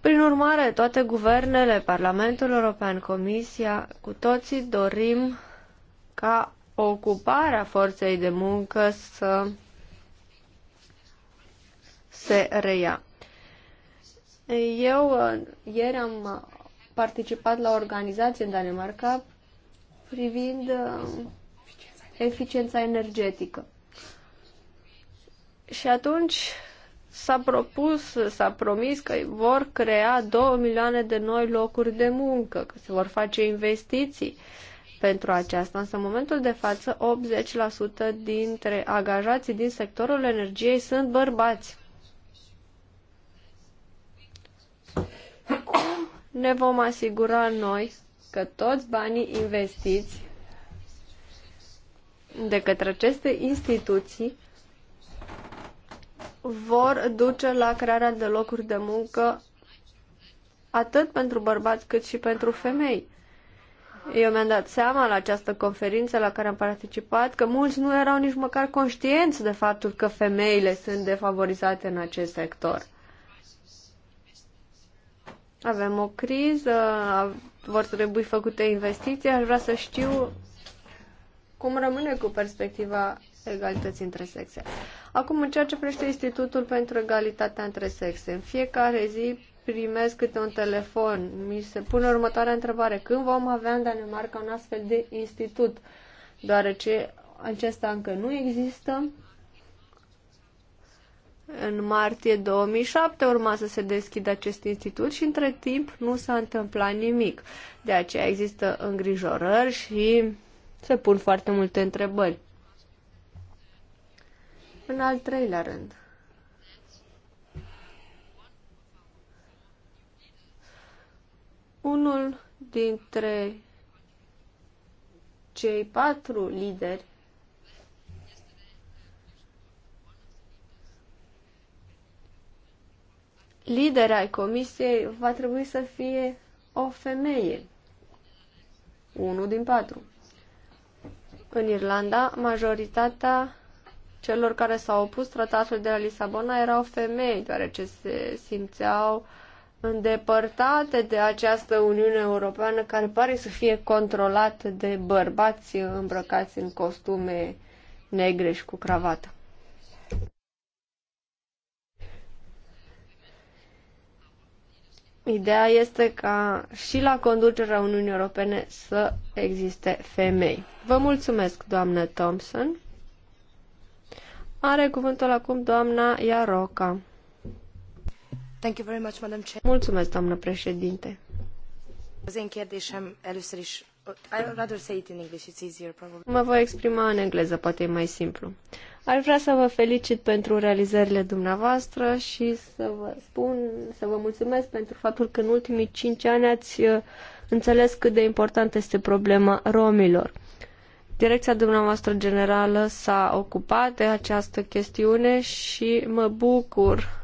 Prin urmare, toate guvernele, Parlamentul European, Comisia, cu toții dorim ca ocuparea forței de muncă să se reia. Eu ieri am participat la o organizație în Danemarca privind uh, eficiența energetică. Și atunci s-a propus, s-a promis că vor crea 2 milioane de noi locuri de muncă, că se vor face investiții pentru aceasta. Însă, în momentul de față, 80% dintre angajații din sectorul energiei sunt bărbați. Cum ne vom asigura noi că toți banii investiți de către aceste instituții vor duce la crearea de locuri de muncă atât pentru bărbați cât și pentru femei. Eu mi-am dat seama la această conferință la care am participat că mulți nu erau nici măcar conștienți de faptul că femeile sunt defavorizate în acest sector. Avem o criză, vor trebui făcute investiții, aș vrea să știu cum rămâne cu perspectiva egalității între sexe. Acum, în ceea ce privește Institutul pentru Egalitatea între Sexe, în fiecare zi primesc câte un telefon. Mi se pune următoarea întrebare. Când vom avea în Danemarca un astfel de institut? Deoarece acesta încă nu există. În martie 2007 urma să se deschidă acest institut și între timp nu s-a întâmplat nimic. De aceea există îngrijorări și se pun foarte multe întrebări. În al treilea rând, unul dintre cei patru lideri lidera ai comisiei va trebui să fie o femeie. Unul din patru. În Irlanda, majoritatea celor care s-au opus tratatului de la Lisabona erau femei, deoarece se simțeau îndepărtate de această Uniune Europeană care pare să fie controlată de bărbați îmbrăcați în costume negre și cu cravată. Ideea este ca și la conducerea Uniunii Europene să existe femei. Vă mulțumesc, doamnă Thompson. Are cuvântul acum doamna Iaroca. Thank you very much, Madam Chair. Mulțumesc, doamnă președinte. Mă voi exprima în engleză, poate e mai simplu. Ar vrea să vă felicit pentru realizările dumneavoastră și să vă spun, să vă mulțumesc pentru faptul că în ultimii cinci ani ați uh, înțeles cât de importantă este problema romilor. Direcția dumneavoastră generală s-a ocupat de această chestiune și mă bucur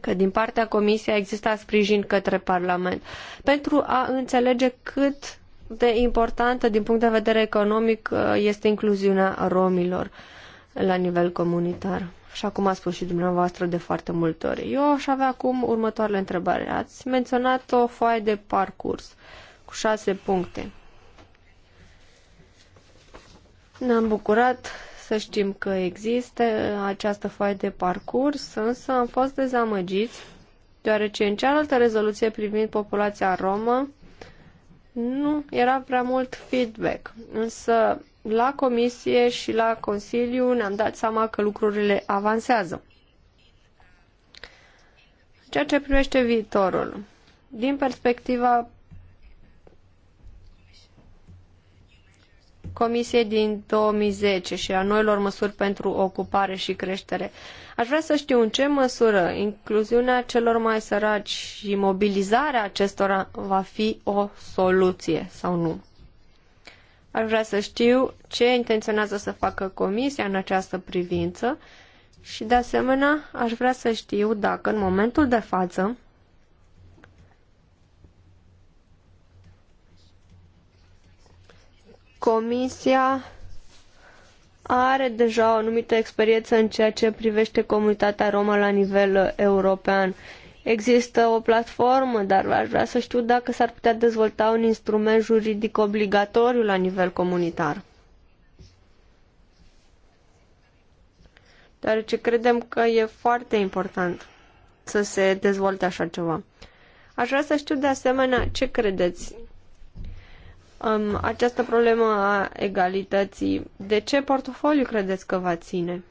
că din partea Comisiei existat sprijin către Parlament pentru a înțelege cât de importantă din punct de vedere economic uh, este incluziunea romilor la nivel comunitar. Așa cum a spus și dumneavoastră de foarte multe ori. Eu aș avea acum următoarele întrebări. Ați menționat o foaie de parcurs cu șase puncte. Ne-am bucurat să știm că există această foaie de parcurs, însă am fost dezamăgiți, deoarece în cealaltă rezoluție privind populația romă nu era prea mult feedback. Însă la comisie și la Consiliu ne-am dat seama că lucrurile avansează. Ceea ce privește viitorul, din perspectiva Comisiei din 2010 și a noilor măsuri pentru ocupare și creștere. Aș vrea să știu în ce măsură incluziunea celor mai săraci și mobilizarea acestora va fi o soluție sau nu. Aș vrea să știu ce intenționează să facă Comisia în această privință și, de asemenea, aș vrea să știu dacă, în momentul de față, Comisia are deja o anumită experiență în ceea ce privește comunitatea romă la nivel european. Există o platformă, dar aș vrea să știu dacă s-ar putea dezvolta un instrument juridic obligatoriu la nivel comunitar. Deoarece credem că e foarte important să se dezvolte așa ceva. Aș vrea să știu de asemenea ce credeți um, această problemă a egalității, de ce portofoliu credeți că va ține?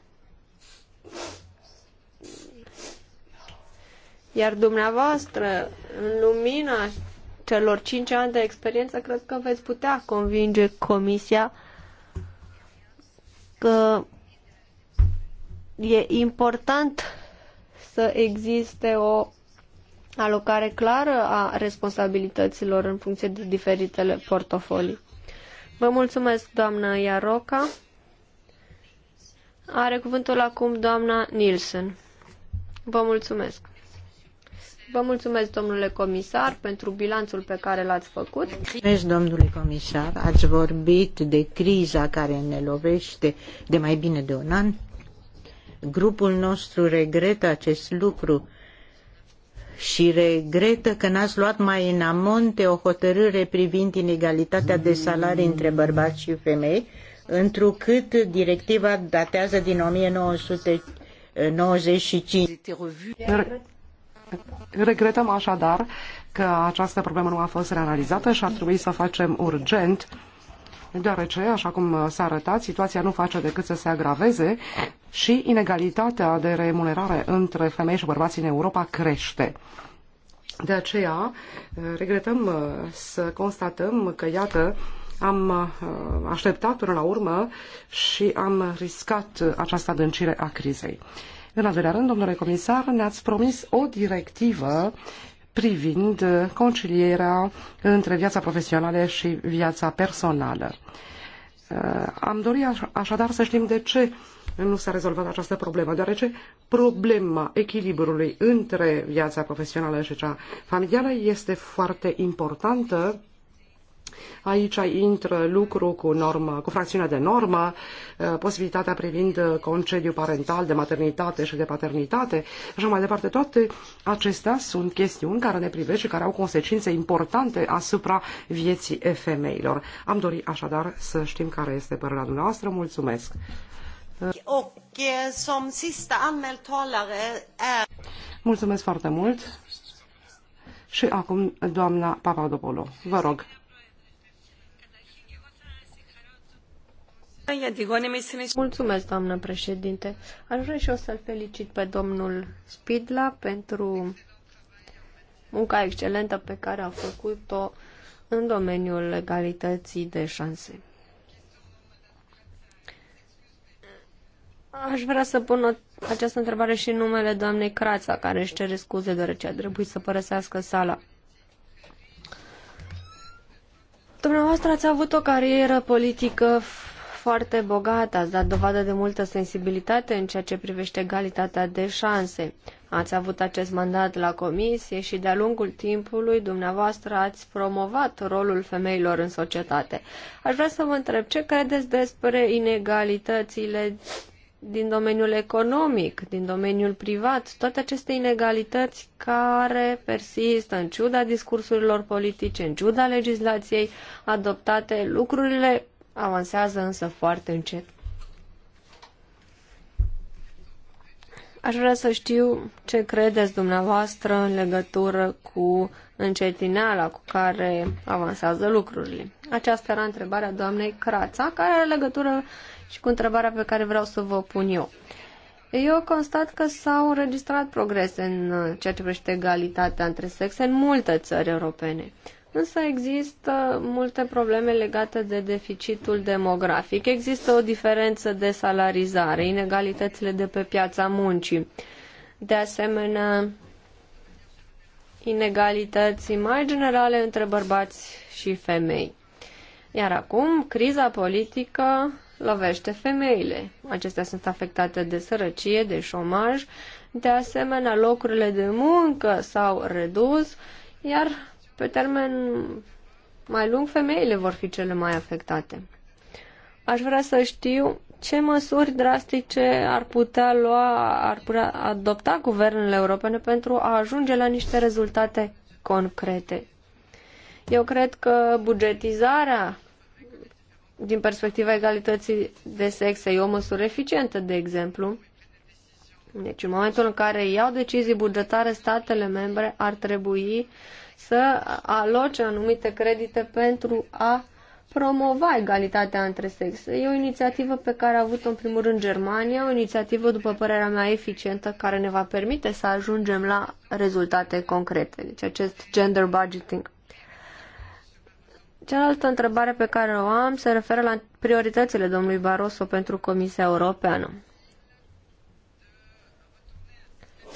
Iar dumneavoastră, în lumina celor cinci ani de experiență, cred că veți putea convinge Comisia că e important să existe o alocare clară a responsabilităților în funcție de diferitele portofolii. Vă mulțumesc, doamnă Iaroca. Are cuvântul acum doamna Nielsen. Vă mulțumesc. Vă mulțumesc, domnule comisar, pentru bilanțul pe care l-ați făcut. Mulțumesc, domnule comisar. Ați vorbit de criza care ne lovește de mai bine de un an. Grupul nostru regretă acest lucru și regretă că n-ați luat mai în amonte o hotărâre privind inegalitatea de salarii între bărbați și femei, întrucât directiva datează din 1995. Regretăm așadar că această problemă nu a fost realizată și ar trebui să facem urgent deoarece, așa cum s-a arătat, situația nu face decât să se agraveze și inegalitatea de remunerare între femei și bărbați în Europa crește. De aceea, regretăm uh, să constatăm că, iată, am uh, așteptat până la urmă și am riscat această adâncire a crizei. În al doilea rând, domnule comisar, ne-ați promis o directivă privind uh, concilierea între viața profesională și viața personală. Uh, am dorit așadar să știm de ce nu s-a rezolvat această problemă, deoarece problema echilibrului între viața profesională și cea familială este foarte importantă Aici intră lucru cu, normă, cu fracțiunea de normă, uh, posibilitatea privind uh, concediu parental de maternitate și de paternitate și așa mai departe. Toate acestea sunt chestiuni care ne privește, care au consecințe importante asupra vieții femeilor. Am dorit așadar să știm care este părerea dumneavoastră. Mulțumesc! Eh, Mulțumesc foarte mult. Și acum doamna Papadopoulou. Vă rog. Mulțumesc, doamnă președinte. Aș vrea și eu să-l felicit pe domnul Spidla pentru munca excelentă pe care a făcut-o în domeniul legalității de șanse. Aș vrea să pun această întrebare și în numele doamnei Crața, care își cere scuze deoarece a trebuit să părăsească sala. Dumneavoastră ați avut o carieră politică foarte bogată, ați dat dovadă de multă sensibilitate în ceea ce privește egalitatea de șanse. Ați avut acest mandat la comisie și de-a lungul timpului dumneavoastră ați promovat rolul femeilor în societate. Aș vrea să vă întreb ce credeți despre inegalitățile din domeniul economic, din domeniul privat, toate aceste inegalități care persistă în ciuda discursurilor politice, în ciuda legislației adoptate, lucrurile avansează însă foarte încet. Aș vrea să știu ce credeți dumneavoastră în legătură cu încetineala cu care avansează lucrurile. Aceasta era întrebarea doamnei Crața, care are legătură și cu întrebarea pe care vreau să vă pun eu. Eu constat că s-au înregistrat progrese în ceea ce privește egalitatea între sexe în multe țări europene. Însă există multe probleme legate de deficitul demografic. Există o diferență de salarizare, inegalitățile de pe piața muncii. De asemenea, inegalități mai generale între bărbați și femei. Iar acum, criza politică lovește femeile. Acestea sunt afectate de sărăcie, de șomaj, de asemenea locurile de muncă s-au redus, iar pe termen mai lung, femeile vor fi cele mai afectate. Aș vrea să știu ce măsuri drastice ar putea lua, ar putea adopta guvernele europene pentru a ajunge la niște rezultate concrete. Eu cred că bugetizarea din perspectiva egalității de sex e o măsură eficientă, de exemplu. Deci în momentul în care iau decizii bugetare statele membre, ar trebui să aloce anumite credite pentru a promova egalitatea între sexe. E o inițiativă pe care a avut-o în primul rând Germania, o inițiativă, după părerea mea, eficientă, care ne va permite să ajungem la rezultate concrete, deci acest gender budgeting. Cealaltă întrebare pe care o am se referă la prioritățile domnului Barroso pentru Comisia Europeană.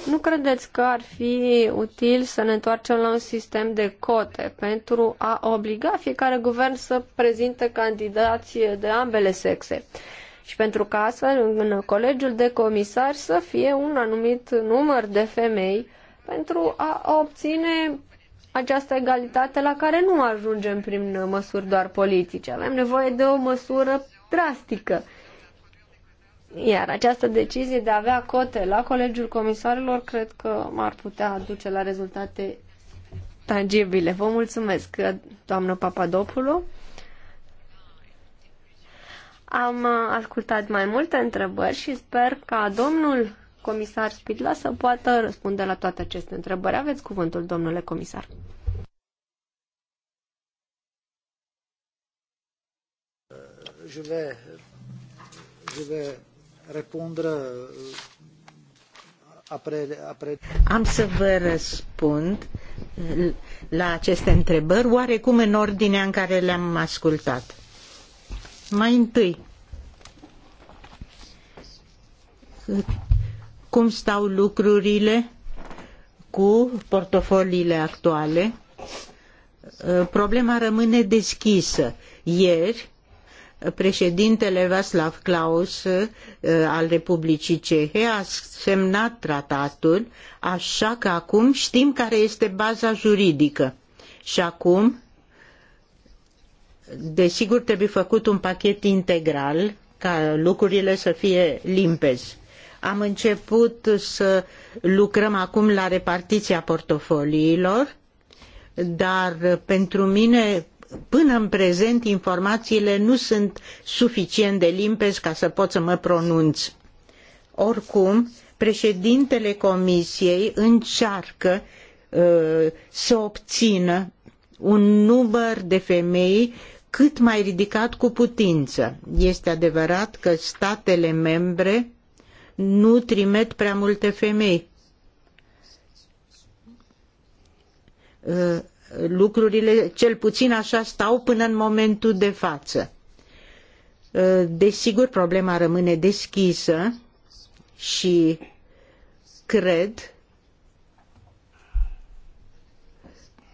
Nu credeți că ar fi util să ne întoarcem la un sistem de cote pentru a obliga fiecare guvern să prezinte candidații de ambele sexe? Și pentru ca astfel în colegiul de comisari să fie un anumit număr de femei pentru a obține această egalitate la care nu ajungem prin măsuri doar politice. Avem nevoie de o măsură drastică iar această decizie de a avea cote la Colegiul Comisarilor cred că ar putea aduce la rezultate tangibile. Vă mulțumesc, doamnă Papadopulo. Am ascultat mai multe întrebări și sper ca domnul comisar Spidla să poată răspunde la toate aceste întrebări. Aveți cuvântul, domnule comisar. Je vais, je vais Uh, apre, apre... Am să vă răspund uh, la aceste întrebări, oarecum în ordinea în care le-am ascultat. Mai întâi, cum stau lucrurile cu portofoliile actuale? Uh, problema rămâne deschisă. Ieri, președintele Václav Klaus eh, al Republicii Cehe a semnat tratatul, așa că acum știm care este baza juridică. Și acum, desigur, trebuie făcut un pachet integral ca lucrurile să fie limpezi. Am început să lucrăm acum la repartiția portofoliilor, dar pentru mine până în prezent informațiile nu sunt suficient de limpezi ca să pot să mă pronunț. Oricum, președintele comisiei încearcă uh, să obțină un număr de femei cât mai ridicat cu putință. Este adevărat că statele membre nu trimit prea multe femei. Uh, lucrurile cel puțin așa stau până în momentul de față. Uh, desigur, problema rămâne deschisă și cred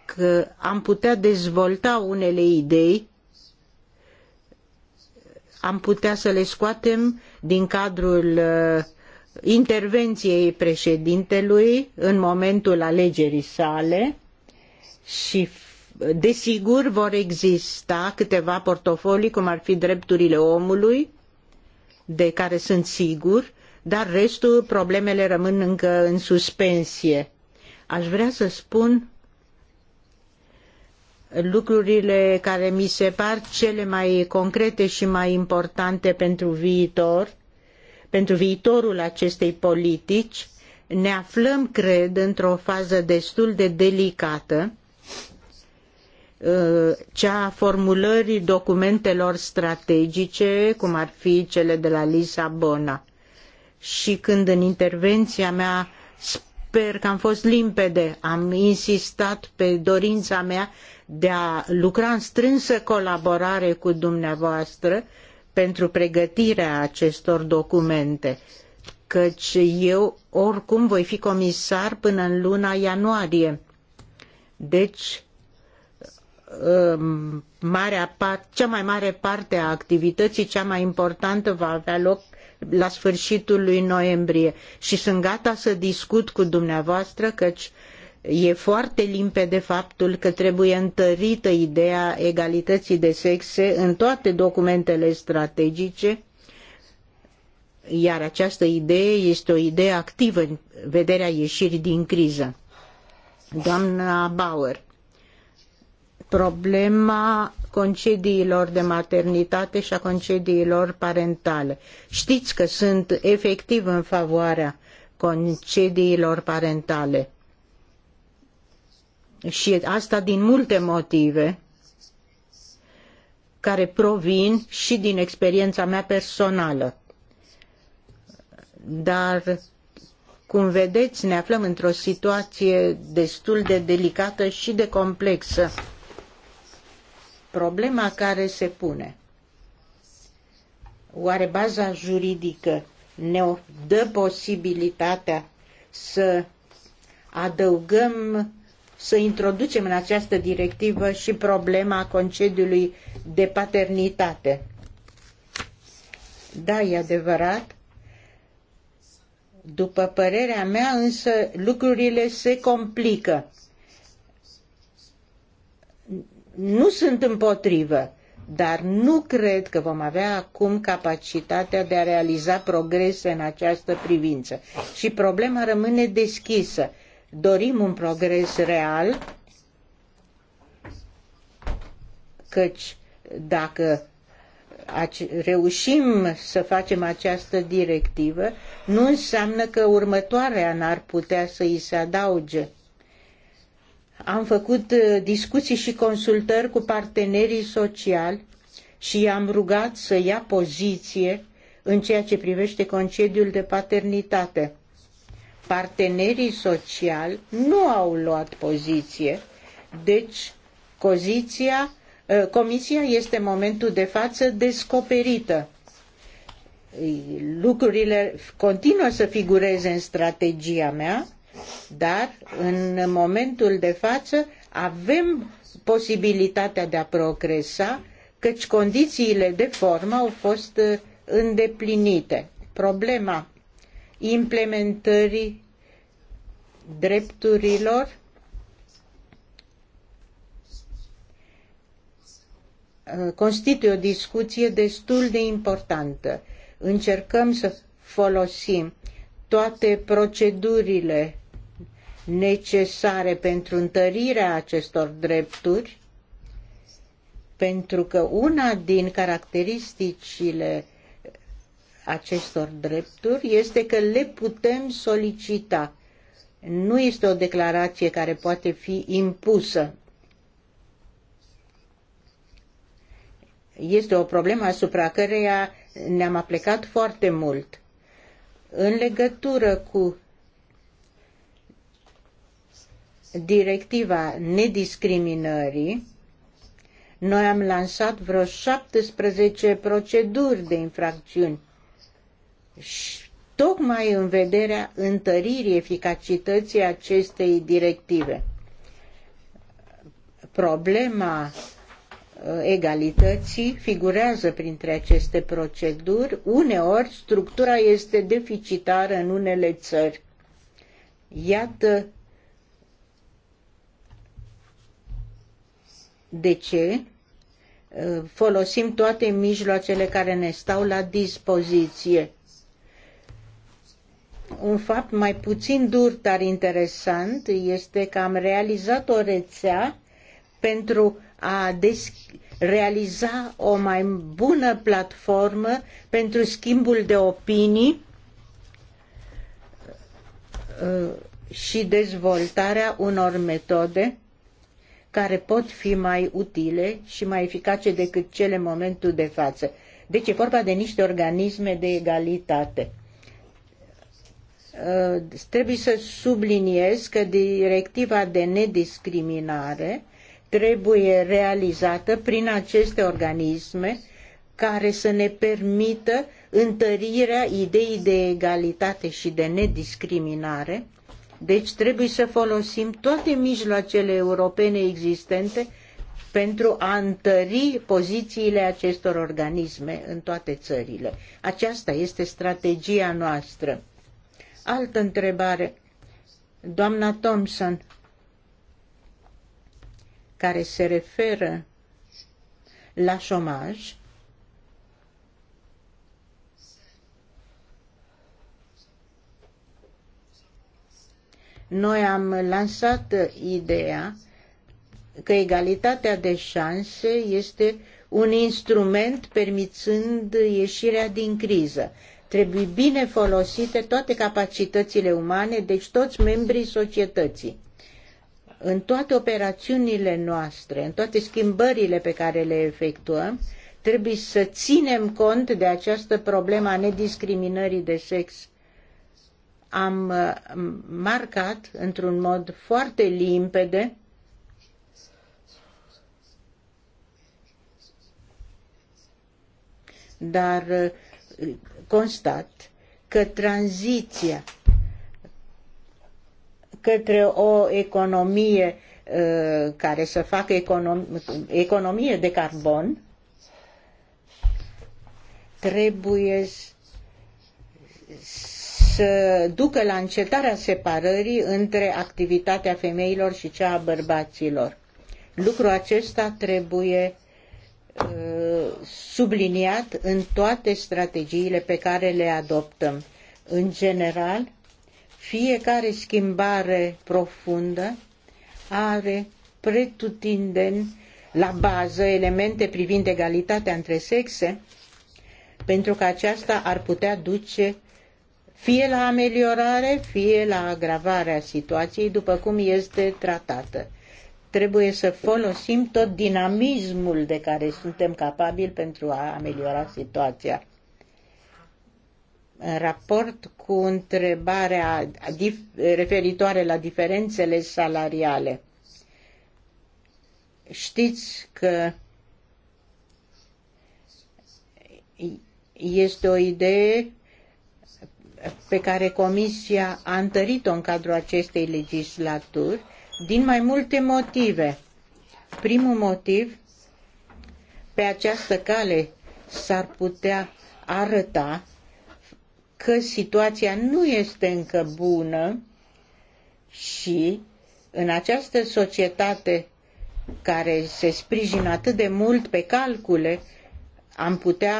că am putea dezvolta unele idei, am putea să le scoatem din cadrul uh, intervenției președintelui în momentul alegerii sale și desigur vor exista câteva portofolii, cum ar fi drepturile omului, de care sunt sigur, dar restul problemele rămân încă în suspensie. Aș vrea să spun lucrurile care mi se par cele mai concrete și mai importante pentru viitor, pentru viitorul acestei politici, ne aflăm, cred, într-o fază destul de delicată, Uh, cea a formulării documentelor strategice, cum ar fi cele de la Lisabona. Și când în intervenția mea sper că am fost limpede, am insistat pe dorința mea de a lucra în strânsă colaborare cu dumneavoastră pentru pregătirea acestor documente, căci eu oricum voi fi comisar până în luna ianuarie. Deci, Um, marea, cea mai mare parte a activității, cea mai importantă, va avea loc la sfârșitul lui noiembrie și sunt gata să discut cu dumneavoastră căci e foarte limpede faptul că trebuie întărită ideea egalității de sexe în toate documentele strategice, iar această idee este o idee activă în vederea ieșirii din criză. Doamna Bauer, problema concediilor de maternitate și a concediilor parentale. Știți că sunt efectiv în favoarea concediilor parentale. Și asta din multe motive care provin și din experiența mea personală. Dar, cum vedeți, ne aflăm într-o situație destul de delicată și de complexă Problema care se pune. Oare baza juridică ne dă posibilitatea să adăugăm, să introducem în această directivă și problema concediului de paternitate? Da, e adevărat. După părerea mea, însă, lucrurile se complică nu sunt împotrivă, dar nu cred că vom avea acum capacitatea de a realiza progrese în această privință. Și problema rămâne deschisă. Dorim un progres real, căci dacă reușim să facem această directivă, nu înseamnă că următoarea n-ar putea să îi se adauge. Am făcut uh, discuții și consultări cu partenerii sociali și i-am rugat să ia poziție în ceea ce privește concediul de paternitate. Partenerii sociali nu au luat poziție, deci poziția, uh, comisia este în momentul de față descoperită. Lucrurile continuă să figureze în strategia mea, dar în momentul de față avem posibilitatea de a progresa, căci condițiile de formă au fost uh, îndeplinite. Problema implementării drepturilor uh, constituie o discuție destul de importantă. Încercăm să folosim toate procedurile necesare pentru întărirea acestor drepturi, pentru că una din caracteristicile acestor drepturi este că le putem solicita. Nu este o declarație care poate fi impusă. Este o problemă asupra căreia ne-am aplicat foarte mult. În legătură cu directiva nediscriminării, noi am lansat vreo 17 proceduri de infracțiuni și tocmai în vederea întăririi eficacității acestei directive. Problema uh, egalității figurează printre aceste proceduri. Uneori, structura este deficitară în unele țări. Iată de ce uh, folosim toate mijloacele care ne stau la dispoziție. Un fapt mai puțin dur, dar interesant, este că am realizat o rețea pentru a realiza o mai bună platformă pentru schimbul de opinii uh, și dezvoltarea unor metode care pot fi mai utile și mai eficace decât cele în momentul de față. Deci e vorba de niște organisme de egalitate. Uh, trebuie să subliniez că directiva de nediscriminare trebuie realizată prin aceste organisme care să ne permită întărirea ideii de egalitate și de nediscriminare deci trebuie să folosim toate mijloacele europene existente pentru a întări pozițiile acestor organisme în toate țările. Aceasta este strategia noastră. Altă întrebare. Doamna Thompson, care se referă la șomaj, Noi am lansat ideea că egalitatea de șanse este un instrument permițând ieșirea din criză. Trebuie bine folosite toate capacitățile umane, deci toți membrii societății. În toate operațiunile noastre, în toate schimbările pe care le efectuăm, trebuie să ținem cont de această problemă a nediscriminării de sex am uh, marcat într-un mod foarte limpede dar uh, constat că tranziția către o economie uh, care să facă economie de carbon trebuie să ducă la încetarea separării între activitatea femeilor și cea a bărbaților. Lucrul acesta trebuie uh, subliniat în toate strategiile pe care le adoptăm. În general, fiecare schimbare profundă are pretutindeni la bază elemente privind egalitatea între sexe, pentru că aceasta ar putea duce fie la ameliorare, fie la agravarea situației, după cum este tratată. Trebuie să folosim tot dinamismul de care suntem capabili pentru a ameliora situația. În raport cu întrebarea referitoare la diferențele salariale, știți că este o idee pe care Comisia a întărit-o în cadrul acestei legislaturi din mai multe motive. Primul motiv, pe această cale s-ar putea arăta că situația nu este încă bună și în această societate care se sprijină atât de mult pe calcule, am putea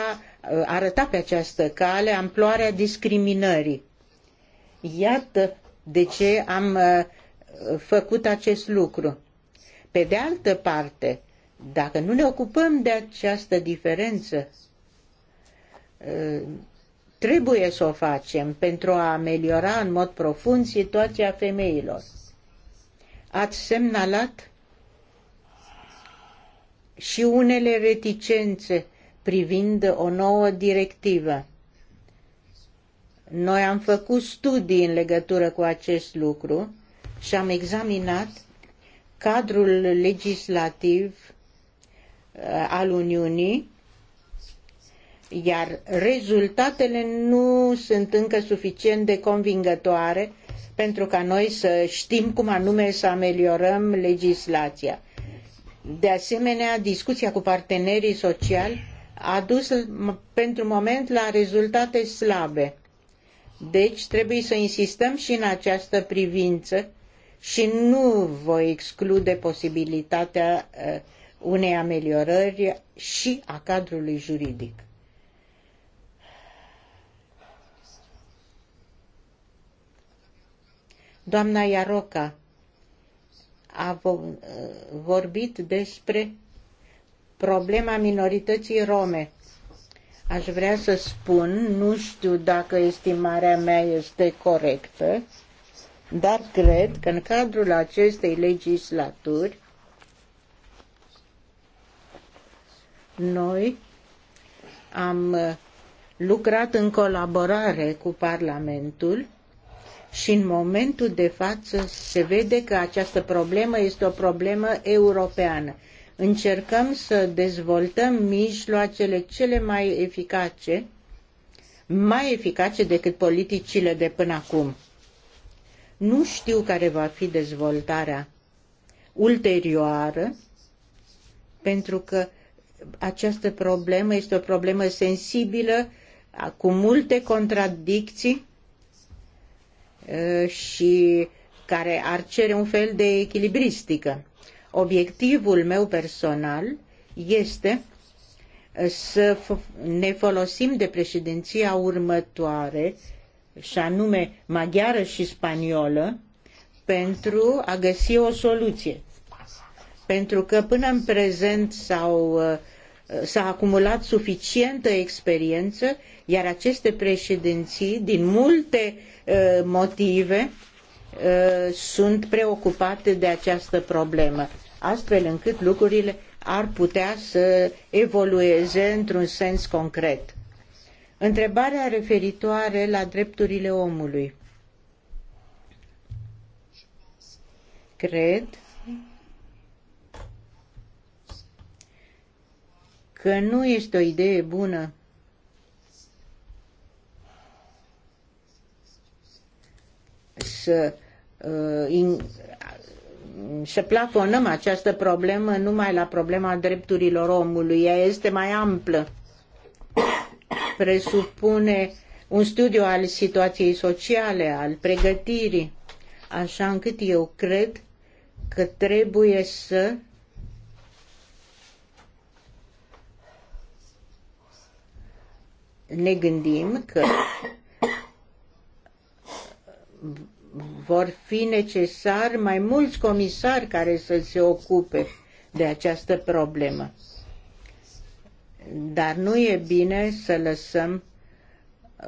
arăta pe această cale amploarea discriminării. Iată de ce am uh, făcut acest lucru. Pe de altă parte, dacă nu ne ocupăm de această diferență, uh, trebuie să o facem pentru a ameliora în mod profund situația femeilor. Ați semnalat și unele reticențe privind o nouă directivă. Noi am făcut studii în legătură cu acest lucru și am examinat cadrul legislativ uh, al Uniunii, iar rezultatele nu sunt încă suficient de convingătoare pentru ca noi să știm cum anume să ameliorăm legislația. De asemenea, discuția cu partenerii sociali a dus pentru moment la rezultate slabe. Deci trebuie să insistăm și în această privință și nu voi exclude posibilitatea uh, unei ameliorări și a cadrului juridic. Doamna Iaroca a vorbit despre problema minorității rome. Aș vrea să spun, nu știu dacă estimarea mea este corectă, dar cred că în cadrul acestei legislaturi noi am uh, lucrat în colaborare cu Parlamentul și în momentul de față se vede că această problemă este o problemă europeană încercăm să dezvoltăm mijloacele cele mai eficace, mai eficace decât politicile de până acum. Nu știu care va fi dezvoltarea ulterioară, pentru că această problemă este o problemă sensibilă, cu multe contradicții și care ar cere un fel de echilibristică. Obiectivul meu personal este uh, să ne folosim de președinția următoare, și anume maghiară și spaniolă, pentru a găsi o soluție. Pentru că până în prezent s-au, uh, s-a acumulat suficientă experiență, iar aceste președinții, din multe uh, motive, Uh, sunt preocupate de această problemă, astfel încât lucrurile ar putea să evolueze într-un sens concret. Întrebarea referitoare la drepturile omului. Cred că nu este o idee bună să Uh, in, să plafonăm această problemă numai la problema drepturilor omului. Ea este mai amplă. Presupune un studiu al situației sociale, al pregătirii, așa încât eu cred că trebuie să ne gândim că vor fi necesari mai mulți comisari care să se ocupe de această problemă. Dar nu e bine să lăsăm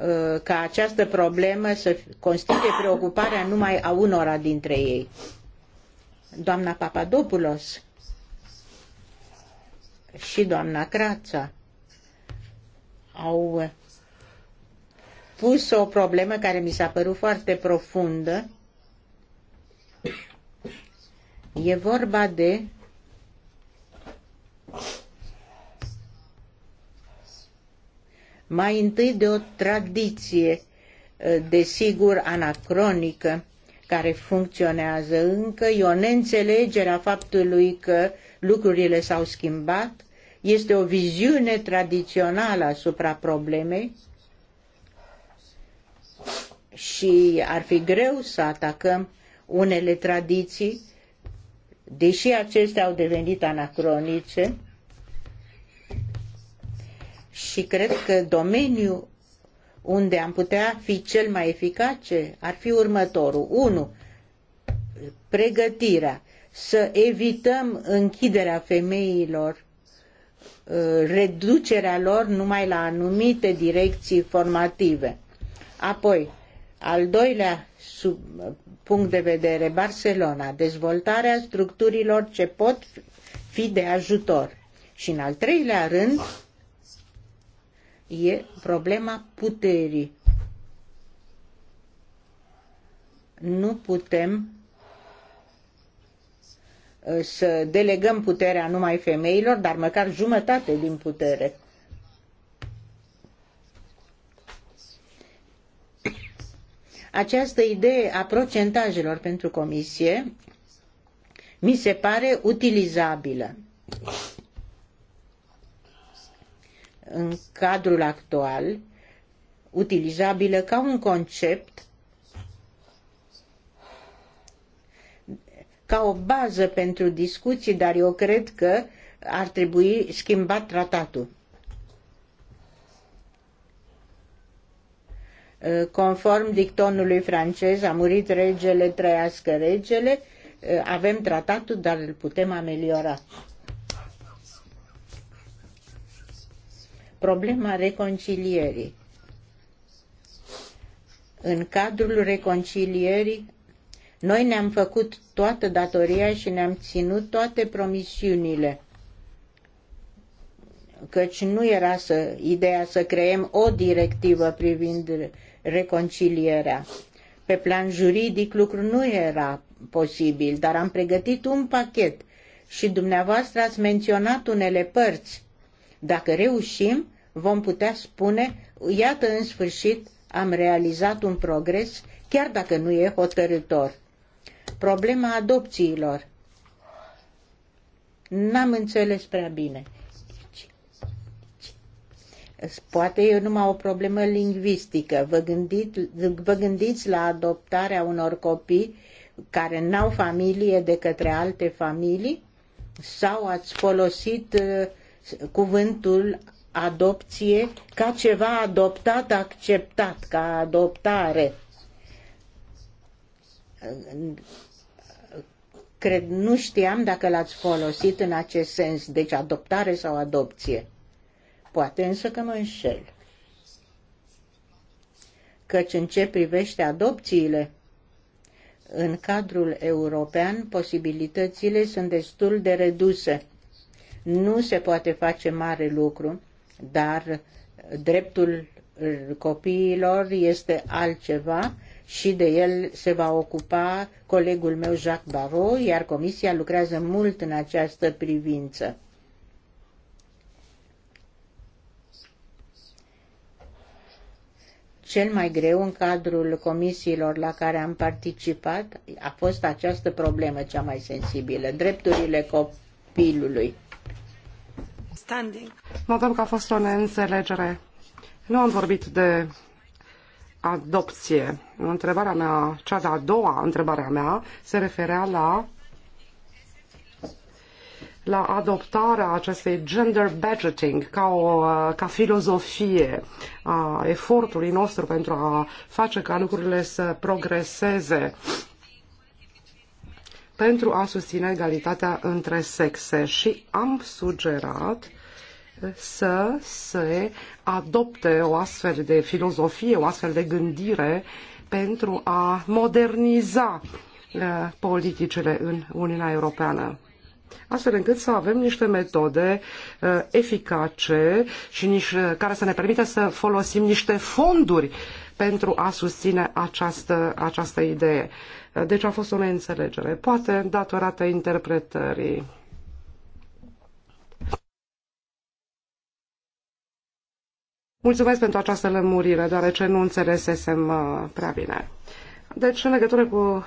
uh, ca această problemă să constituie preocuparea numai a unora dintre ei. Doamna Papadopoulos și doamna Crața au pus o problemă care mi s-a părut foarte profundă. E vorba de mai întâi de o tradiție, desigur, anacronică, care funcționează încă, e o neînțelegere a faptului că lucrurile s-au schimbat, este o viziune tradițională asupra problemei și ar fi greu să atacăm unele tradiții, deși acestea au devenit anacronice. Și cred că domeniul unde am putea fi cel mai eficace ar fi următorul. 1. Pregătirea. Să evităm închiderea femeilor, uh, reducerea lor numai la anumite direcții formative. Apoi, al doilea sub punct de vedere, Barcelona, dezvoltarea structurilor ce pot fi de ajutor. Și în al treilea rând e problema puterii. Nu putem uh, să delegăm puterea numai femeilor, dar măcar jumătate din putere. Această idee a procentajelor pentru comisie mi se pare utilizabilă. În cadrul actual, utilizabilă ca un concept, ca o bază pentru discuții, dar eu cred că ar trebui schimbat tratatul. Conform dictonului francez, a murit regele, trăiască regele, avem tratatul, dar îl putem ameliora. Problema reconcilierii. În cadrul reconcilierii, noi ne-am făcut toată datoria și ne-am ținut toate promisiunile căci nu era să, ideea să creăm o directivă privind reconcilierea. Pe plan juridic lucrul nu era posibil, dar am pregătit un pachet și dumneavoastră ați menționat unele părți. Dacă reușim, vom putea spune, iată în sfârșit am realizat un progres, chiar dacă nu e hotărător. Problema adopțiilor. N-am înțeles prea bine. Poate e numai o problemă lingvistică. Vă, gândit, vă gândiți la adoptarea unor copii care n-au familie de către alte familii? Sau ați folosit uh, cuvântul adopție ca ceva adoptat, acceptat, ca adoptare? Cred, nu știam dacă l-ați folosit în acest sens, deci adoptare sau adopție. Poate însă că mă înșel. Căci în ce privește adopțiile, în cadrul european posibilitățile sunt destul de reduse. Nu se poate face mare lucru, dar dreptul copiilor este altceva și de el se va ocupa colegul meu Jacques Barrot, iar comisia lucrează mult în această privință. cel mai greu în cadrul comisiilor la care am participat a fost această problemă cea mai sensibilă, drepturile copilului. Standing. Notăm că a fost o neînțelegere. Nu am vorbit de adopție. Întrebarea mea, cea de-a doua întrebare a mea, se referea la la adoptarea acestei gender budgeting ca, o, ca filozofie a efortului nostru pentru a face ca lucrurile să progreseze pentru a susține egalitatea între sexe și am sugerat să se adopte o astfel de filozofie, o astfel de gândire pentru a moderniza uh, politicile în Uniunea Europeană astfel încât să avem niște metode uh, eficace și niște, care să ne permită să folosim niște fonduri pentru a susține această, această idee. Uh, deci a fost o neînțelegere, poate datorată interpretării. Mulțumesc pentru această lămurire, deoarece nu înțelesesem uh, prea bine. Deci, în legătură cu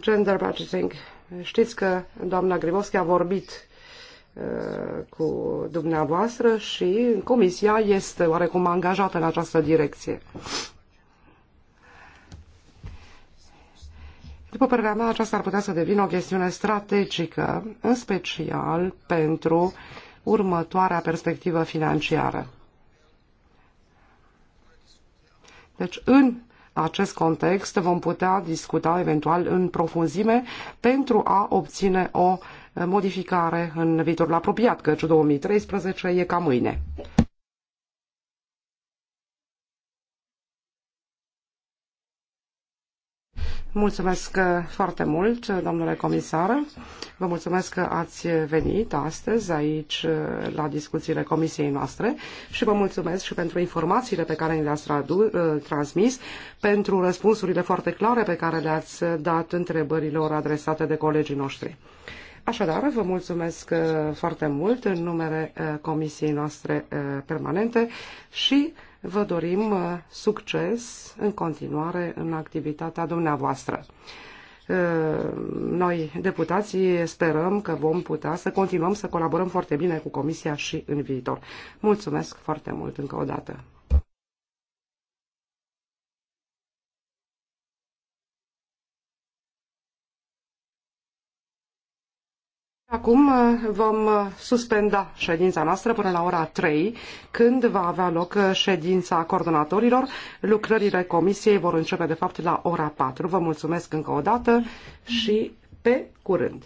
gender budgeting, Știți că doamna Grivoschi a vorbit uh, cu dumneavoastră și comisia este oarecum angajată în această direcție. După părerea mea, aceasta ar putea să devină o chestiune strategică, în special pentru următoarea perspectivă financiară. Deci, în acest context vom putea discuta eventual în profunzime pentru a obține o modificare în viitorul apropiat, căci 2013 e ca mâine. Mulțumesc uh, foarte mult, uh, domnule comisar. Vă mulțumesc că ați venit astăzi aici uh, la discuțiile comisiei noastre și vă mulțumesc și pentru informațiile pe care ni le-ați transmis, pentru răspunsurile foarte clare pe care le-ați dat întrebărilor adresate de colegii noștri. Așadar, vă mulțumesc foarte mult în numele comisiei noastre permanente și Vă dorim uh, succes în continuare în activitatea dumneavoastră. Uh, noi, deputații, sperăm că vom putea să continuăm să colaborăm foarte bine cu Comisia și în viitor. Mulțumesc foarte mult încă o dată! Acum uh, vom uh, suspenda ședința noastră până la ora 3, când va avea loc uh, ședința coordonatorilor. Lucrările comisiei vor începe, de fapt, la ora 4. Vă mulțumesc încă o dată și pe curând!